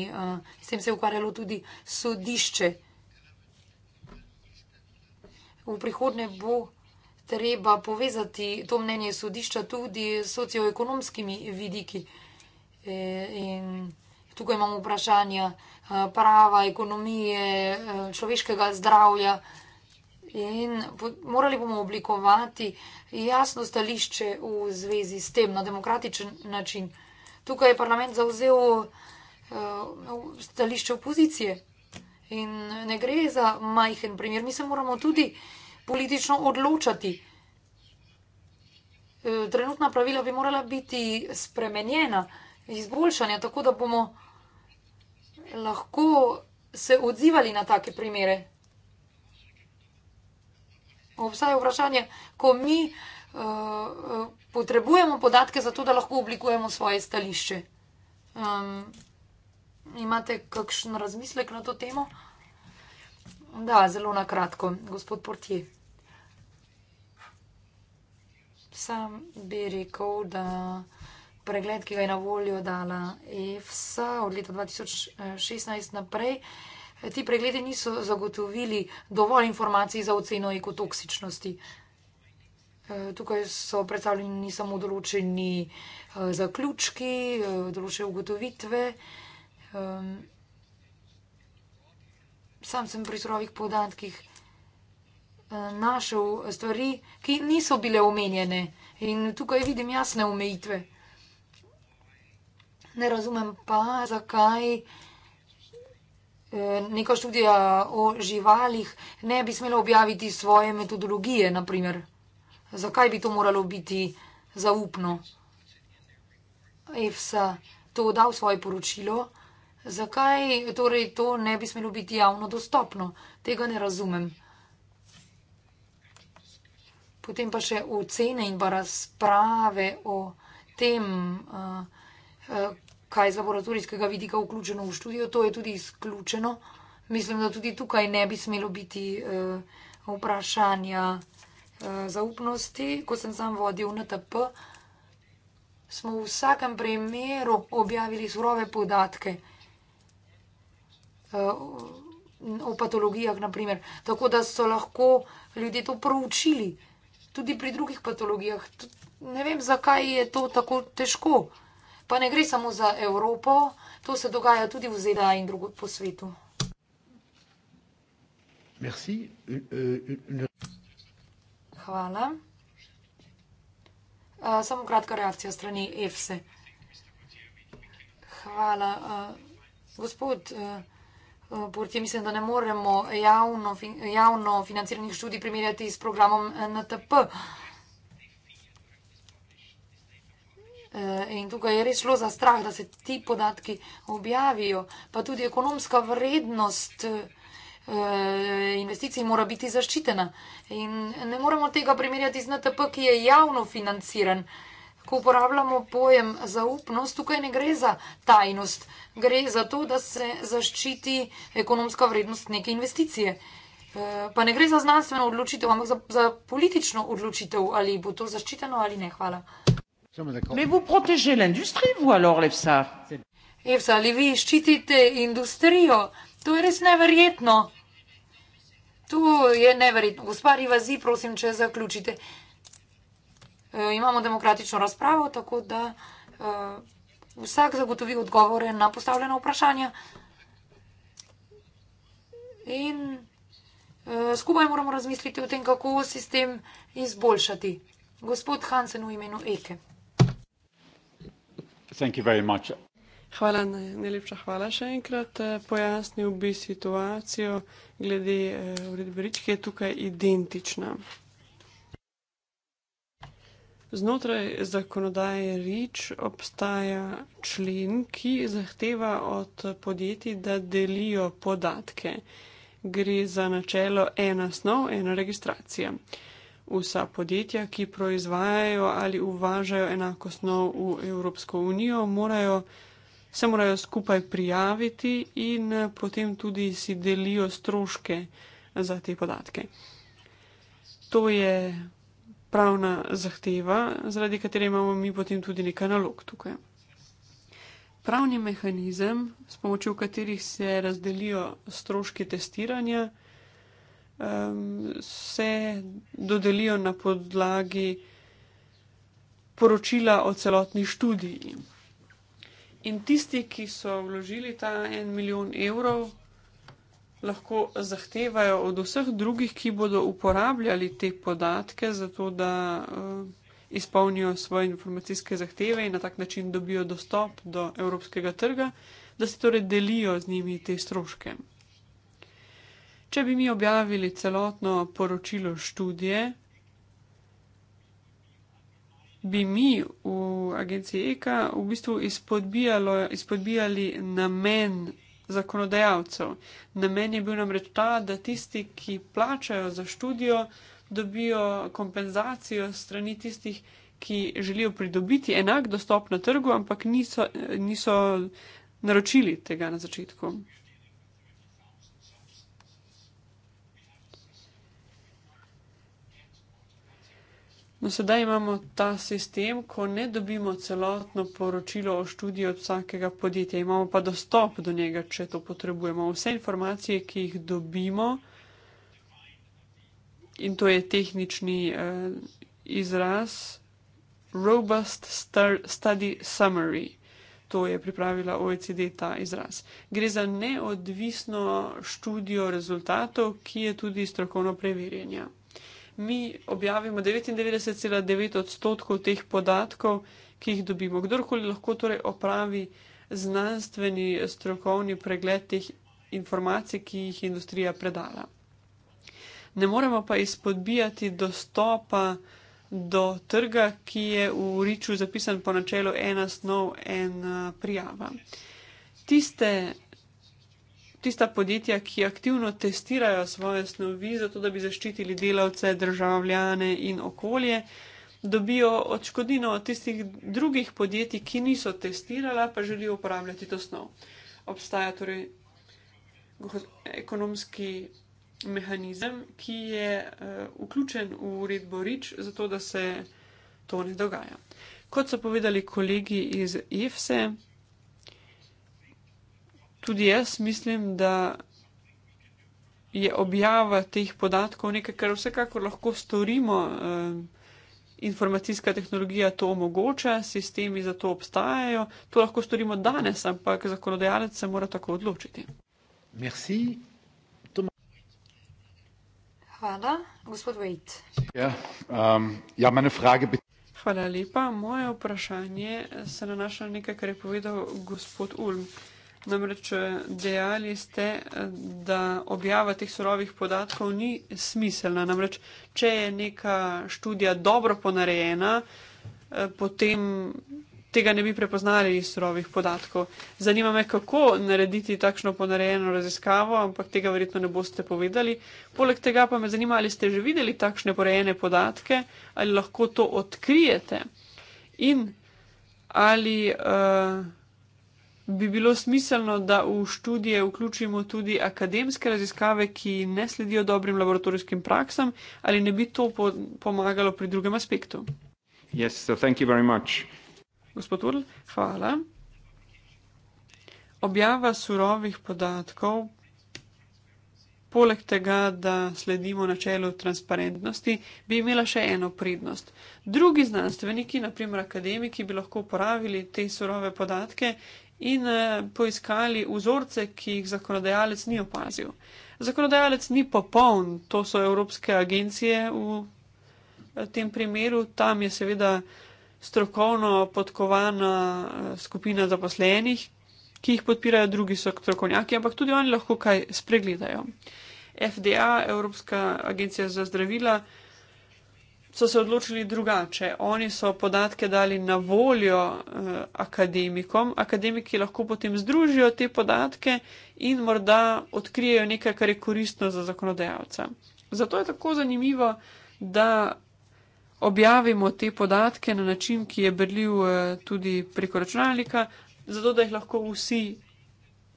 s tem se je ukvarjalo tudi sodišče. V prihodnje bo treba povezati to mnenje sodišča tudi s socioekonomskimi vidiki. E, in tukaj imamo vprašanja e, prava, ekonomije, e, človeškega zdravja. In morali bomo oblikovati jasno stališče v zvezi s tem na demokratičen način. Tukaj je parlament zauzel stališče opozicije. In ne gre za majhen primer. Mi se moramo tudi politično odločati. E, trenutna pravila bi morala biti spremenjena, izboljšanja, tako da bomo lahko se odzivali na take primere. Obstaja vprašanje, ko mi uh, potrebujemo podatke za to, da lahko oblikujemo svoje stališče. Um, imate kakšen razmislek na to temo? Da, zelo na kratko, gospod Portje. Sam bi rekel, da pregled, ki ga je na voljo dala EFSA od leta 2016 naprej, ti pregledi niso zagotovili dovolj informacij za oceno ekotoksičnosti. E, tukaj so predstavljeni samo določeni e, zaključki, e, določene ugotovitve sam sem pri surovih podatkih eh, našel stvari, ki niso bile omenjene. In tukaj vidim jasne omejitve. Ne razumem pa, zakaj eh, neka študija o živalih ne bi smela objaviti svoje metodologije, naprimer. Zakaj bi to moralo biti zaupno? EFSA to dal svoje poročilo, Zakaj torej to ne bi smelo biti javno dostopno? Tega ne razumem. Potem pa še ocene in pa razprave o tem, eh, eh, kaj z laboratorijskega vidika vključeno v študijo, to je tudi izključeno. Mislim, da tudi tukaj ne bi smelo biti eh, vprašanja zaupnosti. Ko sem sam vodil NTP, smo v vsakem primeru objavili surove podatke. Eh, o patologijah. Naprimer. Tako da so lahko ljudje to proučili tudi pri drugih patologijah. Ne vem, zakaj je to tako težko. Pa ne gre samo za Evropo, to se dogaja tudi v ZDA in drugod po svetu. Merci. Hvala. Uh, samo kratka reakcija strani EFSE. Hvala. Uh, gospod. Uh, Porque mislim, da ne moremo javno, javno financiranih študij primerjati s programom eh, NTP. Eh, in tukaj je res šlo za strah, da se ti podatki objavijo. Pa tudi ekonomska vrednost eh, investicij mora biti zaščitena. In ne moremo tega primerjati z NTP, ki je javno financiran ko uporabljamo pojem zaupnost, tukaj ne gre za tajnost, gre za to, da se zaščiti ekonomska vrednost neke investicije. E, pa ne gre za znanstveno odločitev, ampak za, za politično odločitev, ali bo to zaščiteno ali ne. Hvala. Evsa, ali vi ščitite industrijo? To je res neverjetno. To je neverjetno. Gospa Rivazi, prosim, če zaključite. Eh, imamo demokratično razpravo, tako da eh, vsak zagotovi odgovore na postavljena vprašanja. In eh, skupaj moramo razmisliti o tem, kako sistem izboljšati. Gospod Hansen v imenu Eke. Hvala, najlepša hvala še enkrat. Pojasnil bi situacijo glede uredbe Ričke, je tukaj identična. Znotraj zakonodaje REACH obstaja člen, ki zahteva od podjetij, da delijo podatke. Gre za načelo ena snov, ena registracija. Vsa podjetja, ki proizvajajo ali uvažajo enako snov v Evropsko unijo, morajo, se morajo skupaj prijaviti in potem tudi si delijo stroške za te podatke. To je pravna zahteva, zaradi katere imamo mi potem tudi nek analog tukaj. Pravni mehanizem, s pomočjo katerih se razdelijo stroški testiranja, um, se dodelijo na podlagi poročila o celotni študiji. In tisti, ki so vložili ta en milijon evrov, lahko zahtevajo od vseh drugih, ki bodo uporabljali te podatke, zato da eh, izpolnijo svoje informacijske zahteve in na tak način dobijo dostop do evropskega trga, da se torej delijo z njimi te stroške. Če bi mi objavili celotno poročilo študije, bi mi v agenciji EKA v bistvu izpodbijali namen zakonodajalcev. Namen je bil namreč ta, da tisti, ki plačajo za študijo, dobijo kompenzacijo strani tistih, ki želijo pridobiti enak dostop na trgu, ampak niso, niso naročili tega na začetku. No, sedaj imamo ta sistem, ko ne dobimo celotno poročilo o študiji od vsakega podjetja, imamo pa dostop do njega, če to potrebujemo. Vse informacije, ki jih dobimo, in to je tehnični eh, izraz, robust study summary. To je pripravila OECD ta izraz. Gre za neodvisno študijo rezultatov, ki je tudi strokovno preverjena mi objavimo 99,9 odstotkov teh podatkov, ki jih dobimo. Kdorkoli lahko torej opravi znanstveni, strokovni pregled teh informacij, ki jih industrija predala. Ne moremo pa izpodbijati dostopa do trga, ki je v Riču zapisan po načelu ena snov, ena prijava. Tiste tista podjetja, ki aktivno testirajo svoje snovi, zato da bi zaščitili delavce, državljane in okolje, dobijo odškodino od tistih drugih podjetij, ki niso testirala, pa želijo uporabljati to snov. Obstaja torej ekonomski mehanizem, ki je uh, vključen v uredbo REACH, zato da se to ne dogaja. Kot so povedali kolegi iz EFSE, tudi jaz mislim, da je objava teh podatkov nekaj, kar vsekakor lahko storimo. Eh, informacijska tehnologija to omogoča, sistemi za to obstajajo. To lahko storimo danes, ampak zakonodajalec se mora tako odločiti. Merci. Hvala, gospod Vojt. Ja, um, ja, Hvala lepa. Moje vprašanje se nanaša na nekaj, kar je povedal gospod Ulm. Namreč eh, dejali ste, eh, da objava teh surovih podatkov ni smiselna. Namreč, če je neka študija dobro ponarejena, eh, potem tega ne bi prepoznali iz surovih podatkov. Zanima me, kako narediti takšno ponarejeno raziskavo, ampak tega verjetno ne boste povedali. Poleg tega pa me zanima, ali ste že videli takšne porejene podatke, ali lahko to odkrijete in ali. Uh, bi bilo smiselno, da v študije vključimo tudi akademske raziskave, ki ne sledijo dobrim laboratorijskim praksam, ali ne bi to po pomagalo pri drugem aspektu? Yes, so thank you very much. Gospod Url, hvala. Objava surovih podatkov, poleg tega, da sledimo načelu transparentnosti, bi imela še eno prednost. Drugi znanstveniki, naprimer akademiki, bi lahko uporabili te surove podatke in eh, poiskali vzorce, ki jih zakonodajalec ni opazil. Zakonodajalec ni popoln, to so evropske agencije v eh, tem primeru, tam je seveda strokovno podkovana eh, skupina zaposlenih, ki jih podpirajo, drugi so strokovnjaki, ampak tudi oni lahko kaj spregledajo. FDA, Evropska agencija za zdravila, so se odločili drugače. Oni so podatke dali na voljo eh, akademikom. Akademiki lahko potem združijo te podatke in morda odkrijejo nekaj, kar je koristno za zakonodajalca. Zato je tako zanimivo, da objavimo te podatke na način, ki je brljiv eh, tudi preko računalnika, zato da jih lahko vsi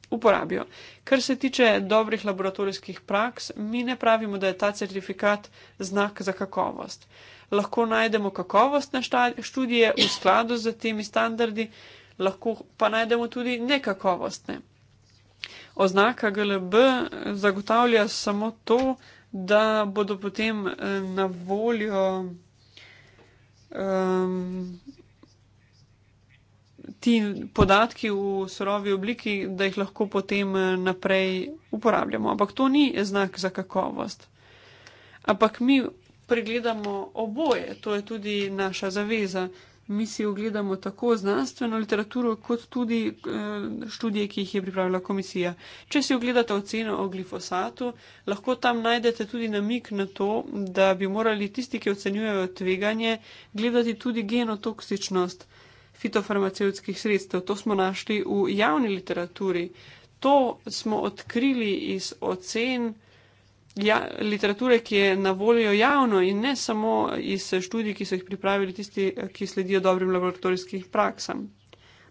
uporabijo. Kar se tiče dobrih laboratorijskih praks, mi ne pravimo, da je ta certifikat znak za kakovost. Lahko najdemo kakovostne študije v skladu z temi standardi, lahko pa najdemo tudi nekakovostne. Oznaka GLB zagotavlja samo to, da bodo potem eh, na voljo um, ti podatki v surovi obliki, da jih lahko potem eh, naprej uporabljamo. Ampak to ni znak za kakovost. Ampak mi pregledamo oboje, to je tudi naša zaveza. Mi si ogledamo tako znanstveno literaturo, kot tudi eh, študije, ki jih je pripravila komisija. Če si ogledate oceno o glifosatu, lahko tam najdete tudi namik na to, da bi morali tisti, ki ocenjujejo tveganje, gledati tudi genotoksičnost fitofarmacevtskih sredstev. To smo našli v javni literaturi. To smo odkrili iz ocen ja, literature, ki je na voljo javno in ne samo iz študij, ki so jih pripravili tisti, ki sledijo dobrim laboratorijskim praksam.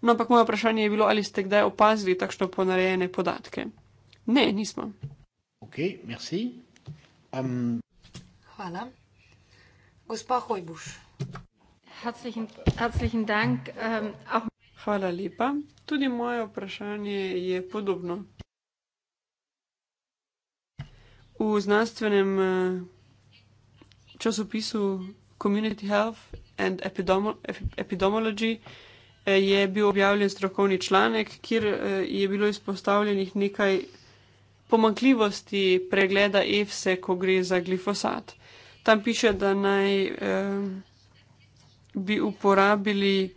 No, ampak moje vprašanje je bilo, ali ste kdaj opazili takšno ponarejene podatke. Ne, nismo. Ok, merci. Um... Hvala. Gospa Hojbuš. Ähm, Hvala lepa. Tudi moje vprašanje je podobno. V znanstvenem eh, časopisu Community Health and Epidemiology eh, je bil objavljen strokovni članek, kjer eh, je bilo izpostavljenih nekaj pomankljivosti pregleda EFSE, ko gre za glifosat. Tam piše, da naj. Eh, bi uporabili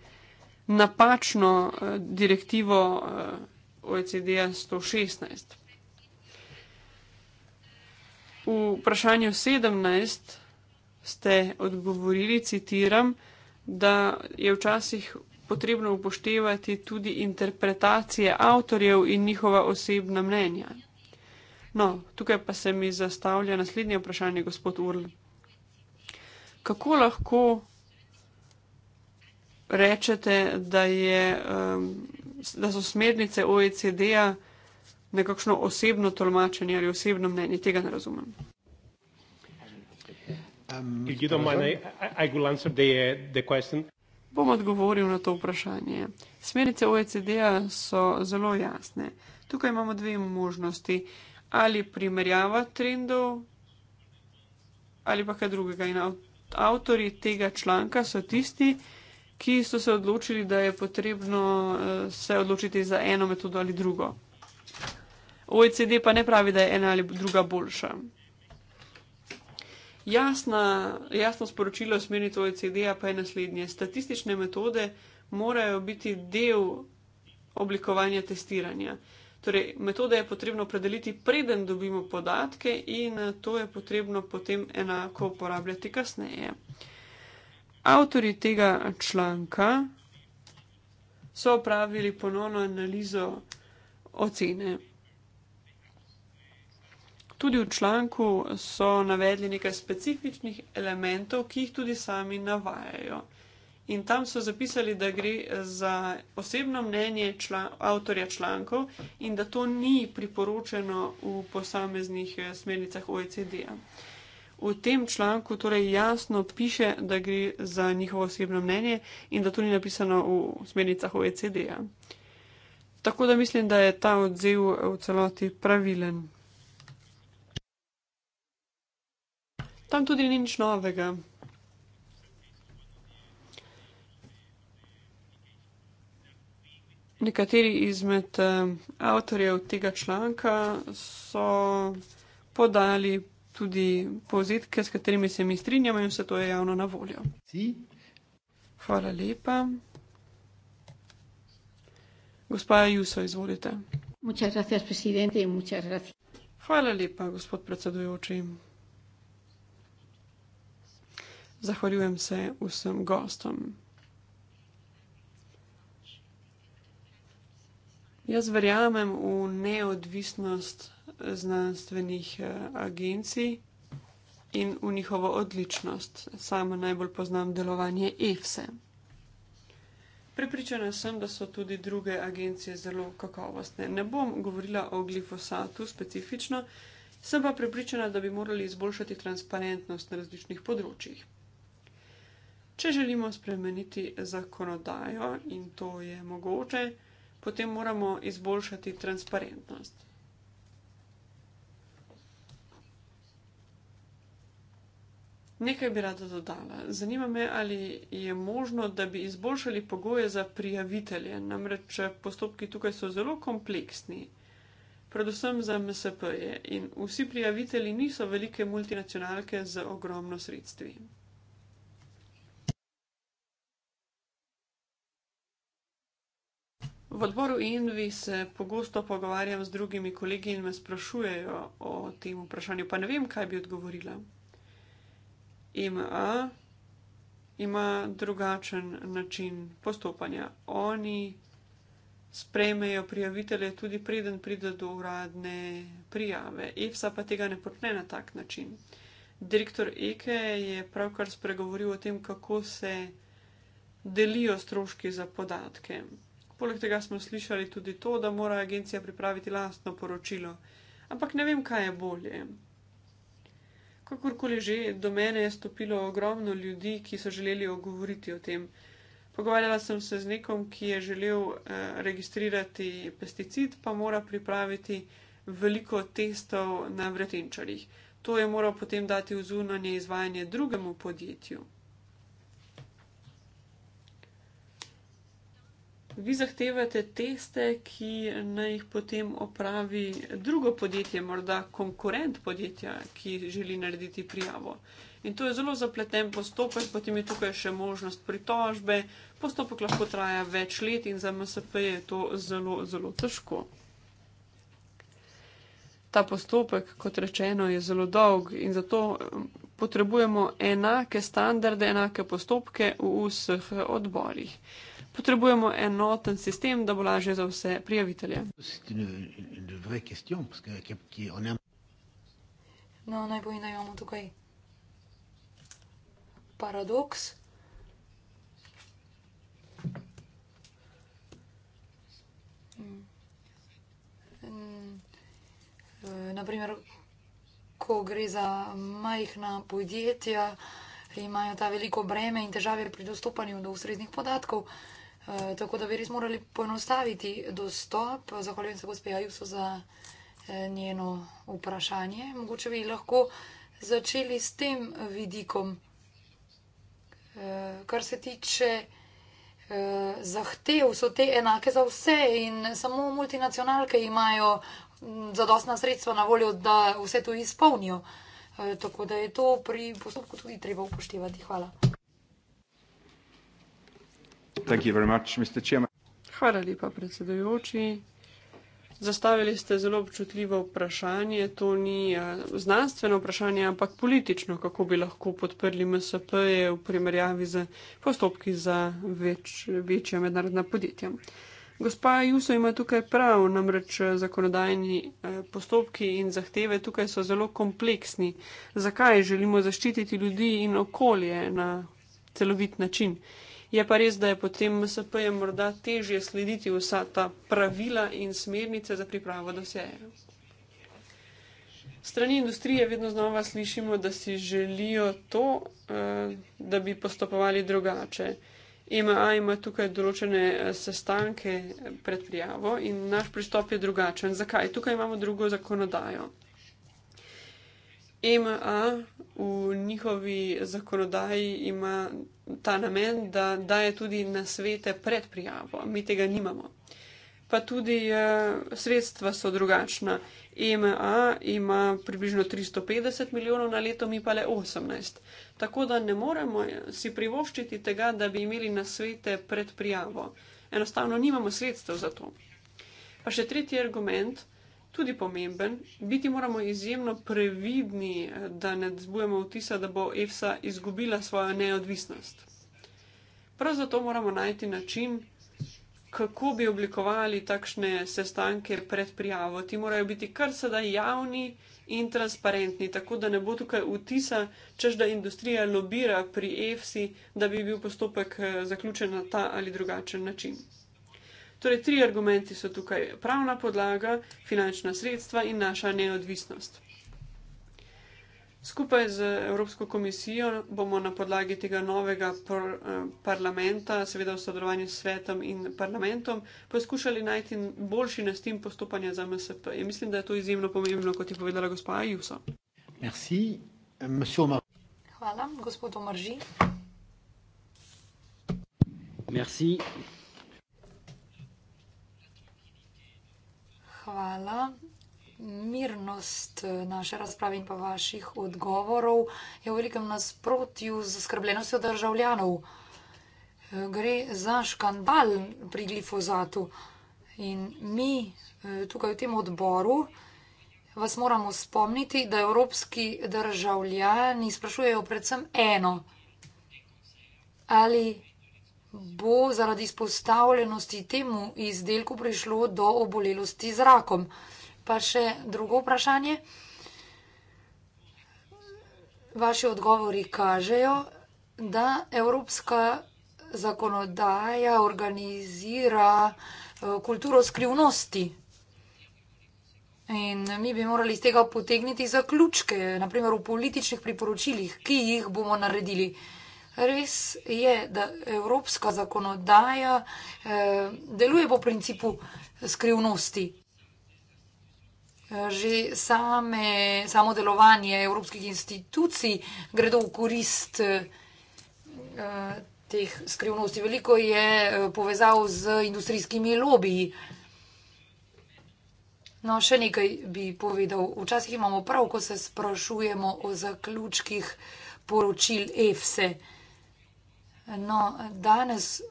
napačno eh, direktivo eh, OECD 116. V vprašanju 17 ste odgovorili, citiram, da je včasih potrebno upoštevati tudi interpretacije avtorjev in njihova osebna mnenja. No, tukaj pa se mi zastavlja naslednje vprašanje, gospod Url. Kako lahko rečete, da, je, da so smernice OECD-a nekakšno osebno tolmačenje ali osebno mnenje. Tega ne razumem. Um, mind, I, I the, the Bom odgovoril na to vprašanje. Smernice OECD-a so zelo jasne. Tukaj imamo dve možnosti. Ali primerjava trendov, ali pa kaj drugega. In avtori tega članka so tisti, ki so se odločili, da je potrebno eh, se odločiti za eno metodo ali drugo. OECD pa ne pravi, da je ena ali druga boljša. Jasna, jasno sporočilo smernice OECD-a pa je naslednje. Statistične metode morajo biti del oblikovanja testiranja. Torej, metode je potrebno predeliti, preden dobimo podatke, in eh, to je potrebno potem enako uporabljati kasneje. Avtori tega članka so opravili ponovno analizo ocene. Tudi v članku so navedli nekaj specifičnih elementov, ki jih tudi sami navajajo. In tam so zapisali, da gre za osebno mnenje čla, avtorja člankov in da to ni priporočeno v posameznih eh, smernicah OECD-a. -ja v tem članku torej jasno piše, da gre za njihovo osebno mnenje in da to ni napisano v smernicah OECD-ja. Tako da mislim, da je ta odziv v celoti pravilen. Tam tudi ni nič novega. Nekateri izmed eh, avtorjev tega članka so podali tudi povzetke, s katerimi se mi strinjamo in vse to je javno na voljo. Si. Hvala lepa. Gospa Juso, izvolite. Hvala lepa, gospod predsedujoči. Zahvaljujem se vsem gostom. Jaz verjamem v neodvisnost znanstvenih eh, agencij in v njihovo odličnost. Sama najbolj poznam delovanje EFSE. Pripričana sem, da so tudi druge agencije zelo kakovostne. Ne bom govorila o glifosatu specifično, sem pa pripričana, da bi morali izboljšati transparentnost na različnih področjih. Če želimo spremeniti zakonodajo in to je mogoče, potem moramo izboljšati transparentnost. Nekaj bi rada dodala. Zanima me, ali je možno, da bi izboljšali pogoje za prijavitelje. Namreč postopki tukaj so zelo kompleksni, predvsem za MSP-je in vsi prijavitelji niso velike multinacionalke z ogromno sredstvi. V odboru Envi se pogosto pogovarjam z drugimi kolegi in me sprašujejo o tem vprašanju, pa ne vem, kaj bi odgovorila. IMA ima drugačen način postopanja. Oni sprejmejo prijavitele tudi preden pride do uradne prijave. EFSA pa tega ne počne na tak način. Direktor Eke je pravkar spregovoril o tem, kako se delijo stroški za podatke. Poleg tega smo slišali tudi to, da mora agencija pripraviti lastno poročilo, ampak ne vem, kaj je bolje. Kakorkoli že, do mene je stopilo ogromno ljudi, ki so želeli ogovoriti o tem. Pogovarjala sem se z nekom, ki je želel eh, registrirati pesticid, pa mora pripraviti veliko testov na vrtenčarjih. To je moral potem dati v zunanje izvajanje drugemu podjetju. Vi zahtevate teste, ki naj jih potem opravi drugo podjetje, morda konkurent podjetja, ki želi narediti prijavo. In to je zelo zapleten postopek, potem je tukaj še možnost pritožbe. Postopek lahko traja več let in za MSP je to zelo, zelo težko. Ta postopek, kot rečeno, je zelo dolg in zato um, potrebujemo enake standarde, enake postopke v vseh odborih. Potrebujemo enoten sistem, da bo lažje za vse prijavitelje. No, naj bo in da imamo tukaj paradoks. Mm. Naprimer, ko gre za majhna podjetja, imajo ta veliko breme in težave pri dostopanju do ustreznih podatkov. Eh, tako da bi res morali poenostaviti dostop. Zahvaljujem se gospe Ajuso za eh, njeno vprašanje. Mogoče bi lahko začeli s tem vidikom, eh, kar se tiče eh, zahtev, so te enake za vse in samo multinacionalke imajo mm, zadostna sredstva na voljo, da vse to izpolnijo. Eh, tako da je to pri postopku tudi treba upoštevati. Hvala. Hvala lepa, predsedujoči. Zastavili ste zelo občutljivo vprašanje. To ni eh, znanstveno vprašanje, ampak politično, kako bi lahko podprli MSP-je v primerjavi z postopki za več, večja mednarodna podjetja. Gospa Juso ima tukaj prav, namreč eh, zakonodajni eh, postopki in zahteve tukaj so zelo kompleksni. Zakaj želimo zaščititi ljudi in okolje na celovit način? Je pa res, da je potem MSP-jem morda težje slediti vsa ta pravila in smernice za pripravo dosjeja. Strani industrije vedno znova slišimo, da si želijo to, eh, da bi postopovali drugače. EMA ima tukaj določene eh, sestanke pred prijavo in naš pristop je drugačen. Zakaj? Tukaj imamo drugo zakonodajo. EMA v njihovi zakonodaji ima ta namen, da daje tudi na svete pred prijavo. Mi tega nimamo. Pa tudi uh, sredstva so drugačna. EMA ima približno 350 milijonov na leto, mi pa le 18. Tako da ne moremo eh, si privoščiti tega, da bi imeli na svete pred prijavo. Enostavno nimamo sredstev za to. Pa še tretji argument tudi pomemben. Biti moramo izjemno previdni, eh, da ne zbujemo vtisa, da bo EFSA izgubila svojo neodvisnost. Prav zato moramo najti način, kako bi oblikovali takšne sestanke pred prijavo. Ti morajo biti kar sedaj javni in transparentni, tako da ne bo tukaj vtisa, čež da industrija lobira pri EFSI, da bi bil postopek eh, zaključen na ta ali drugačen način. Torej, tri argumenti so tukaj: pravna podlaga, finančna sredstva in naša neodvisnost. Skupaj z Evropsko komisijo bomo na podlagi tega novega par, eh, parlamenta, seveda v sodelovanju s svetom in parlamentom, poskušali najti boljši način postopanja za MSP. In mislim, da je to izjemno pomembno, kot je povedala gospa Ajuso. Euh, Hvala, gospod Omarži. Merci. hvala. Mirnost eh, naše razprave in pa vaših odgovorov je v velikem nasprotju z skrbljenostjo državljanov. Eh, gre za škandal pri glifozatu in mi eh, tukaj v tem odboru vas moramo spomniti, da evropski državljani sprašujejo predvsem eno. Ali bo zaradi izpostavljenosti temu izdelku prišlo do obolelosti z rakom. Pa še drugo vprašanje. Vaši odgovori kažejo, da evropska zakonodaja organizira eh, kulturo skrivnosti. In mi bi morali iz tega potegniti zaključke, naprimer v političnih priporočilih, ki jih bomo naredili. Res je, da evropska zakonodaja eh, deluje po principu skrivnosti. Že same, samo delovanje evropskih institucij gre v korist eh, teh skrivnosti. Veliko je eh, povezav z industrijskimi lobiji. No, še nekaj bi povedal. Včasih imamo prav, ko se sprašujemo o zaključkih poročil EFSE. No, danes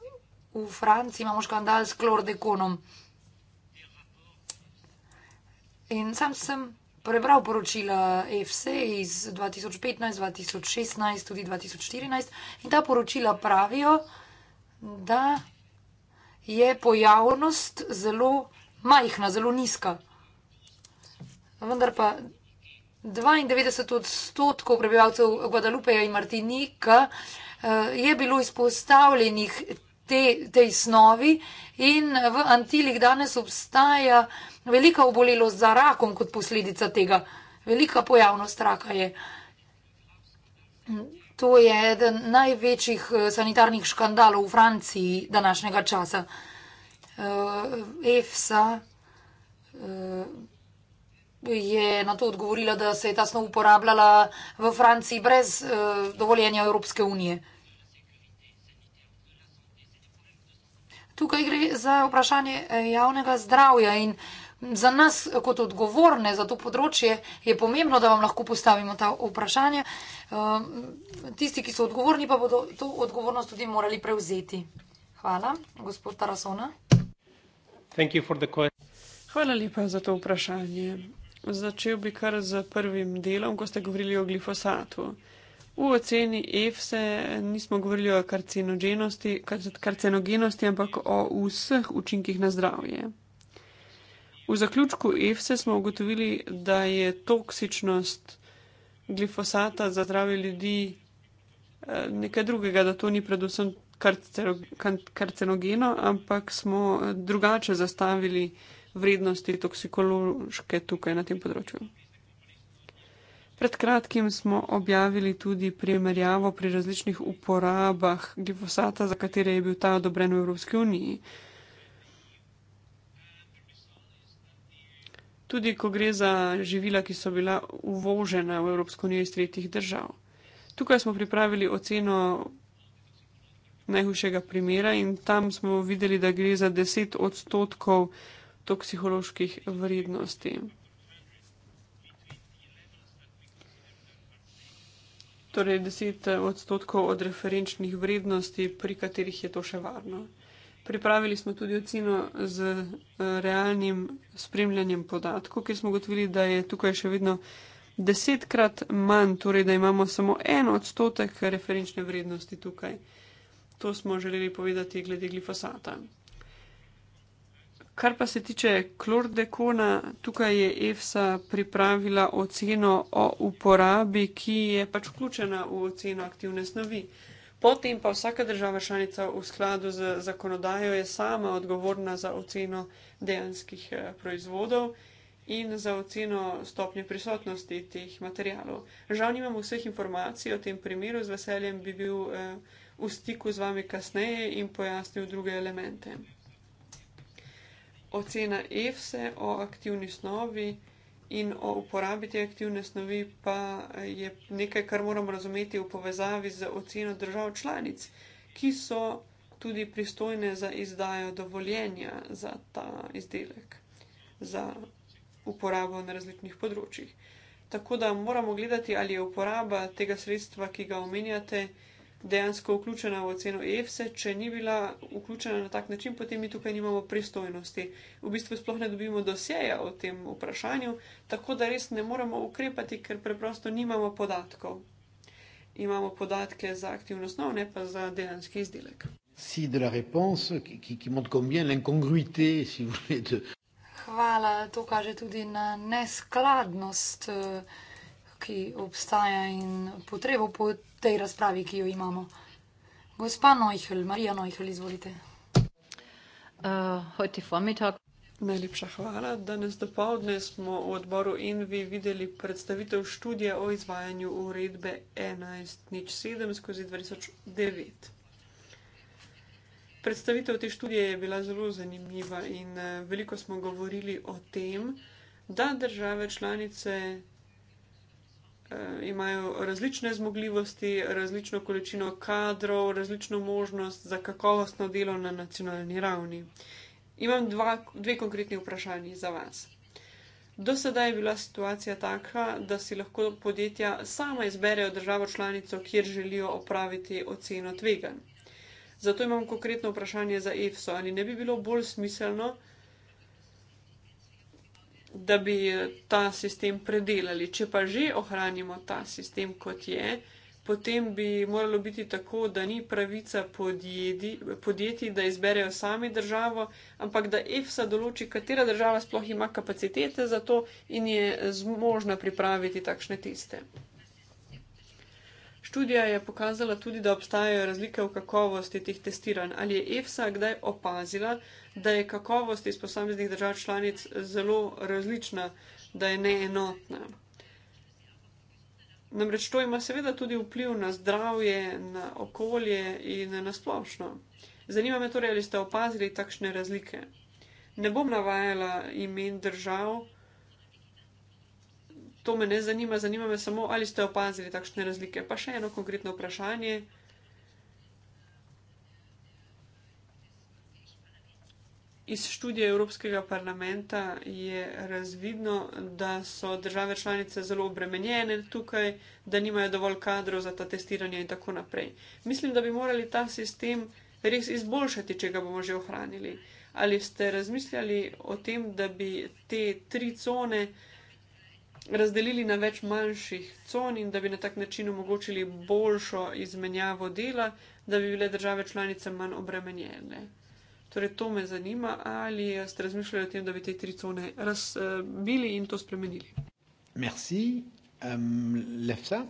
v Franciji imamo škandal s klordekonom. In sam sem prebral poročila EFSE iz 2015, 2016, tudi 2014 in ta poročila pravijo, da je pojavnost zelo majhna, zelo nizka. Vendar pa 92 odstotkov prebivalcev Guadalupeja in Martinika Eh, je bilo izpostavljenih te, tej snovi in v antilih danes obstaja velika obolelost za rakom kot posledica tega. Velika pojavnost raka je. To je eden največjih eh, sanitarnih škandalov v Franciji današnjega časa. Eh, EFSA. Uh, je na to odgovorila, da se je ta snov uporabljala v Franciji brez eh, dovoljenja Evropske unije. Tukaj gre za vprašanje eh, javnega zdravja in za nas kot odgovorne za to področje je pomembno, da vam lahko postavimo ta vprašanje. Eh, tisti, ki so odgovorni, pa bodo to odgovornost tudi morali prevzeti. Hvala, gospod Tarasona. Hvala lepa za to vprašanje. Začel bi kar z prvim delom, ko ste govorili o glifosatu. V oceni EFSE nismo govorili o karcinogenosti, ampak o vseh učinkih na zdravje. V zaključku EFSE smo ugotovili, da je toksičnost glifosata za zdravje ljudi eh, nekaj drugega, da to ni predvsem karcinogeno, ampak smo eh, drugače zastavili vrednosti toksikološke tukaj na tem področju. Pred kratkim smo objavili tudi primerjavo pri različnih uporabah glifosata, za katere je bil ta odobren v Evropski uniji. Tudi, ko gre za živila, ki so bila uvožena v Evropsko unijo iz tretjih držav. Tukaj smo pripravili oceno najhujšega primera in tam smo videli, da gre za 10 odstotkov toksiholoških vrednosti. Torej 10 odstotkov od referenčnih vrednosti, pri katerih je to še varno. Pripravili smo tudi oceno z eh, realnim spremljanjem podatkov, kjer smo gotovili, da je tukaj še vedno desetkrat manj, torej da imamo samo en odstotek referenčne vrednosti tukaj. To smo želeli povedati glede glifosata. Kar pa se tiče klordekona, tukaj je EFSA pripravila oceno o uporabi, ki je pač vključena v oceno aktivne snovi. Potem pa vsaka država članica v skladu z zakonodajo je sama odgovorna za oceno dejanskih eh, proizvodov in za oceno stopnje prisotnosti teh materijalov. Žal nimamo vseh informacij o tem primeru, z veseljem bi bil eh, v stiku z vami kasneje in pojasnil druge elemente ocena EFSE o aktivni snovi in o uporabi te aktivne snovi, pa je nekaj, kar moramo razumeti v povezavi z oceno držav članic, ki so tudi pristojne za izdajo dovoljenja za ta izdelek, za uporabo na različnih področjih. Tako da moramo gledati, ali je uporaba tega sredstva, ki ga omenjate, dejansko vključena v oceno EFSE. E, če ni bila vključena na tak način, potem mi tukaj nimamo pristojnosti. V bistvu sploh ne dobimo dosjeja o tem vprašanju, tako da res ne moremo ukrepati, ker preprosto nimamo podatkov. Imamo podatke za aktivno snov, ne pa za dejanski izdelek. Si de la réponse, ki, ki, ki l'incongruité, si voulez. De... Hvala, to kaže tudi na neskladnost. Uh ki obstaja in potrebo po tej razpravi, ki jo imamo. Gospa Neuchel, Marija Neuchel, izvolite. Uh, Najlepša hvala. Danes dopoledne smo v odboru Envi videli predstavitev študije o izvajanju uredbe 1107-2009. Predstavitev te študije je bila zelo zanimiva in eh, veliko smo govorili o tem, da države članice Eh, imajo različne zmogljivosti, različno količino kadrov, različno možnost za kakovostno delo na nacionalni ravni. Imam dva, dve konkretni vprašanji za vas. Do sedaj je bila situacija taka, da si lahko podjetja sama izberejo državo članico, kjer želijo opraviti oceno tveganj. Zato imam konkretno vprašanje za EFSO. Ali ne bi bilo bolj smiselno, da bi eh, ta sistem predelali. Če pa že ohranimo ta sistem, kot je, potem bi moralo biti tako, da ni pravica podjedi, podjetij, da izberejo sami državo, ampak da EFSA določi, katera država sploh ima kapacitete za to in je zmožna pripraviti takšne tiste. Študija je pokazala tudi, da obstajajo razlike v kakovosti teh testiranj. Ali je EFSA kdaj opazila, da je kakovost iz posameznih držav članic zelo različna, da je neenotna? Namreč to ima seveda tudi vpliv na zdravje, na okolje in na splošno. Zanima me torej, ali ste opazili takšne razlike. Ne bom navajala imen držav to me ne zanima, zanima me samo, ali ste opazili takšne razlike. Pa še eno konkretno vprašanje. Iz študije Evropskega parlamenta je razvidno, da so države članice zelo obremenjene tukaj, da nimajo dovolj kadrov za ta testiranja in tako naprej. Mislim, da bi morali ta sistem res izboljšati, če ga bomo že ohranili. Ali ste razmišljali o tem, da bi te tri cone razdelili na več manjših con in da bi na tak način omogočili boljšo izmenjavo dela, da bi bile države članice manj obremenjene. Torej, to me zanima, ali ste razmišljali o tem, da bi te tri cone razbili eh, in to spremenili. Merci, um, Lefsa.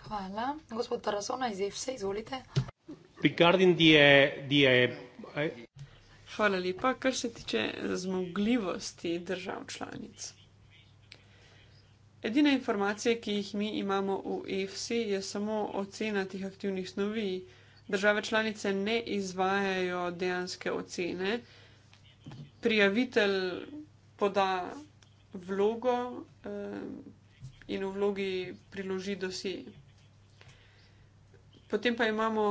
Hvala, gospod Tarasona iz EFSA, izvolite. The, eh, the, uh, Hvala lepa, kar se tiče zmogljivosti držav članic. Edine informacije, ki jih mi imamo v EFSI, je samo ocena tih aktivnih snovi. Države članice ne izvajajo dejanske ocene. Prijavitelj poda vlogo eh, in v vlogi priloži dosi. Potem pa imamo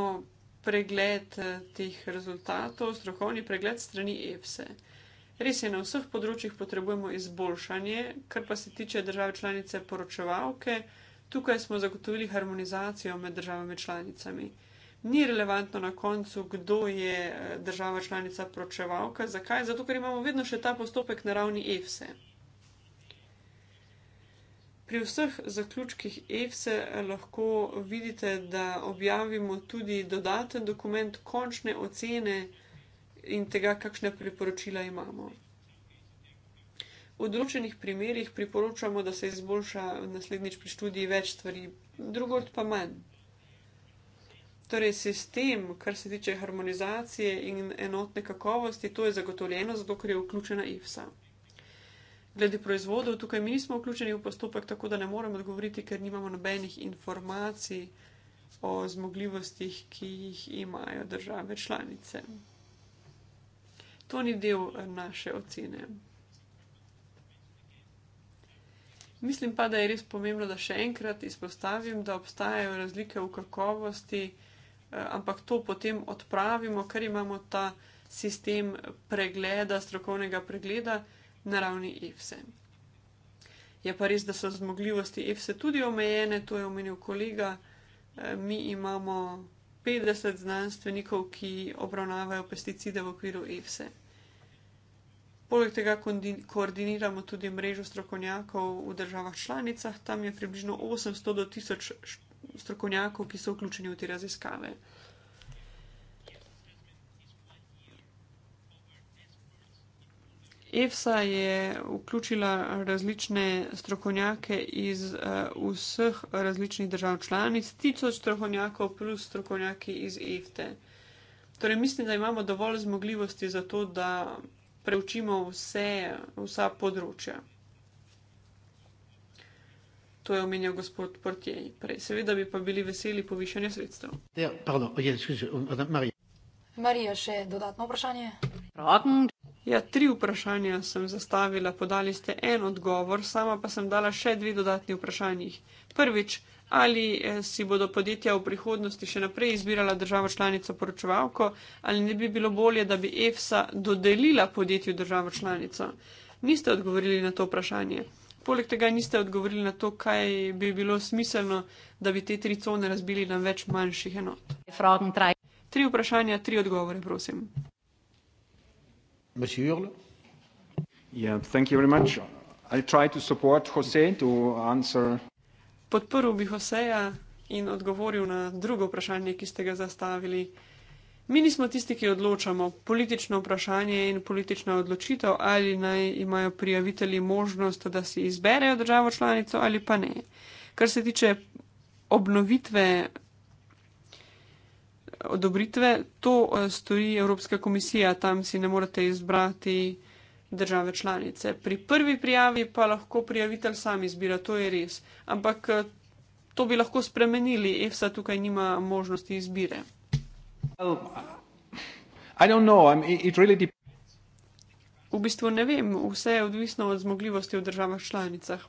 pregled eh, teh rezultatov, strokovni pregled strani EFSE. Res je, na vseh področjih potrebujemo izboljšanje, kar pa se tiče države članice poročevalke, tukaj smo zagotovili harmonizacijo med državami članicami. Ni relevantno na koncu, kdo je eh, država članica poročevalka. Zakaj? Zato, ker imamo vedno še ta postopek na ravni EFSE. Pri vseh zaključkih EFSE eh, lahko vidite, da objavimo tudi dodaten dokument končne ocene in tega, kakšne priporočila imamo. V določenih primerjih priporočamo, da se izboljša naslednjič pri študiji več stvari, drugot pa manj. Torej, sistem, kar se tiče harmonizacije in enotne kakovosti, to je zagotovljeno, zato ker je vključena IFSA. Glede proizvodov, tukaj mi nismo vključeni v postopek, tako da ne moremo odgovoriti, ker nimamo nobenih informacij o zmogljivostih, ki jih imajo države članice to ni del eh, naše ocene. Mislim pa, da je res pomembno, da še enkrat izpostavim, da obstajajo razlike v kakovosti, eh, ampak to potem odpravimo, ker imamo ta sistem pregleda, strokovnega pregleda na ravni EFSE. Je pa res, da so zmogljivosti EFSE tudi omejene, to je omenil kolega. Eh, mi imamo 50 znanstvenikov, ki obravnavajo pesticide v okviru EFSE. Poleg tega koordiniramo tudi mrežo strokovnjakov v državah članicah, tam je približno 800 do 1000 strokovnjakov, ki so vključeni v te raziskave. EFSA je vključila različne strokovnjake iz uh, vseh različnih držav članic, tisoč strokovnjakov plus strokovnjaki iz EFTE. Torej, mislim, da imamo dovolj zmogljivosti za to, da preučimo vse, vsa področja. To je omenjal gospod Portjej prej. Seveda bi pa bili veseli povišanja sredstev. Ja, pardon, je, skuži, um, Marija. Marija, še dodatno vprašanje? Pravno. Ja, tri vprašanja sem zastavila, podali ste en odgovor, sama pa sem dala še dve dodatni vprašanji. Prvič, ali eh, si bodo podjetja v prihodnosti še naprej izbirala državo članico poročevalko, ali ne bi bilo bolje, da bi EFSA dodelila podjetju državo članico. Niste odgovorili na to vprašanje. Poleg tega niste odgovorili na to, kaj bi bilo smiselno, da bi te tri cone razbili na več manjših enot. Tri vprašanja, tri odgovore, prosim. Monsieur Hurle. Yeah, thank you very much. I try to support Jose to answer. Podprl bi Joseja in odgovoril na drugo vprašanje, ki ste ga zastavili. Mi nismo tisti, ki odločamo. Politično vprašanje in politična odločitev, ali naj imajo prijavitelji možnost, da si izberejo državo članico ali pa ne. Kar se tiče obnovitve odobritve, to eh, stori Evropska komisija, tam si ne morete izbrati države članice. Pri prvi prijavi pa lahko prijavitelj sam izbira, to je res. Ampak eh, to bi lahko spremenili, EFSA tukaj nima možnosti izbire. V bistvu ne vem, vse je odvisno od zmogljivosti v državah članicah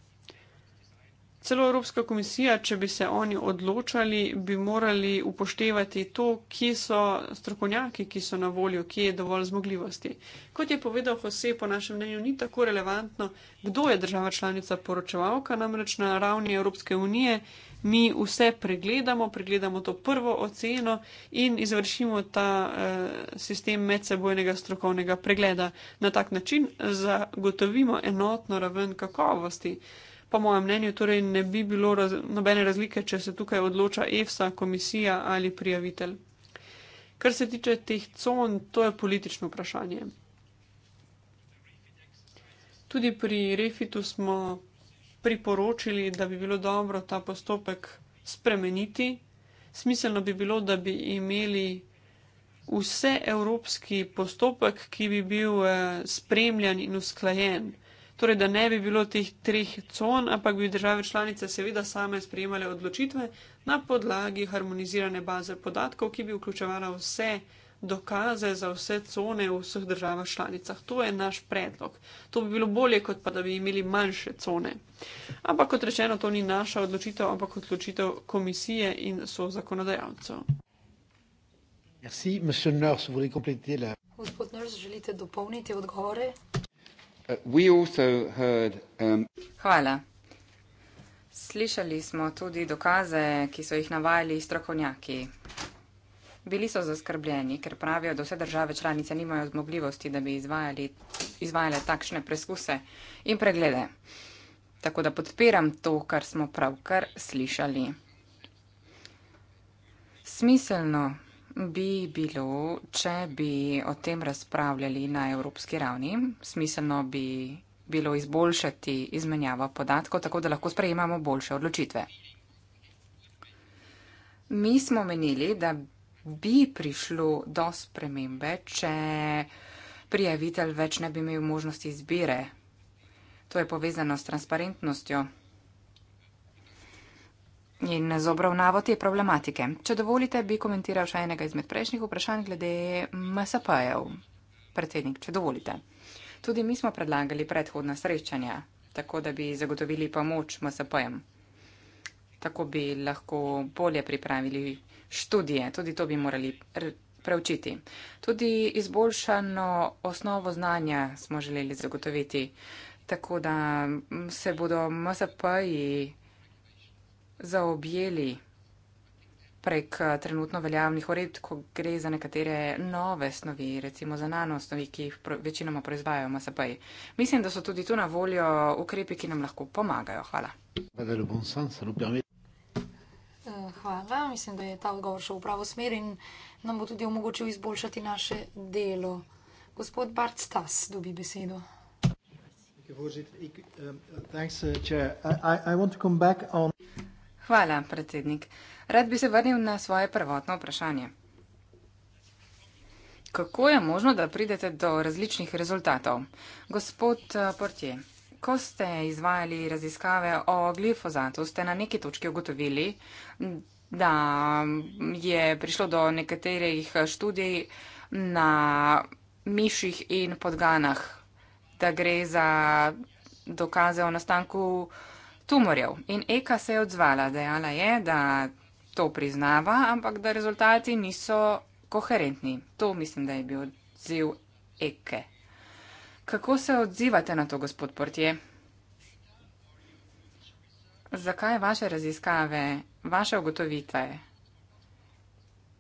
celo Evropska komisija, če bi se oni odločali, bi morali upoštevati to, kje so strokovnjaki, ki so na voljo, kje je dovolj zmogljivosti. Kot je povedal Jose, po našem mnenju ni tako relevantno, kdo je država članica poročevalka, namreč na ravni Evropske unije mi vse pregledamo, pregledamo to prvo oceno in izvršimo ta eh, sistem medsebojnega strokovnega pregleda. Na tak način zagotovimo enotno raven kakovosti po mojem mnenju, torej ne bi bilo raz nobene razlike, če se tukaj odloča EFSA, komisija ali prijavitelj. Kar se tiče teh con, to je politično vprašanje. Tudi pri Refitu smo priporočili, da bi bilo dobro ta postopek spremeniti. Smiselno bi bilo, da bi imeli vse evropski postopek, ki bi bil eh, spremljan in usklajen torej da ne bi bilo teh treh con, ampak bi države članice seveda same sprejemale odločitve na podlagi harmonizirane baze podatkov, ki bi vključevala vse dokaze za vse cone v vseh državah članicah. To je naš predlog. To bi bilo bolje, kot pa da bi imeli manjše cone. Ampak kot rečeno, to ni naša odločitev, ampak odločitev komisije in so zakonodajalcev. Merci, monsieur Nurs, vous voulez compléter la. Gospod Nurs, želite dopolniti odgovore? Uh, um, Hvala. Slišali smo tudi dokaze, ki so jih navajali strokovnjaki. Bili so zaskrbljeni, ker pravijo, da vse države članice nimajo zmogljivosti, da bi izvajali, izvajale takšne preskuse in preglede. Tako da podpiram to, kar smo pravkar slišali. Smiselno bi bilo, če bi o tem razpravljali na evropski ravni, smiselno bi bilo izboljšati izmenjavo podatkov, tako da lahko sprejemamo boljše odločitve. Mi smo menili, da bi prišlo do spremembe, če prijavitelj več ne bi imel možnosti izbire. To je povezano s transparentnostjo in z obravnavo te problematike. Če dovolite, bi komentiral še enega izmed prejšnjih vprašanj glede MSP-jev. Predsednik, če dovolite. Tudi mi smo predlagali predhodna srečanja, tako da bi zagotovili pomoč MSP-jem. Tako bi lahko bolje pripravili študije, tudi to bi morali preučiti. Tudi izboljšano osnovo znanja smo želeli zagotoviti, tako da se bodo MSP-ji zaobjeli prek eh, trenutno veljavnih uredb, ko gre za nekatere nove snovi, recimo za nanosnovi, ki jih pro, večinoma proizvajajo MSP. -ji. Mislim, da so tudi tu na voljo ukrepi, ki nam lahko pomagajo. Hvala. Eh, hvala. Mislim, da je ta odgovor šel v pravo smer in nam bo tudi omogočil izboljšati naše delo. Gospod Bart Stas dobi besedo. Hvala, Hvala, predsednik. Rad bi se vrnil na svoje prvotno vprašanje. Kako je možno, da pridete do različnih rezultatov? Gospod eh, Portje, ko ste izvajali raziskave o glifozatu, ste na neki točki ugotovili, da je prišlo do nekaterih študij na miših in podganah, da gre za dokaze o nastanku tumorjev. In Eka se je odzvala, dejala je, da to priznava, ampak da rezultati niso koherentni. To mislim, da je bil odziv Eke. Kako se odzivate na to, gospod Portje? Zakaj vaše raziskave, vaše ugotovitve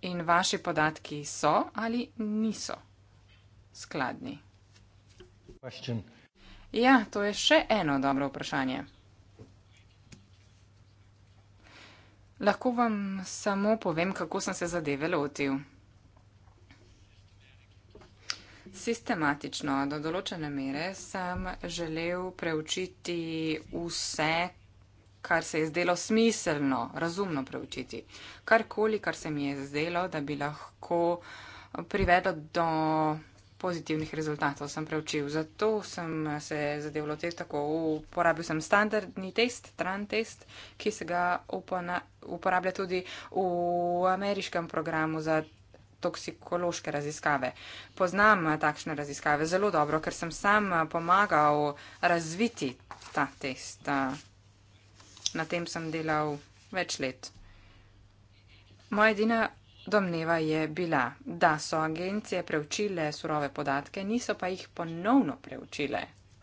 in vaši podatki so ali niso skladni? Question. Ja, to je še eno dobro vprašanje. Lahko vam samo povem, kako sem se zadeve lotil. Sistematično, do določene mere, sem želel preučiti vse, kar se je zdelo smiselno, razumno preučiti. Karkoli, kar se mi je zdelo, da bi lahko privedlo do pozitivnih rezultatov sem preučil. Zato sem se zadev lotev tako. Uporabil sem standardni test, tran test, ki se ga upona, uporablja tudi v ameriškem programu za toksikološke raziskave. Poznam takšne raziskave zelo dobro, ker sem sam pomagal razviti ta test. Na tem sem delal več let. Moja edina Domneva je bila, da so agencije preučile surove podatke, niso pa jih ponovno preučile,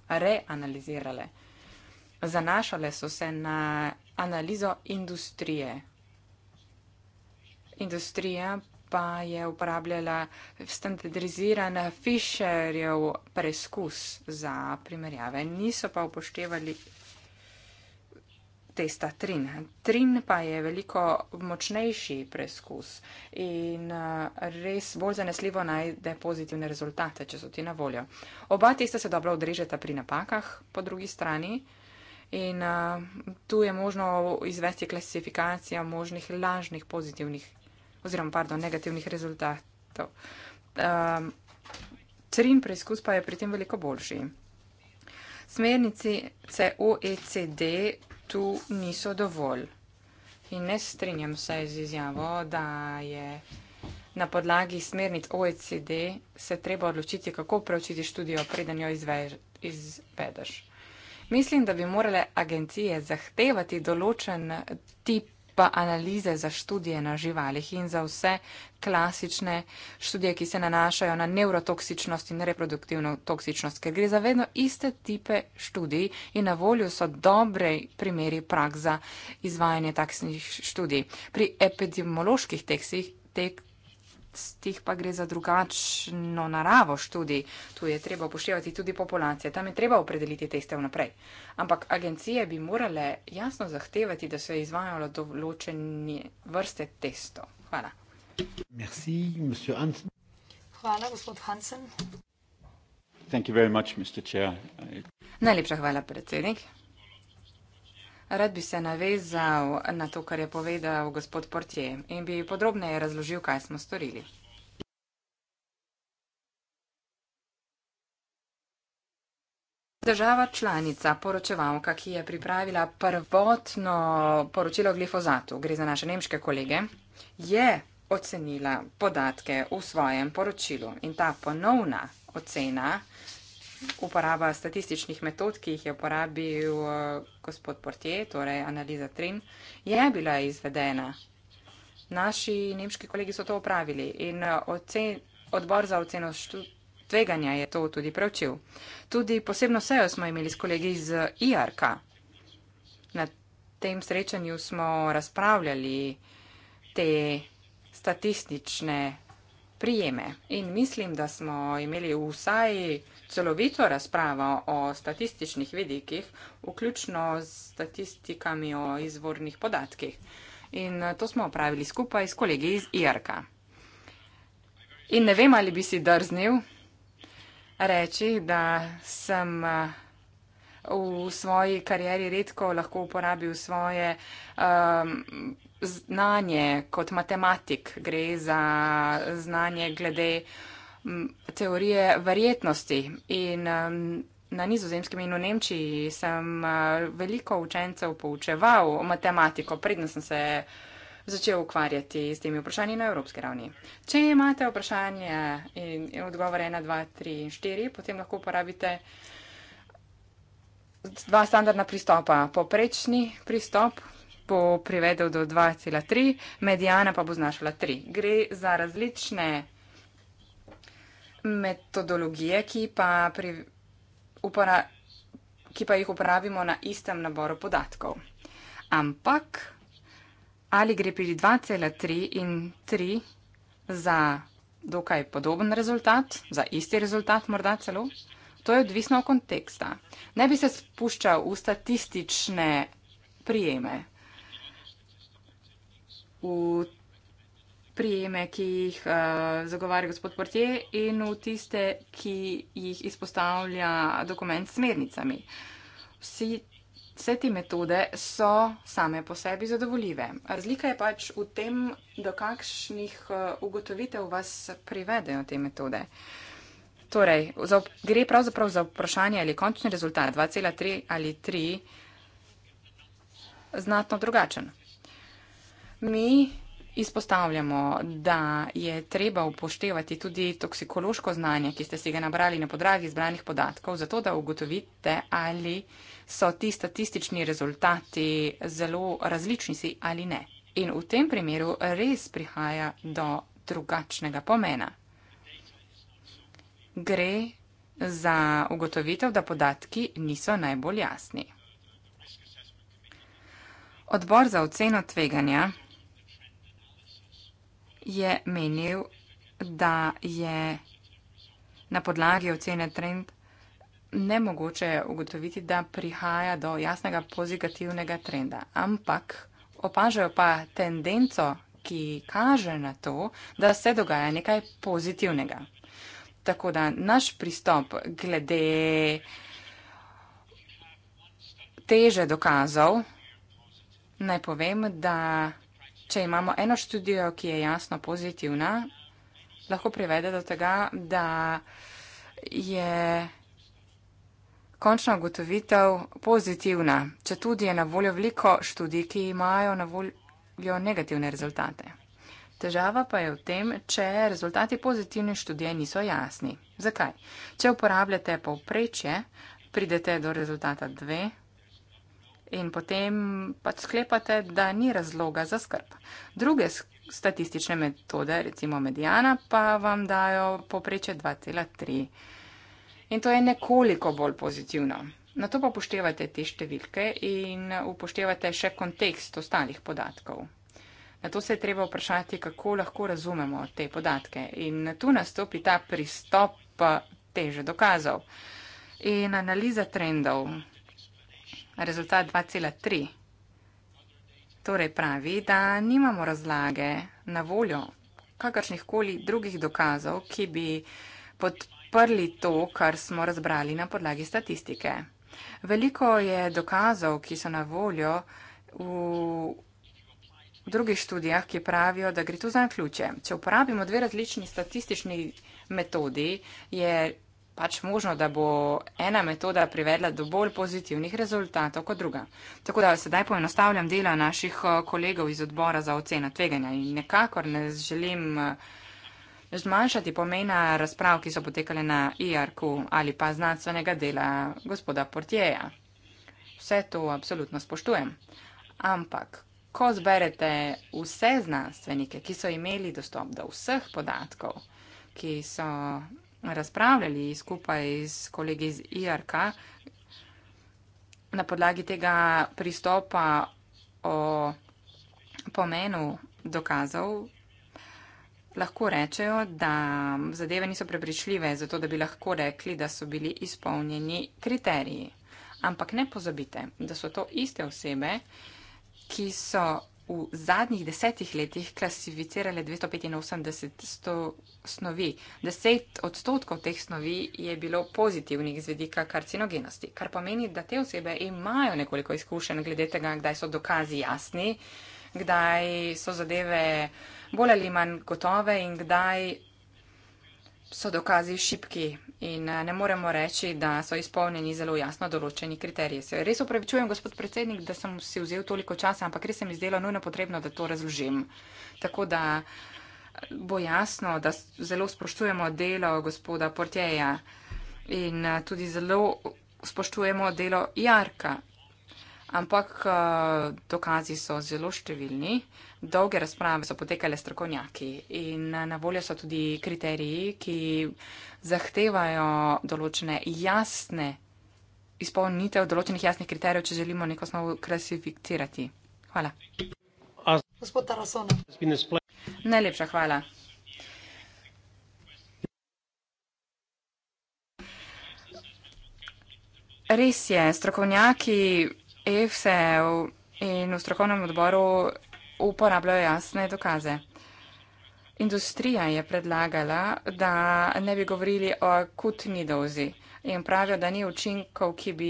reanalizirale. Zanašale so se na analizo industrije. Industrija pa je uporabljala standardiziran Fisherjev preskus za primerjave, niso pa upoštevali testa trin. Trin pa je veliko močnejši preskus in eh, res bolj zanesljivo najde pozitivne rezultate, če so ti na voljo. Oba testa se dobro odrežeta pri napakah po drugi strani in eh, tu je možno izvesti klasifikacijo možnih lažnih pozitivnih oziroma, pardon, negativnih rezultatov. Eh, trin preizkus pa je pri tem veliko boljši. Smernici e COECD tu niso dovolj. In ne strinjam se z izjavo, da je na podlagi smernic OECD se treba odločiti, kako preučiti študijo, preden jo izvedeš. Mislim, da bi morale agencije zahtevati določen tip pa analize za študije na živalih in za vse klasične študije, ki se nanašajo na neurotoksičnost in reproduktivno toksičnost, ker gre za vedno iste type študij in na voljo so dobre primeri prak za izvajanje takšnih študij. Pri epidemioloških teksih, tek, tistih pa gre za drugačno naravo študij. Tu je treba upoštevati tudi populacije, tam je treba opredeliti teste vnaprej. Ampak agencije bi morale jasno zahtevati, da se je izvajalo določene vrste testov. Hvala. Merci, Hvala, gospod Hansen. Much, Najlepša hvala, predsednik. Rad bi se navezal na to, kar je povedal gospod Portier in bi podrobneje razložil, kaj smo storili. Država članica poročevalka, ki je pripravila prvotno poročilo o glifozatu, gre za naše nemške kolege, je ocenila podatke v svojem poročilu in ta ponovna ocena uporaba statističnih metod, ki jih je uporabil eh, gospod Portier, torej analiza Trin, je bila izvedena. Naši nemški kolegi so to opravili in eh, ocen, odbor za oceno tveganja je to tudi preučil. Tudi posebno sejo smo imeli s kolegi iz eh, IRK. Na tem srečanju smo razpravljali te statistične prijeme. In mislim, da smo imeli vsaj celovito razpravo o statističnih vidikih, vključno s statistikami o izvornih podatkih. In eh, to smo opravili skupaj s kolegi iz IRK. In ne vem, ali bi si drznil reči, da sem. Uh, v svoji karieri redko lahko uporabil svoje um, znanje kot matematik. Gre za znanje glede um, teorije verjetnosti. In, um, na nizozemskem in v Nemčiji sem uh, veliko učencev poučeval matematiko, predno sem se začel ukvarjati s temi vprašanji na evropski ravni. Če imate vprašanje in odgovore 1, 2, 3 in 4, potem lahko uporabite dva standardna pristopa. Poprečni pristop bo privedel do 2,3, medijana pa bo znašala 3. Gre za različne metodologije, ki pa, pri, upora, ki pa jih uporabimo na istem naboru podatkov. Ampak ali gre pri 2,3 in 3 za dokaj podoben rezultat, za isti rezultat morda celo, To je odvisno od konteksta. Ne bi se spuščal v statistične prijeme, v prijeme, ki jih uh, zagovarja gospod Portje in v tiste, ki jih izpostavlja dokument s smernicami. Vsi, vse te metode so same po sebi zadovoljive. Razlika je pač v tem, do kakšnih uh, ugotovitev vas privedejo te metode. Uh, Torej, za, gre pravzaprav za vprašanje, ali je končni rezultat 2,3 ali 3 znatno drugačen. Mi izpostavljamo, da je treba upoštevati tudi toksikološko znanje, ki ste si ga nabrali na podlagi izbranih podatkov, zato da ugotovite, ali so ti statistični rezultati zelo različni si ali ne. In v tem primeru res prihaja do drugačnega pomena gre za ugotovitev, da podatki niso najbolj jasni. Odbor za oceno tveganja je menil, da je na podlagi ocene trend nemogoče ugotoviti, da prihaja do jasnega pozitivnega trenda. Ampak opažajo pa tendenco, ki kaže na to, da se dogaja nekaj pozitivnega. Tako da naš pristop glede teže dokazov, naj povem, da če imamo eno študijo, ki je jasno pozitivna, lahko privede do tega, da je končna ugotovitev pozitivna, če tudi je na voljo veliko študij, ki imajo na voljo negativne rezultate. Težava pa je v tem, če rezultati pozitivne študije niso jasni. Zakaj? Če uporabljate povprečje, pridete do rezultata 2 in potem pač sklepate, da ni razloga za skrb. Druge statistične metode, recimo medijana, pa vam dajo povprečje 2,3 in to je nekoliko bolj pozitivno. Na to pa upoštevate te številke in upoštevate še kontekst ostalih podatkov. Na to se je treba vprašati, kako lahko razumemo te podatke. In tu nastopi ta pristop teže dokazov. In analiza trendov, rezultat 2,3, torej pravi, da nimamo razlage na voljo kakršnihkoli drugih dokazov, ki bi podprli to, kar smo razbrali na podlagi statistike. Veliko je dokazov, ki so na voljo v v drugih študijah, ki pravijo, da gre tu za ključe. Če uporabimo dve različni statistični metodi, je pač možno, da bo ena metoda privedla do bolj pozitivnih rezultatov kot druga. Tako da sedaj poenostavljam dela naših eh, kolegov iz odbora za ocena tveganja in nekakor ne želim eh, zmanjšati pomena razprav, ki so potekale na IRQ ali pa znanstvenega dela gospoda Portjeja. Vse to absolutno spoštujem. Ampak, ko zberete vse znanstvenike, ki so imeli dostop do vseh podatkov, ki so razpravljali skupaj s kolegi iz IRK, na podlagi tega pristopa o pomenu dokazov, lahko rečejo, da zadeve niso prepričljive, zato da bi lahko rekli, da so bili izpolnjeni kriteriji. Ampak ne pozabite, da so to iste osebe, ki so v zadnjih desetih letih klasificirale 285 snovi. Deset odstotkov teh snovi je bilo pozitivnih z vedika karcinogenosti, kar pomeni, da te osebe imajo nekoliko izkušenj glede tega, kdaj so dokazi jasni, kdaj so zadeve bolj ali manj gotove in kdaj so dokazi šipki in eh, ne moremo reči, da so izpolnjeni zelo jasno določeni kriteriji. Se res upravičujem, gospod predsednik, da sem si vzel toliko časa, ampak res se mi zdelo nujno potrebno, da to razložim. Tako da eh, bo jasno, da zelo spoštujemo delo gospoda Portjeja in eh, tudi zelo spoštujemo delo Jarka, Ampak eh, dokazi so zelo številni, dolge razprave so potekale strokovnjaki in eh, na voljo so tudi kriteriji, ki zahtevajo določene jasne izpolnitev določenih jasnih kriterijev, če želimo neko osnovo klasificirati. Hvala. Gospod Tarasona. Najlepša hvala. Res je, strokovnjaki EFSE in v strokovnem odboru uporabljajo jasne dokaze. Industrija je predlagala, da ne bi govorili o akutni dozi in pravijo, da ni učinkov, ki bi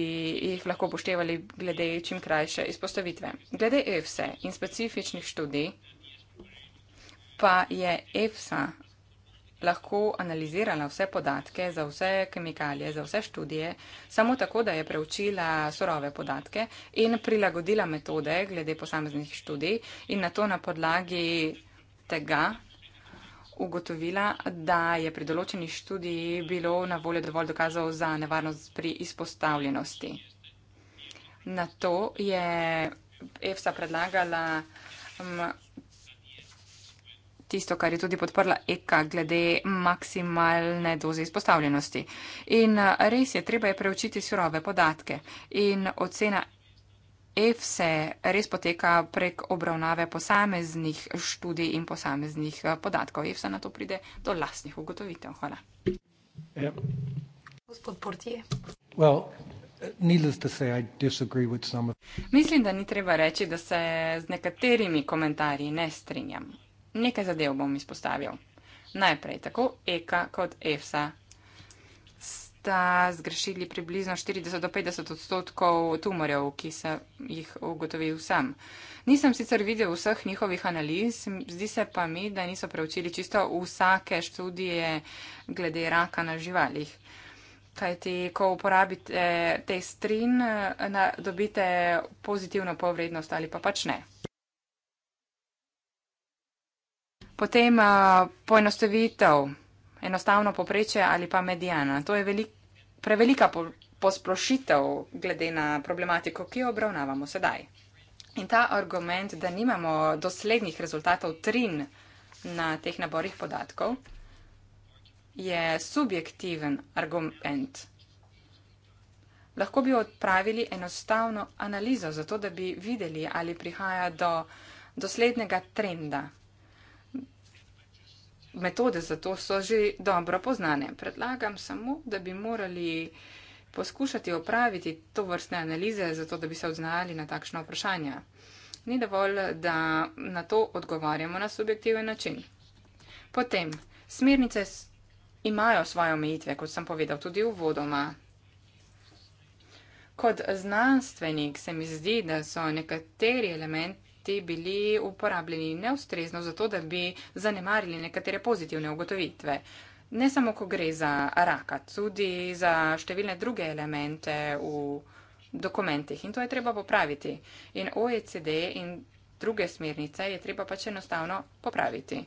jih lahko upoštevali glede čim krajše izpostavitve. Glede EFSE in specifičnih študij pa je EFSA lahko analizirala vse podatke za vse kemikalije, za vse študije, samo tako, da je preučila surove podatke in prilagodila metode glede posameznih študij in na to na podlagi tega ugotovila, da je pri določeni študiji bilo na voljo dovolj dokazov za nevarnost pri izpostavljenosti. Na to je EFSA predlagala tisto, kar je tudi podprla EKA glede maksimalne doze izpostavljenosti. In eh, res je, treba je preučiti surove podatke in ocena. EFSE res poteka prek obravnave posameznih študij in posameznih eh, podatkov. EFSE na to pride do lastnih ugotovitev. Hvala. Ja. Gospod Portije. Well. Say, of... Mislim, da ni treba reči, da se z nekaterimi komentarji ne strinjam. Nekaj zadev bom izpostavil. Najprej, tako Eka kot EFSA sta zgrešili približno 40 do 50 odstotkov tumorjev, ki sem jih ugotovil sam. Nisem sicer videl vseh njihovih analiz, zdi se pa mi, da niso preučili čisto vsake študije glede raka na živalih. Kajti, ko uporabite test trin, dobite pozitivno povrednost ali pa pač ne. Potem uh, poenostavitev, enostavno poprečje ali pa medijana. To je velik, prevelika po, posplošitev glede na problematiko, ki jo obravnavamo sedaj. In ta argument, da nimamo doslednjih rezultatov trin na teh naborih podatkov, je subjektiven argument. Lahko bi odpravili enostavno analizo, zato da bi videli, ali prihaja do doslednega trenda metode za to so že dobro poznane. Predlagam samo, da bi morali poskušati opraviti to vrstne analize, zato da bi se odznali na takšno vprašanje. Ni dovolj, da na to odgovarjamo na subjektiven način. Potem, smernice imajo svoje omejitve, kot sem povedal tudi v vodoma. Kot znanstvenik se mi zdi, da so nekateri elementi ti bili uporabljeni neustrezno, zato da bi zanemarili nekatere pozitivne ugotovitve. Ne samo, ko gre za raka, tudi za številne druge elemente v dokumentih in to je treba popraviti. In OECD in druge smernice je treba pač enostavno popraviti.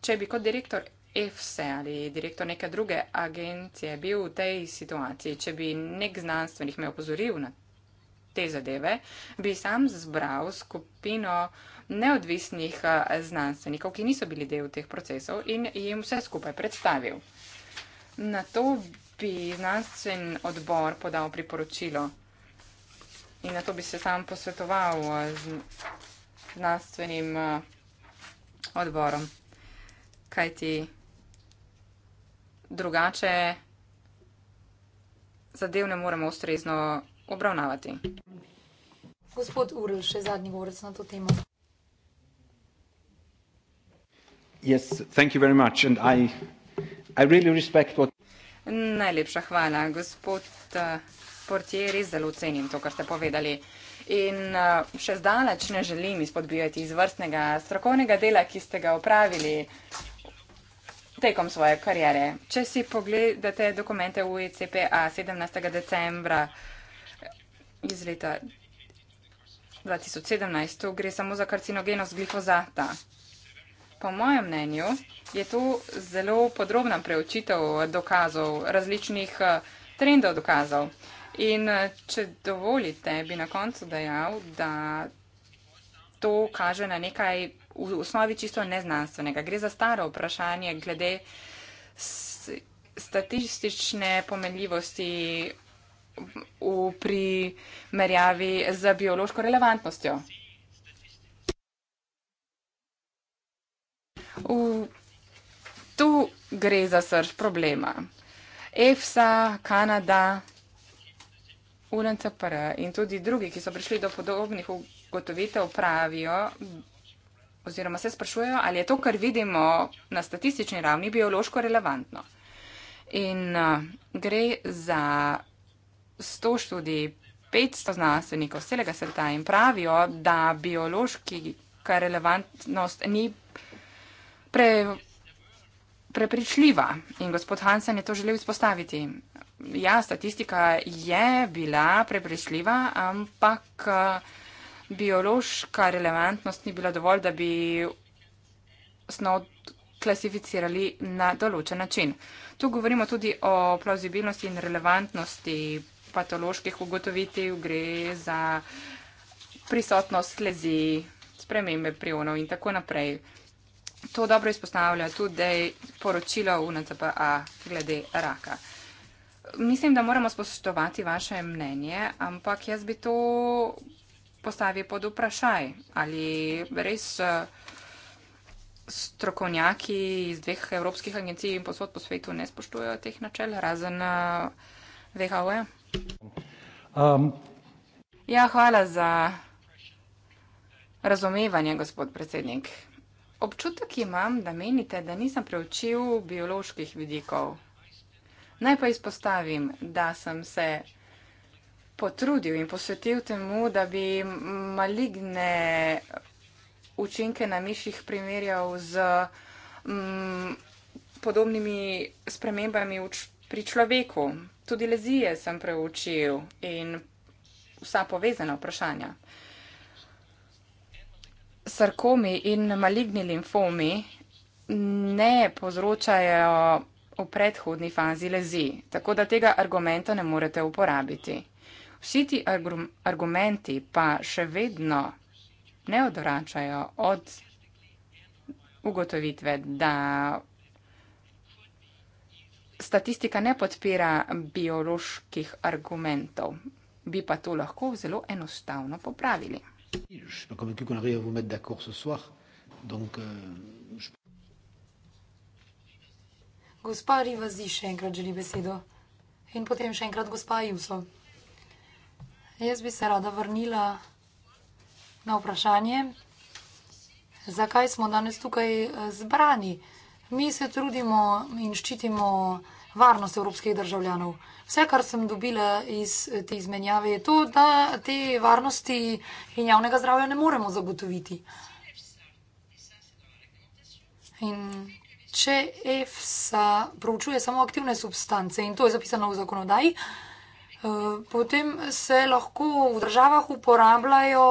Če bi kot direktor EFSE e ali direktor neke druge agencije bil v tej situaciji, če bi nek znanstvenik me opozoril na to, te zadeve, bi sam zbral skupino neodvisnih eh, znanstvenikov, ki niso bili del teh procesov in jim vse skupaj predstavil. Na to bi znanstven odbor podal priporočilo in na to bi se sam posvetoval eh, z znanstvenim eh, odborom. Kaj ti drugače zadev ne moremo ustrezno obravnavati. Gospod Uril, še zadnji govorec na to temo. Yes, thank you very much and I, I really respect what... Najlepša hvala, gospod eh, Portieri, zelo cenim to, kar ste povedali. In eh, še zdaleč ne želim izpodbijati izvrstnega strokovnega dela, ki ste ga upravili tekom svoje karijere. Če si pogledate dokumente UECPA 17. decembra 2020, iz leta 2017, to gre samo za karcinogenost glifozata. Po mojem mnenju je to zelo podrobna preučitev dokazov, različnih eh, trendov dokazov. In eh, če dovolite, bi na koncu dejal, da to kaže na nekaj v osnovi čisto neznanstvenega. Gre za staro vprašanje glede statistične pomenljivosti v primerjavi z biološko relevantnostjo. V, tu gre za srč problema. EFSA, Kanada, UNCPR in tudi drugi, ki so prišli do podobnih ugotovitev, pravijo oziroma se sprašujejo, ali je to, kar vidimo na statistični ravni, biološko relevantno. In uh, gre za 100 študij, 500 znanstvenikov z celega sveta in pravijo, da biološki relevantnost ni pre, prepričljiva. In gospod Hansen je to želel izpostaviti. Ja, statistika je bila prepričljiva, ampak biološka relevantnost ni bila dovolj, da bi snod klasificirali na določen način. Tu govorimo tudi o plauzibilnosti in relevantnosti patoloških ugotovitev gre za prisotnost slezi, spremembe prionov in tako naprej. To dobro izpostavlja tudi poročilo UNCPA glede raka. Mislim, da moramo spoštovati vaše mnenje, ampak jaz bi to postavil pod vprašaj, ali res eh, strokovnjaki iz dveh evropskih agencij in posod po svetu ne spoštujejo teh načel, razen eh, VHO-ja. E? Um, ja, hvala za razumevanje, gospod predsednik. Občutek imam, da menite, da nisem preučil bioloških vidikov. Naj pa izpostavim, da sem se potrudil in posvetil temu, da bi maligne učinke na miših primerjal z mm, podobnimi spremembami pri človeku, Tudi lezije sem preučil in vsa povezana vprašanja. Sarkomi in maligni limfomi ne povzročajo v predhodni fazi lezi, tako da tega argumenta ne morete uporabiti. Vsi ti argumenti pa še vedno ne odvračajo od ugotovitve, da statistika ne podpira bioloških argumentov. Bi pa to lahko zelo enostavno popravili. Euh, gospa Rivazi, še enkrat želi besedo in potem še enkrat gospa Juso. Jaz bi se rada vrnila na vprašanje, zakaj smo danes tukaj eh, zbrani mi se trudimo in ščitimo varnost evropskih državljanov. Vse, kar sem dobila iz te izmenjave, je to, da te varnosti in javnega zdravja ne moremo zagotoviti. In če EFSA proučuje samo aktivne substance in to je zapisano v zakonodaji, eh, potem se lahko v državah uporabljajo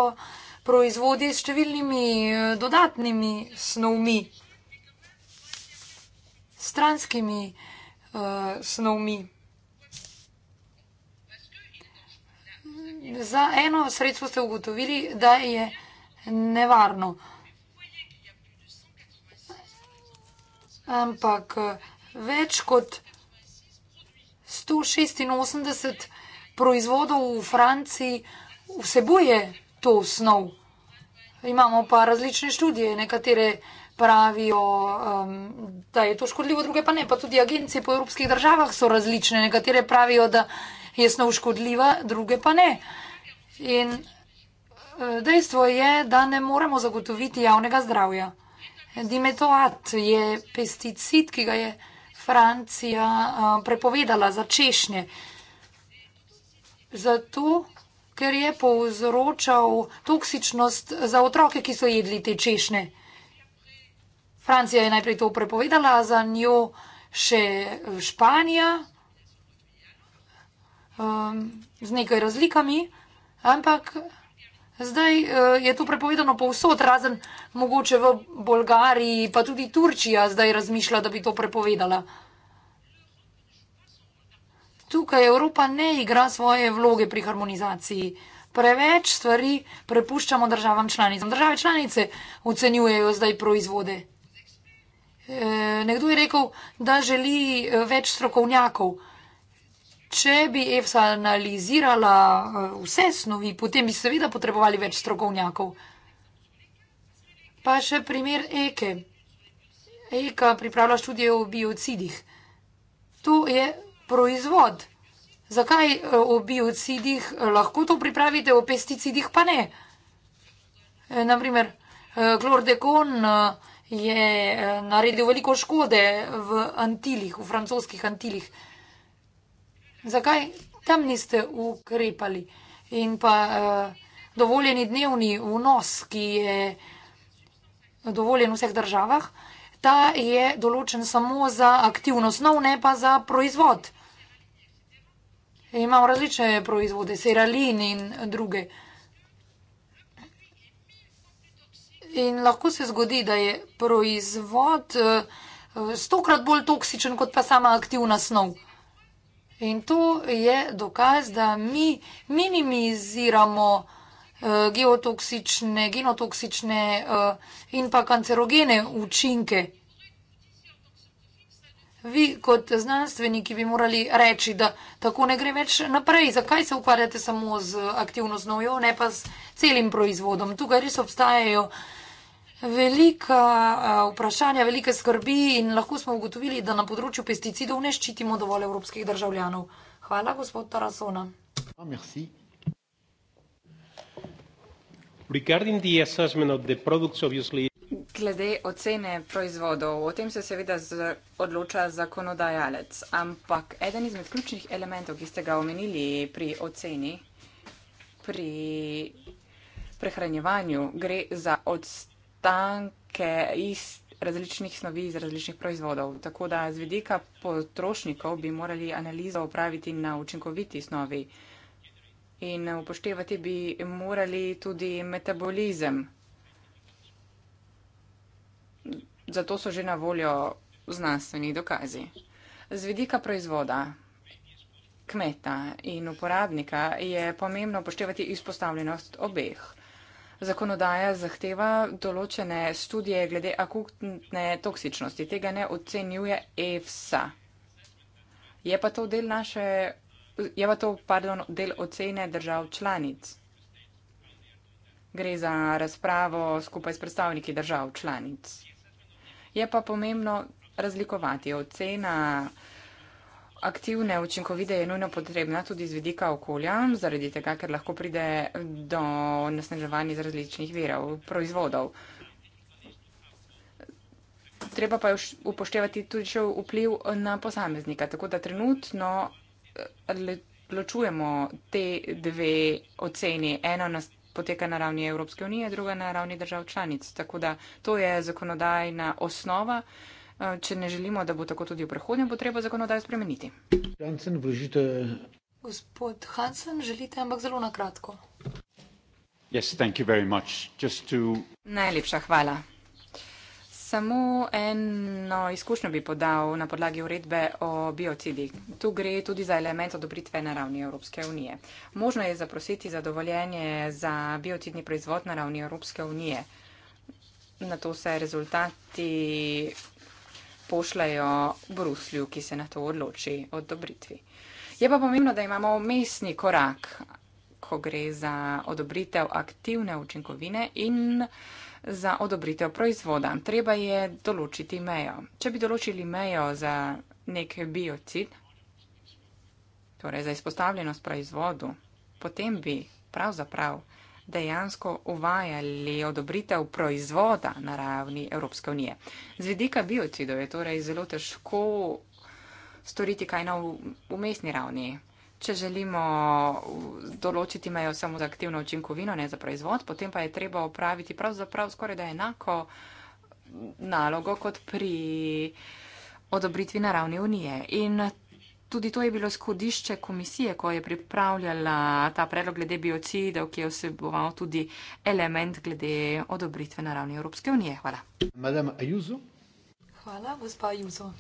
proizvodi s številnimi eh, dodatnimi snovmi, stranskimi uh, snovmi. Za eno sredstvo ste ugotovili, da je nevarno. Ampak eh, več kot 186 proizvodov v Franciji vsebuje to snov. Imamo pa različne študije, nekatere uh, pravijo, um, da je to škodljivo, druge pa ne. Pa tudi agencije po evropskih državah so različne. Nekatere pravijo, da je snov škodljiva, druge pa ne. In eh, dejstvo je, da ne moremo zagotoviti javnega zdravja. Dimetoat je pesticid, ki ga je Francija uh, prepovedala za češnje. Zato, ker je povzročal toksičnost za otroke, ki so jedli te češnje. Francija je najprej to prepovedala, za njo še eh, Španija um, z nekaj razlikami, ampak zdaj uh, je to prepovedano povsod, razen mogoče v Bolgariji, pa tudi Turčija zdaj razmišlja, da bi to prepovedala. Tukaj Evropa ne igra svoje vloge pri harmonizaciji. Preveč stvari prepuščamo državam članicam. Države članice ocenjujejo zdaj proizvode. Eh, nekdo je rekel, da želi eh, več strokovnjakov. Če bi EFSA analizirala eh, vse snovi, potem bi seveda potrebovali več strokovnjakov. Pa še primer Eke. Eka pripravlja študije o biocidih. To je proizvod. Zakaj o biocidih lahko to pripravite, o pesticidih pa ne? Naprimer, klordekon, klordekon, je eh, naredil veliko škode v Antilih, v francoskih Antilih. Zakaj tam niste ukrepali? In pa uh, dovoljeni dnevni vnos, ki je dovoljen v vseh državah, ta je določen samo za aktivno snov, ne pa za proizvod. Imamo različne proizvode, seralin in druge. Uh, In lahko se zgodi, da je proizvod eh, stokrat bolj toksičen kot pa sama aktivna snov. In to je dokaz, da mi minimiziramo eh, geotoksične, genotoksične eh, in pa kancerogene učinke. Vi kot znanstveniki bi morali reči, da tako ne gre več naprej. Zakaj se ukvarjate samo z aktivno snovjo, ne pa s celim proizvodom? Tukaj res obstajajo velika eh, vprašanja, velike skrbi in lahko smo ugotovili, da na področju pesticidov ne ščitimo dovolj evropskih državljanov. Hvala, gospod Tarasona. Ah, merci. Glede ocene proizvodov, o tem se seveda odloča zakonodajalec, ampak eden izmed ključnih elementov, ki ste ga omenili pri oceni, pri prehranjevanju, gre za odstavljanje sestanke iz različnih snovi, iz različnih proizvodov. Tako da z vidika potrošnikov bi morali analizo upraviti na učinkoviti snovi in upoštevati bi morali tudi metabolizem. Zato so že na voljo znanstveni dokazi. Z vidika proizvoda kmeta in uporabnika je pomembno upoštevati izpostavljenost obeh zakonodaja zahteva določene študije glede akutne toksičnosti. Tega ne ocenjuje EFSA. Je pa to del naše, je pa to, pardon, del ocene držav članic. Gre za razpravo skupaj s predstavniki držav članic. Je pa pomembno razlikovati ocena aktivne, učinkovite je nujno potrebna tudi z vidika okolja, zaradi tega, ker lahko pride do nasneževanja iz različnih virov, proizvodov. Treba pa upoštevati tudi še vpliv na posameznika, tako da trenutno eh, ločujemo te dve oceni. Eno nas poteka na ravni Evropske unije, druga na ravni držav članic. Tako da to je zakonodajna osnova. Eh, če ne želimo, da bo tako tudi v prihodnje, bo treba zakonodajo spremeniti. Hansen, vložite. Gospod Hansen, želite, ampak zelo na kratko. Yes, to... Najlepša hvala. Samo eno izkušnjo bi podal na podlagi uredbe o biocidi. Tu gre tudi za element odobritve na ravni Evropske unije. Možno je zaprositi za dovoljenje za biocidni proizvod na ravni Evropske unije. Na to se rezultati pošljajo Bruslju, ki se na to odloči o odobritvi. Je pa pomembno, da imamo mestni korak, ko gre za odobritev aktivne učinkovine in za odobritev proizvoda. Treba je določiti mejo. Če bi določili mejo za nek biocid, torej za izpostavljenost proizvodu, potem bi pravzaprav prav dejansko uvajali odobritev proizvoda na ravni Evropske unije. Z vidika biocidov je torej zelo težko storiti kaj na umestni ravni. Če želimo določiti mejo samo za aktivno učinkovino, ne za proizvod, potem pa je treba opraviti pravzaprav skoraj da enako nalogo kot pri odobritvi na ravni unije. In tudi to je bilo skodišče komisije, ko je pripravljala ta predlog glede biocidov, ki je vseboval tudi element glede odobritve na ravni Evropske unije. Hvala. Madame Ayuso. Hvala, gospa Ayuso.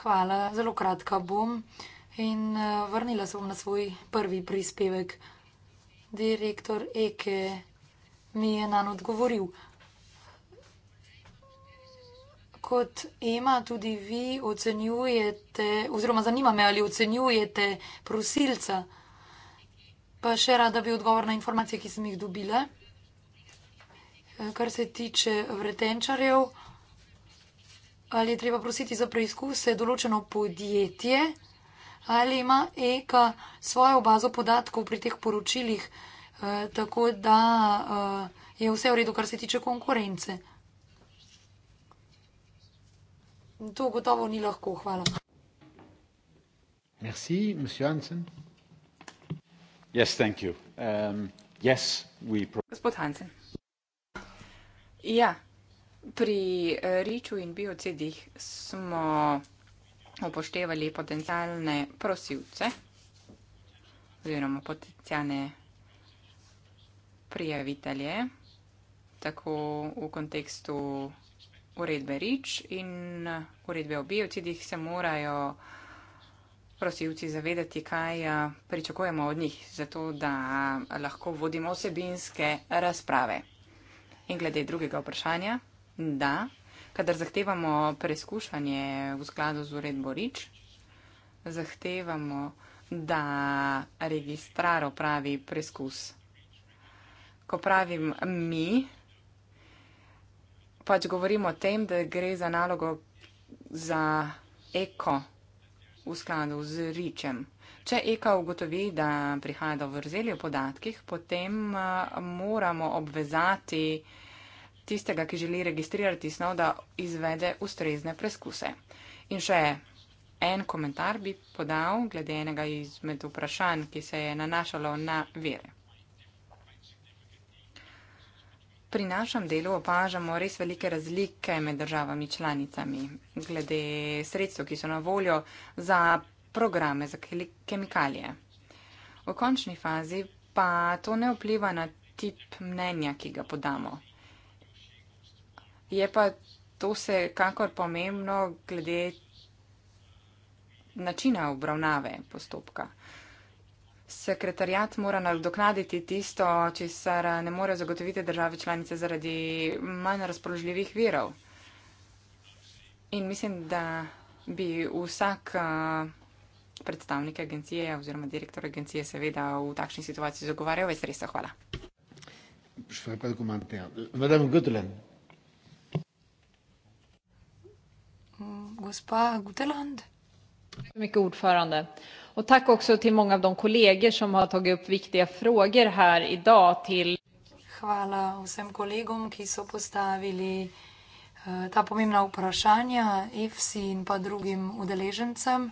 Hvala, zelo kratka bom in eh, vrnila se bom na svoj prvi prispevek. Direktor Eke mi je nan odgovoril kot Ema tudi vi ocenjujete, oziroma zanima me, ali ocenjujete prosilca. Pa še rada bi odgovor na informacije, ki sem jih dobila. Eh, kar se tiče vretenčarjev, ali je treba prositi za preizkuse določeno podjetje, ali ima EKA svojo bazo podatkov pri teh poročilih, eh, tako da eh, je vse v redu, kar se tiče konkurence. To gotovo ni lahko. Hvala. Merci, monsieur Hansen. Yes, thank you. Um, yes, we Gospod Hansen. Ja, pri eh, Riču in biocidih smo upoštevali potencialne prosilce oziroma potencialne prijavitelje, tako v kontekstu uredbe REACH in eh, uredbe o biocidih, se morajo prosilci zavedati, kaj eh, pričakujemo od njih, zato da eh, lahko vodimo osebinske razprave. In glede drugega vprašanja, da, kadar zahtevamo preizkušanje v skladu z uredbo REACH, zahtevamo, da registrar opravi preizkus. Ko pravim mi, pač govorimo o tem, da gre za nalogo za eko v skladu z ričem. Če eka ugotovi, da prihaja do vrzeli v podatkih, potem eh, moramo obvezati tistega, ki želi registrirati snov, da izvede ustrezne preskuse. In še en komentar bi podal glede enega izmed vprašanj, ki se je nanašalo na vere. pri našem delu opažamo res velike razlike med državami članicami glede sredstev, ki so na voljo za programe za kemikalije. V končni fazi pa to ne vpliva na tip mnenja, ki ga podamo. Je pa to se kakor pomembno glede načina obravnave postopka sekretarjat mora nadoknaditi tisto, če se ne more zagotoviti države članice zaradi manj razpoložljivih virov. In mislim, da bi vsak eh, predstavnik agencije oziroma direktor agencije seveda v takšni situaciji zagovarjal več sredstva. Hvala. Gospa Guteland. Mikrofon. Och tack också till många av de kollegor som har tagit upp viktiga frågor här idag till Hvala vsem kolegom, ki so postavili eh, ta pomembna vprašanja, EFSI in pa drugim udeležencem.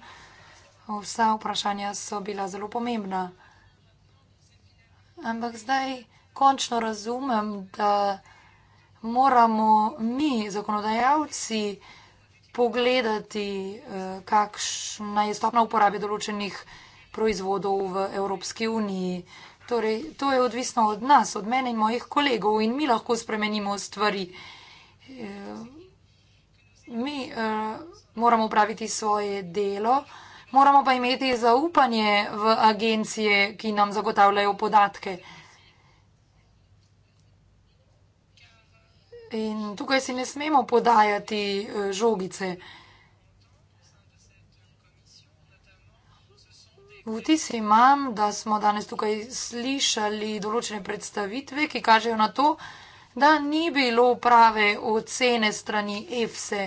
Vsa vprašanja so bila zelo pomembna. Ampak zdaj končno razumem, da moramo mi, zakonodajalci, pogledati, eh, kakšna je stopna uporabe določenih proizvodov v Evropski uniji. Torej, to je odvisno od nas, od mene in mojih kolegov in mi lahko spremenimo stvari. Eh, mi eh, moramo upraviti svoje delo, moramo pa imeti zaupanje v agencije, ki nam zagotavljajo podatke. In tukaj si ne smemo podajati eh, žogice. Vtis imam, da smo danes tukaj slišali določene predstavitve, ki kažejo na to, da ni bilo prave ocene strani EFSE.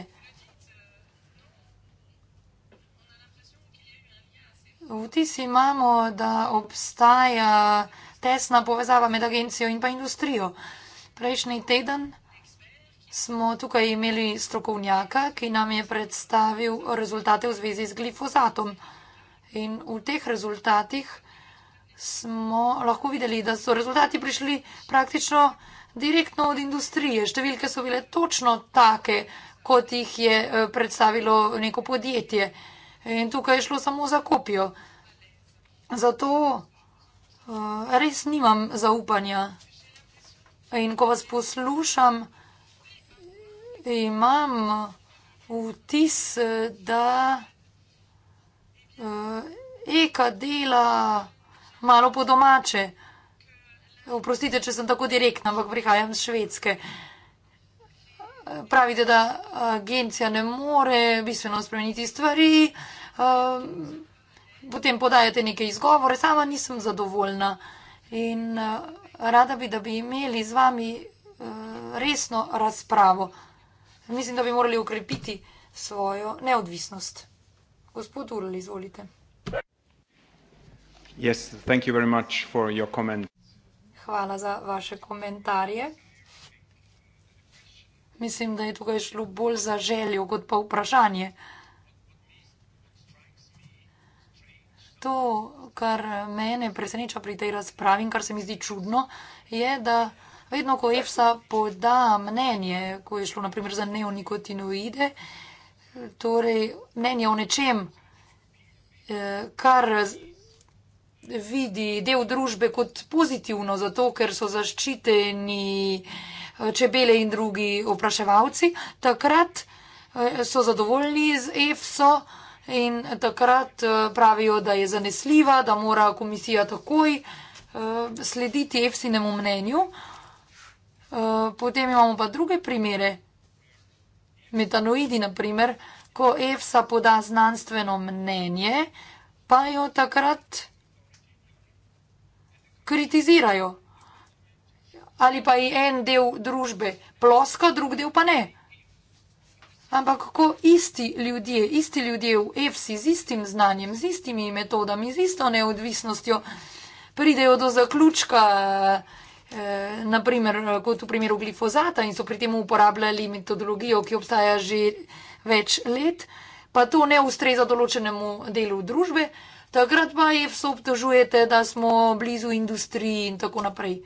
Vtis imamo, da obstaja tesna povezava med agencijo in pa industrijo. Prejšnji teden smo tukaj imeli strokovnjaka, ki nam je predstavil rezultate v zvezi z glifozatom. In v teh rezultatih smo lahko videli, da so rezultati prišli praktično direktno od industrije. Številke so bile točno take, kot jih je eh, predstavilo neko podjetje. In tukaj je šlo samo za kopijo. Zato eh, res nimam zaupanja. In ko vas poslušam, imam vtis, da eh, Eka dela malo po domače. Oprostite, če sem tako direktna, ampak prihajam iz Švedske. Pravite, da agencija ne more bistveno spremeniti stvari, eh, potem podajate neke izgovore, sama nisem zadovoljna in eh, rada bi, da bi imeli z vami resno razpravo mislim, da bi morali ukrepiti svojo neodvisnost. Gospod Url, izvolite. Yes, thank you very much for your comment. Hvala za vaše komentarje. Mislim, da je tukaj šlo bolj za željo, kot pa vprašanje. To, kar mene preseneča pri tej razpravi in kar se mi zdi čudno, je, da vedno, ko EFSA poda mnenje, ko je šlo naprimer za neonikotinoide, torej mnenje o nečem, eh, kar vidi del družbe kot pozitivno, zato ker so zaščiteni eh, čebele in drugi opraševalci, takrat eh, so zadovoljni z EFSO. In takrat pravijo, da je zanesljiva, da mora komisija takoj slediti EFSI-nemu mnenju. Eh, potem imamo pa druge primere, metanoidi, naprimer, ko EFSA poda znanstveno mnenje, pa jo takrat kritizirajo. Ali pa je en del družbe ploska, drug del pa ne. Ampak ko isti ljudje, isti ljudje v EFSI z istim znanjem, z istimi metodami, z isto neodvisnostjo pridejo do zaključka, Eh, naprimer eh, kot v primeru glifozata in so pri tem uporabljali metodologijo, ki obstaja že več let, pa to ne ustreza določenemu delu družbe, takrat pa jih so obtožujete, da smo blizu industriji in tako naprej.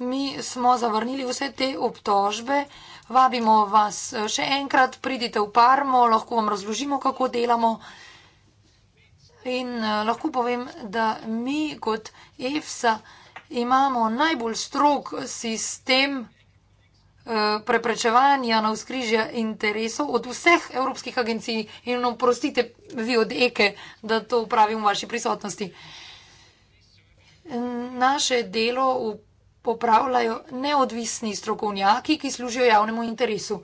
Mi smo zavrnili vse te obtožbe, vabimo vas eh, še enkrat, pridite v Parmo, lahko vam razložimo, kako delamo. In uh, lahko povem, da mi kot EFSA imamo najbolj strog sistem eh, preprečevanja na vzkrižja interesov od vseh evropskih agencij in oprostite vi od Eke, da to upravim v vaši prisotnosti. Naše delo popravljajo neodvisni strokovnjaki, ki služijo javnemu interesu.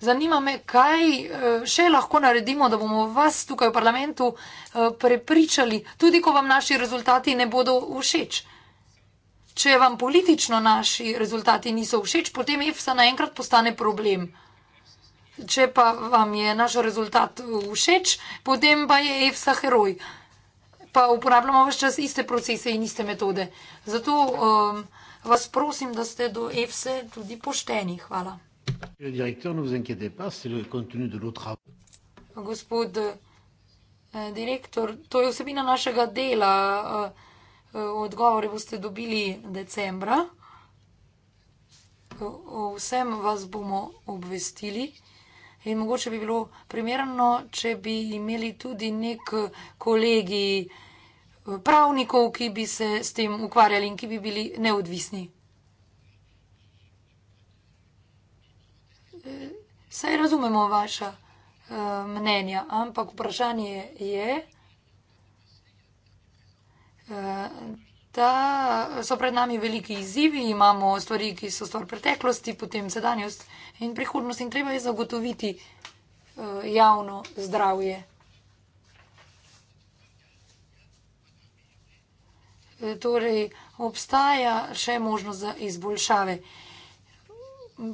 Zanima me, kaj eh, še lahko naredimo, da bomo vas tukaj v parlamentu eh, prepričali, tudi ko vam naši rezultati ne bodo všeč. Če vam politično naši rezultati niso všeč, potem EFSA naenkrat postane problem. Če pa vam je naš rezultat eh, všeč, potem pa je EFSA heroj. Pa uporabljamo vse čas iste procese in iste metode. Zato um, vas prosim, da ste do EFSA tudi pošteni. Hvala. Gospod eh, direktor, to je vsebina našega dela. Eh, eh, odgovore boste dobili decembra. O vsem vas bomo obvestili. In mogoče bi bilo primerno, če bi imeli tudi nek kolegi pravnikov, ki bi se s tem ukvarjali in ki bi bili neodvisni. saj razumemo vaša uh, mnenja, ampak vprašanje je, uh, da so pred nami veliki izzivi, imamo stvari, ki so stvar preteklosti, potem sedanjost in prihodnost in treba je zagotoviti uh, javno zdravje. Torej, obstaja še možnost za izboljšave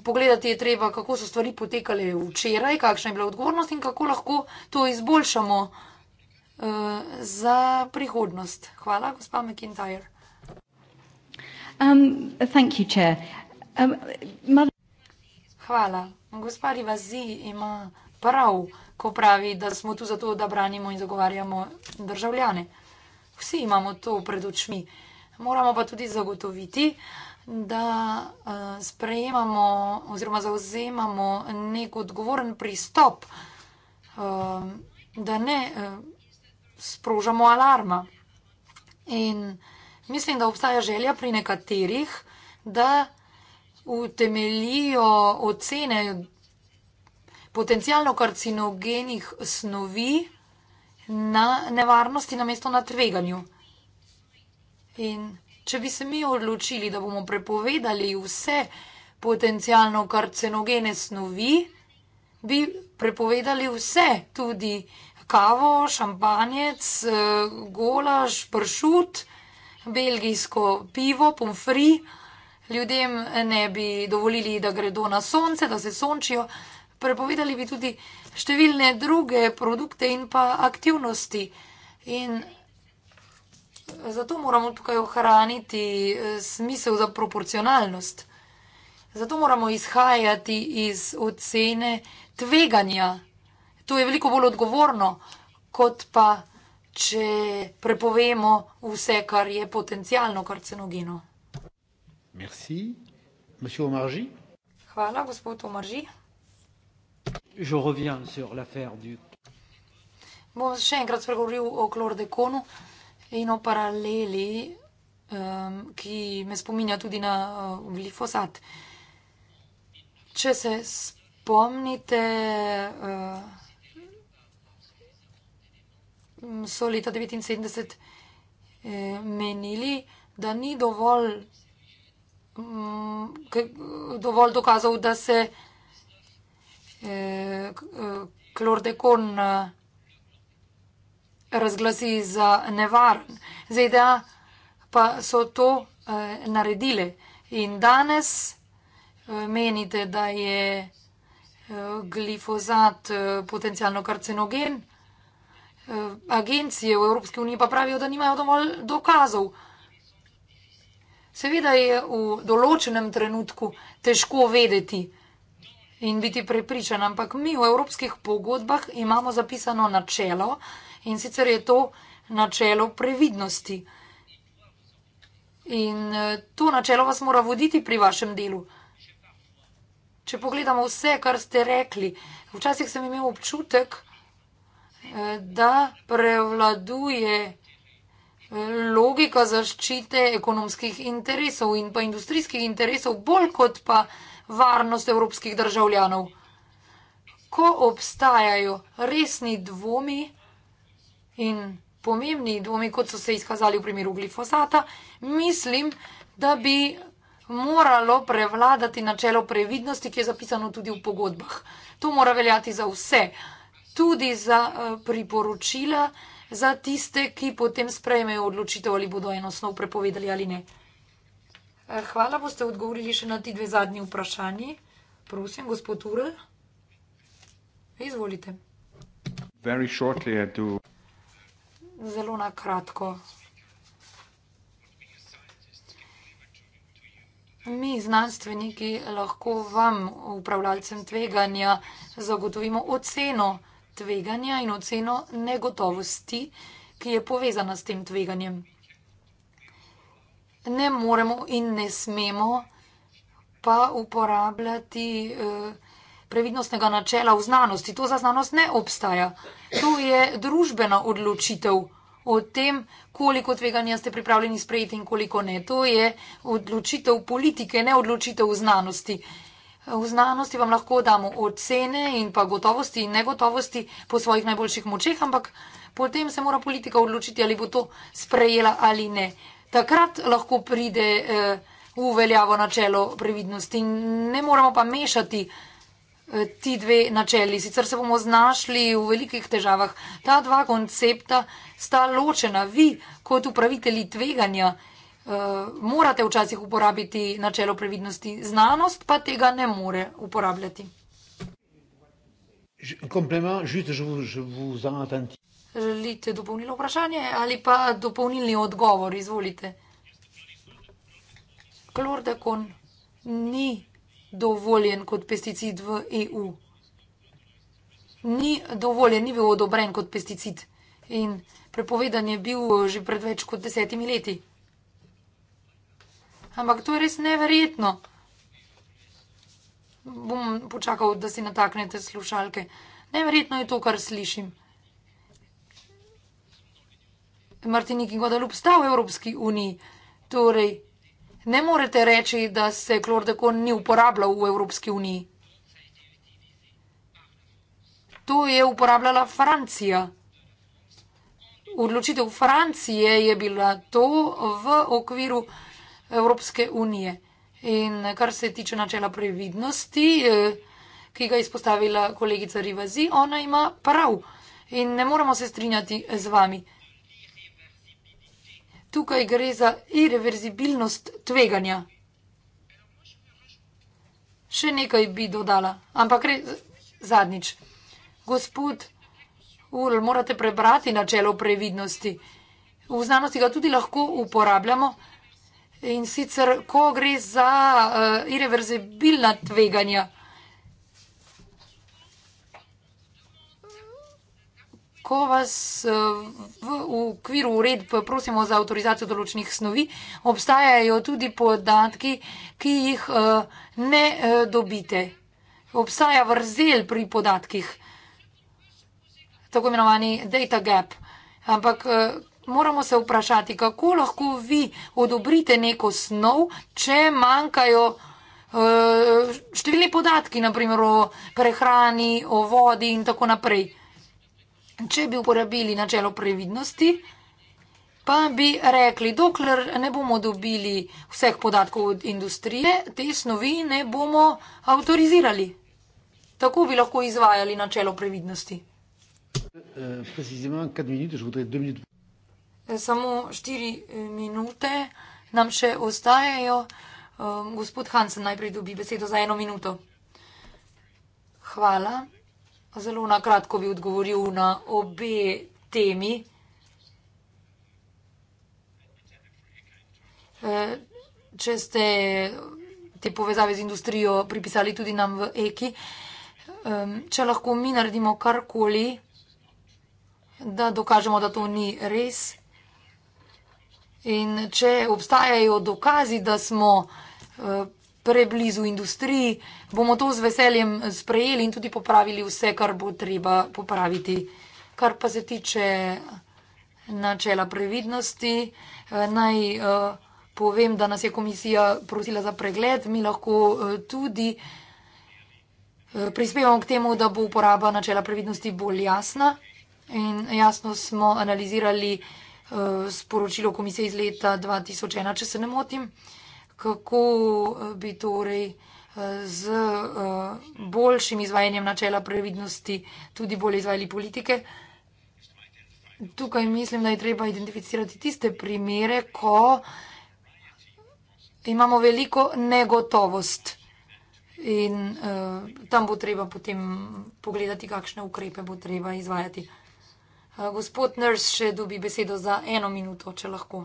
pogledati je treba, kako so stvari potekale včeraj, kakšna je bila odgovornost in kako lahko to izboljšamo uh, za prihodnost. Hvala, gospa McIntyre. Um, thank you, chair. Um, mother... Hvala. Gospa Rivazi ima prav, ko pravi, da smo tu zato, da branimo in zagovarjamo državljane. Vsi imamo to pred očmi. Moramo pa tudi zagotoviti, uh, da eh, sprejemamo oziroma zauzemamo nek odgovoren pristop, eh, da ne eh, sprožamo alarma. In mislim, da obstaja želja pri nekaterih, da utemeljijo ocene potencijalno karcinogenih snovi na nevarnosti namesto na tveganju. In če bi se mi odločili, da bomo prepovedali vse potencijalno karcinogene snovi, bi prepovedali vse, tudi kavo, šampanjec, eh, golaž, pršut, belgijsko pivo, pomfri. Ljudem ne bi dovolili, da gredo na sonce, da se sončijo. Prepovedali bi tudi številne druge produkte in pa aktivnosti. In Zato moramo tukaj ohraniti eh, smisel za proporcionalnost. Zato moramo izhajati iz ocene tveganja. To je veliko bolj odgovorno, kot pa če prepovemo vse, kar je potencijalno karcinogeno. Merci, monsieur Omarji. Hvala, gospod Omarji. Je reviens sur l'affaire du. Bom še enkrat spregovoril o klordekonu in ho paralleli um, ki me spominja tudi na uh, glifosat. Če se spomnite, uh, so leta 1979 eh, menili, da ni dovolj, mm, dovolj dokazov, da se eh, eh klordekon. Eh, razglasi za nevaren. ZDA pa so to eh, naredile in danes eh, menite, da je eh, glifozat eh, potencijalno karcinogen. Eh, agencije v Evropski uniji pa pravijo, da nimajo dovolj dokazov. Seveda je v določenem trenutku težko vedeti in biti prepričan, ampak mi v evropskih pogodbah imamo zapisano načelo, in sicer je to načelo previdnosti. In e, to načelo vas mora voditi pri vašem delu. Če pogledamo vse, kar ste rekli, včasih sem imel občutek, e, da prevladuje e, logika zaščite ekonomskih interesov in pa industrijskih interesov bolj kot pa varnost evropskih državljanov. Ko obstajajo resni dvomi, in pomembni dvomi, kot so se izkazali v primeru glifosata, mislim, da bi moralo prevladati načelo previdnosti, ki je zapisano tudi v pogodbah. To mora veljati za vse, tudi za eh, priporočila, za tiste, ki potem sprejmejo odločitev, ali bodo eno snov prepovedali ali ne. Eh, hvala, boste odgovorili še na ti dve zadnji vprašanji. Prosim, gospod Ural, izvolite zelo na kratko. Mi, znanstveniki, lahko vam, upravljalcem tveganja, zagotovimo oceno tveganja in oceno negotovosti, ki je povezana s tem tveganjem. Ne moremo in ne smemo pa uporabljati tveganja, eh, previdnostnega načela v znanosti. To za znanost ne obstaja. To je družbena odločitev o tem, koliko tveganja ste pripravljeni sprejeti in koliko ne. To je odločitev politike, ne odločitev v znanosti. V znanosti vam lahko damo ocene in pa gotovosti in negotovosti po svojih najboljših močeh, ampak potem se mora politika odločiti, ali bo to sprejela ali ne. Takrat lahko pride uveljavo eh, načelo previdnosti in ne moramo pa mešati Eh, ti dve načeli. Sicer se bomo znašli v velikih težavah. Ta dva koncepta sta ločena. Vi, kot upravitelji tveganja, eh, morate včasih uporabiti načelo previdnosti. Znanost pa tega ne more uporabljati. Želite dopolnilo vprašanje ali pa dopolnilni odgovor? Izvolite. Klordekon ni dovoljen kot pesticid v EU. Ni dovoljen, ni bil odobren kot pesticid in prepovedan je bil že pred več kot desetimi leti. Ampak to je res neverjetno. Bom počakal, da si nataknete slušalke. Neverjetno je to, kar slišim. Martinik in Guadalupe sta v Evropski uniji. Torej, ne morete reči, da se klordekon ni uporabljal v Evropski uniji. To je uporabljala Francija. Odločitev Francije je bila to v okviru Evropske unije. In kar se tiče načela previdnosti, eh, ki ga je izpostavila kolegica Rivazi, ona ima prav. In ne moramo se strinjati z vami tukaj gre za irreverzibilnost tveganja. Še nekaj bi dodala, ampak res zadnjič. Gospod Ul, morate prebrati načelo previdnosti. V znanosti ga tudi lahko uporabljamo in sicer, ko gre za uh, irreverzibilna tveganja. ko vas eh, v okviru uredb prosimo za avtorizacijo določenih snovi, obstajajo tudi podatki, ki jih eh, ne eh, dobite. Obstaja vrzel pri podatkih, tako imenovani data gap. Ampak moramo se vprašati, kako lahko vi odobrite neko snov, če manjkajo številni podatki, naprimer o prehrani, o vodi in tako naprej če bi uporabili načelo previdnosti, pa bi rekli, dokler ne bomo dobili vseh podatkov od industrije, te snovi ne bomo avtorizirali. Tako bi lahko izvajali načelo previdnosti. Samo štiri eh, minute nam še ostajajo. Eh, gospod Hansen najprej dobi besedo za eno minuto. Hvala zelo na kratko bi odgovoril na obe temi. Eh, če ste te povezave z industrijo pripisali tudi nam v EKI, ehm, če lahko mi naredimo karkoli, da dokažemo, da to ni res. In če obstajajo dokazi, da smo eh, preblizu industriji, bomo to z veseljem sprejeli in tudi popravili vse, kar bo treba popraviti. Kar pa se tiče eh, načela previdnosti, eh, naj eh, povem, da nas je komisija prosila za pregled, mi lahko tudi prispevamo k temu, da bo uporaba načela previdnosti bolj jasna. In jasno smo analizirali uh, sporočilo komisije iz leta 2001, če se ne motim. Uh, kako eh, bi torej eh, z eh, boljšim izvajanjem načela previdnosti tudi bolje izvajali politike. Tukaj mislim, da je treba identificirati tiste primere, ko imamo veliko negotovost in tam bo treba potem pogledati, kakšne ukrepe bo treba izvajati. Gospod Nurs še dobi besedo za eno minuto, če lahko.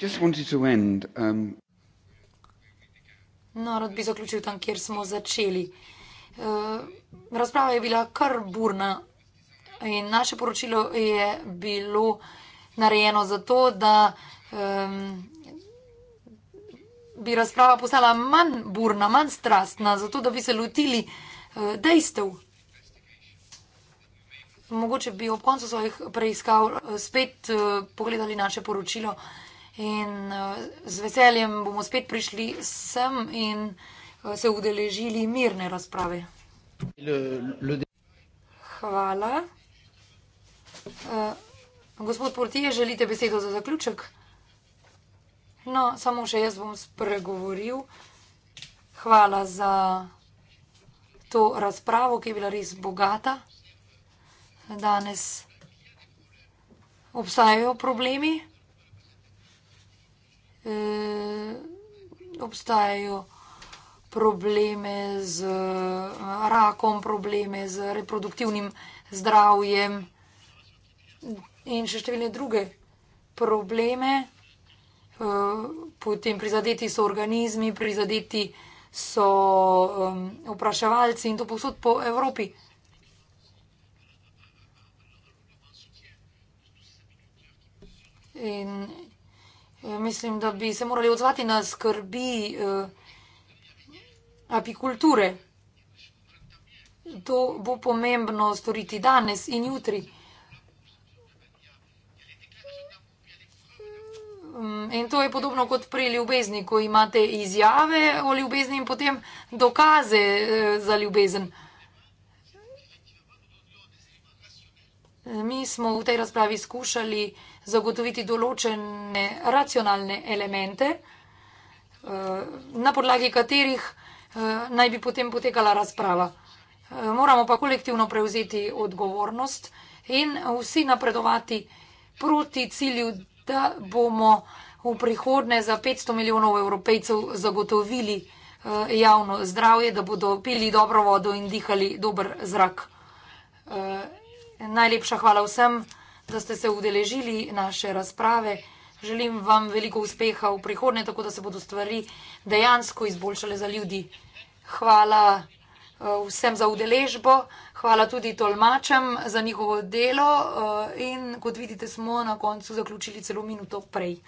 Just wanted to end. Um narod no, bi zaključil tam, kjer smo začeli. Eh, razprava je bila kar burna in naše poročilo je bilo narejeno zato, da bi razprava postala manj burna, manj strastna, zato da bi se lotili eh, dejstev. Mogoče bi ob koncu svojih preiskav eh, spet pogledali naše poročilo in in eh, z veseljem bomo spet prišli sem in eh, se udeležili mirne razprave. Hvala. Eh, gospod Portije, želite besedo za zaključek? No, samo še jaz bom spregovoril. Hvala za to razpravo, ki je bila res bogata. Danes obstajajo problemi. Eh, obstajajo probleme z eh, rakom, probleme z reproduktivnim zdravjem in še številne druge probleme. Eh, potem prizadeti so organizmi, prizadeti so vpraševalci in to povsod po Evropi. In Ja, mislim, da bi se morali odzvati na skrbi uh, apikulture. To bo pomembno storiti danes in jutri. Mm, in to je podobno kot pri ljubezni, ko imate izjave o ljubezni in potem dokaze eh, za ljubezen. Mi smo v tej razpravi skušali zagotoviti določene racionalne elemente, eh, na podlagi katerih eh, naj bi potem potekala razprava. Eh, moramo pa kolektivno prevzeti odgovornost in vsi napredovati proti cilju, da bomo v prihodne za 500 milijonov evropejcev zagotovili javno zdravje, da bodo pili dobro vodo in dihali dober zrak. Najlepša hvala vsem da ste se udeležili naše razprave. Želim vam veliko uspeha v prihodnje, tako da se bodo stvari dejansko izboljšale za ljudi. Hvala eh, vsem za udeležbo, hvala tudi tolmačem za njihovo delo eh, in kot vidite smo na koncu zaključili celo minuto prej.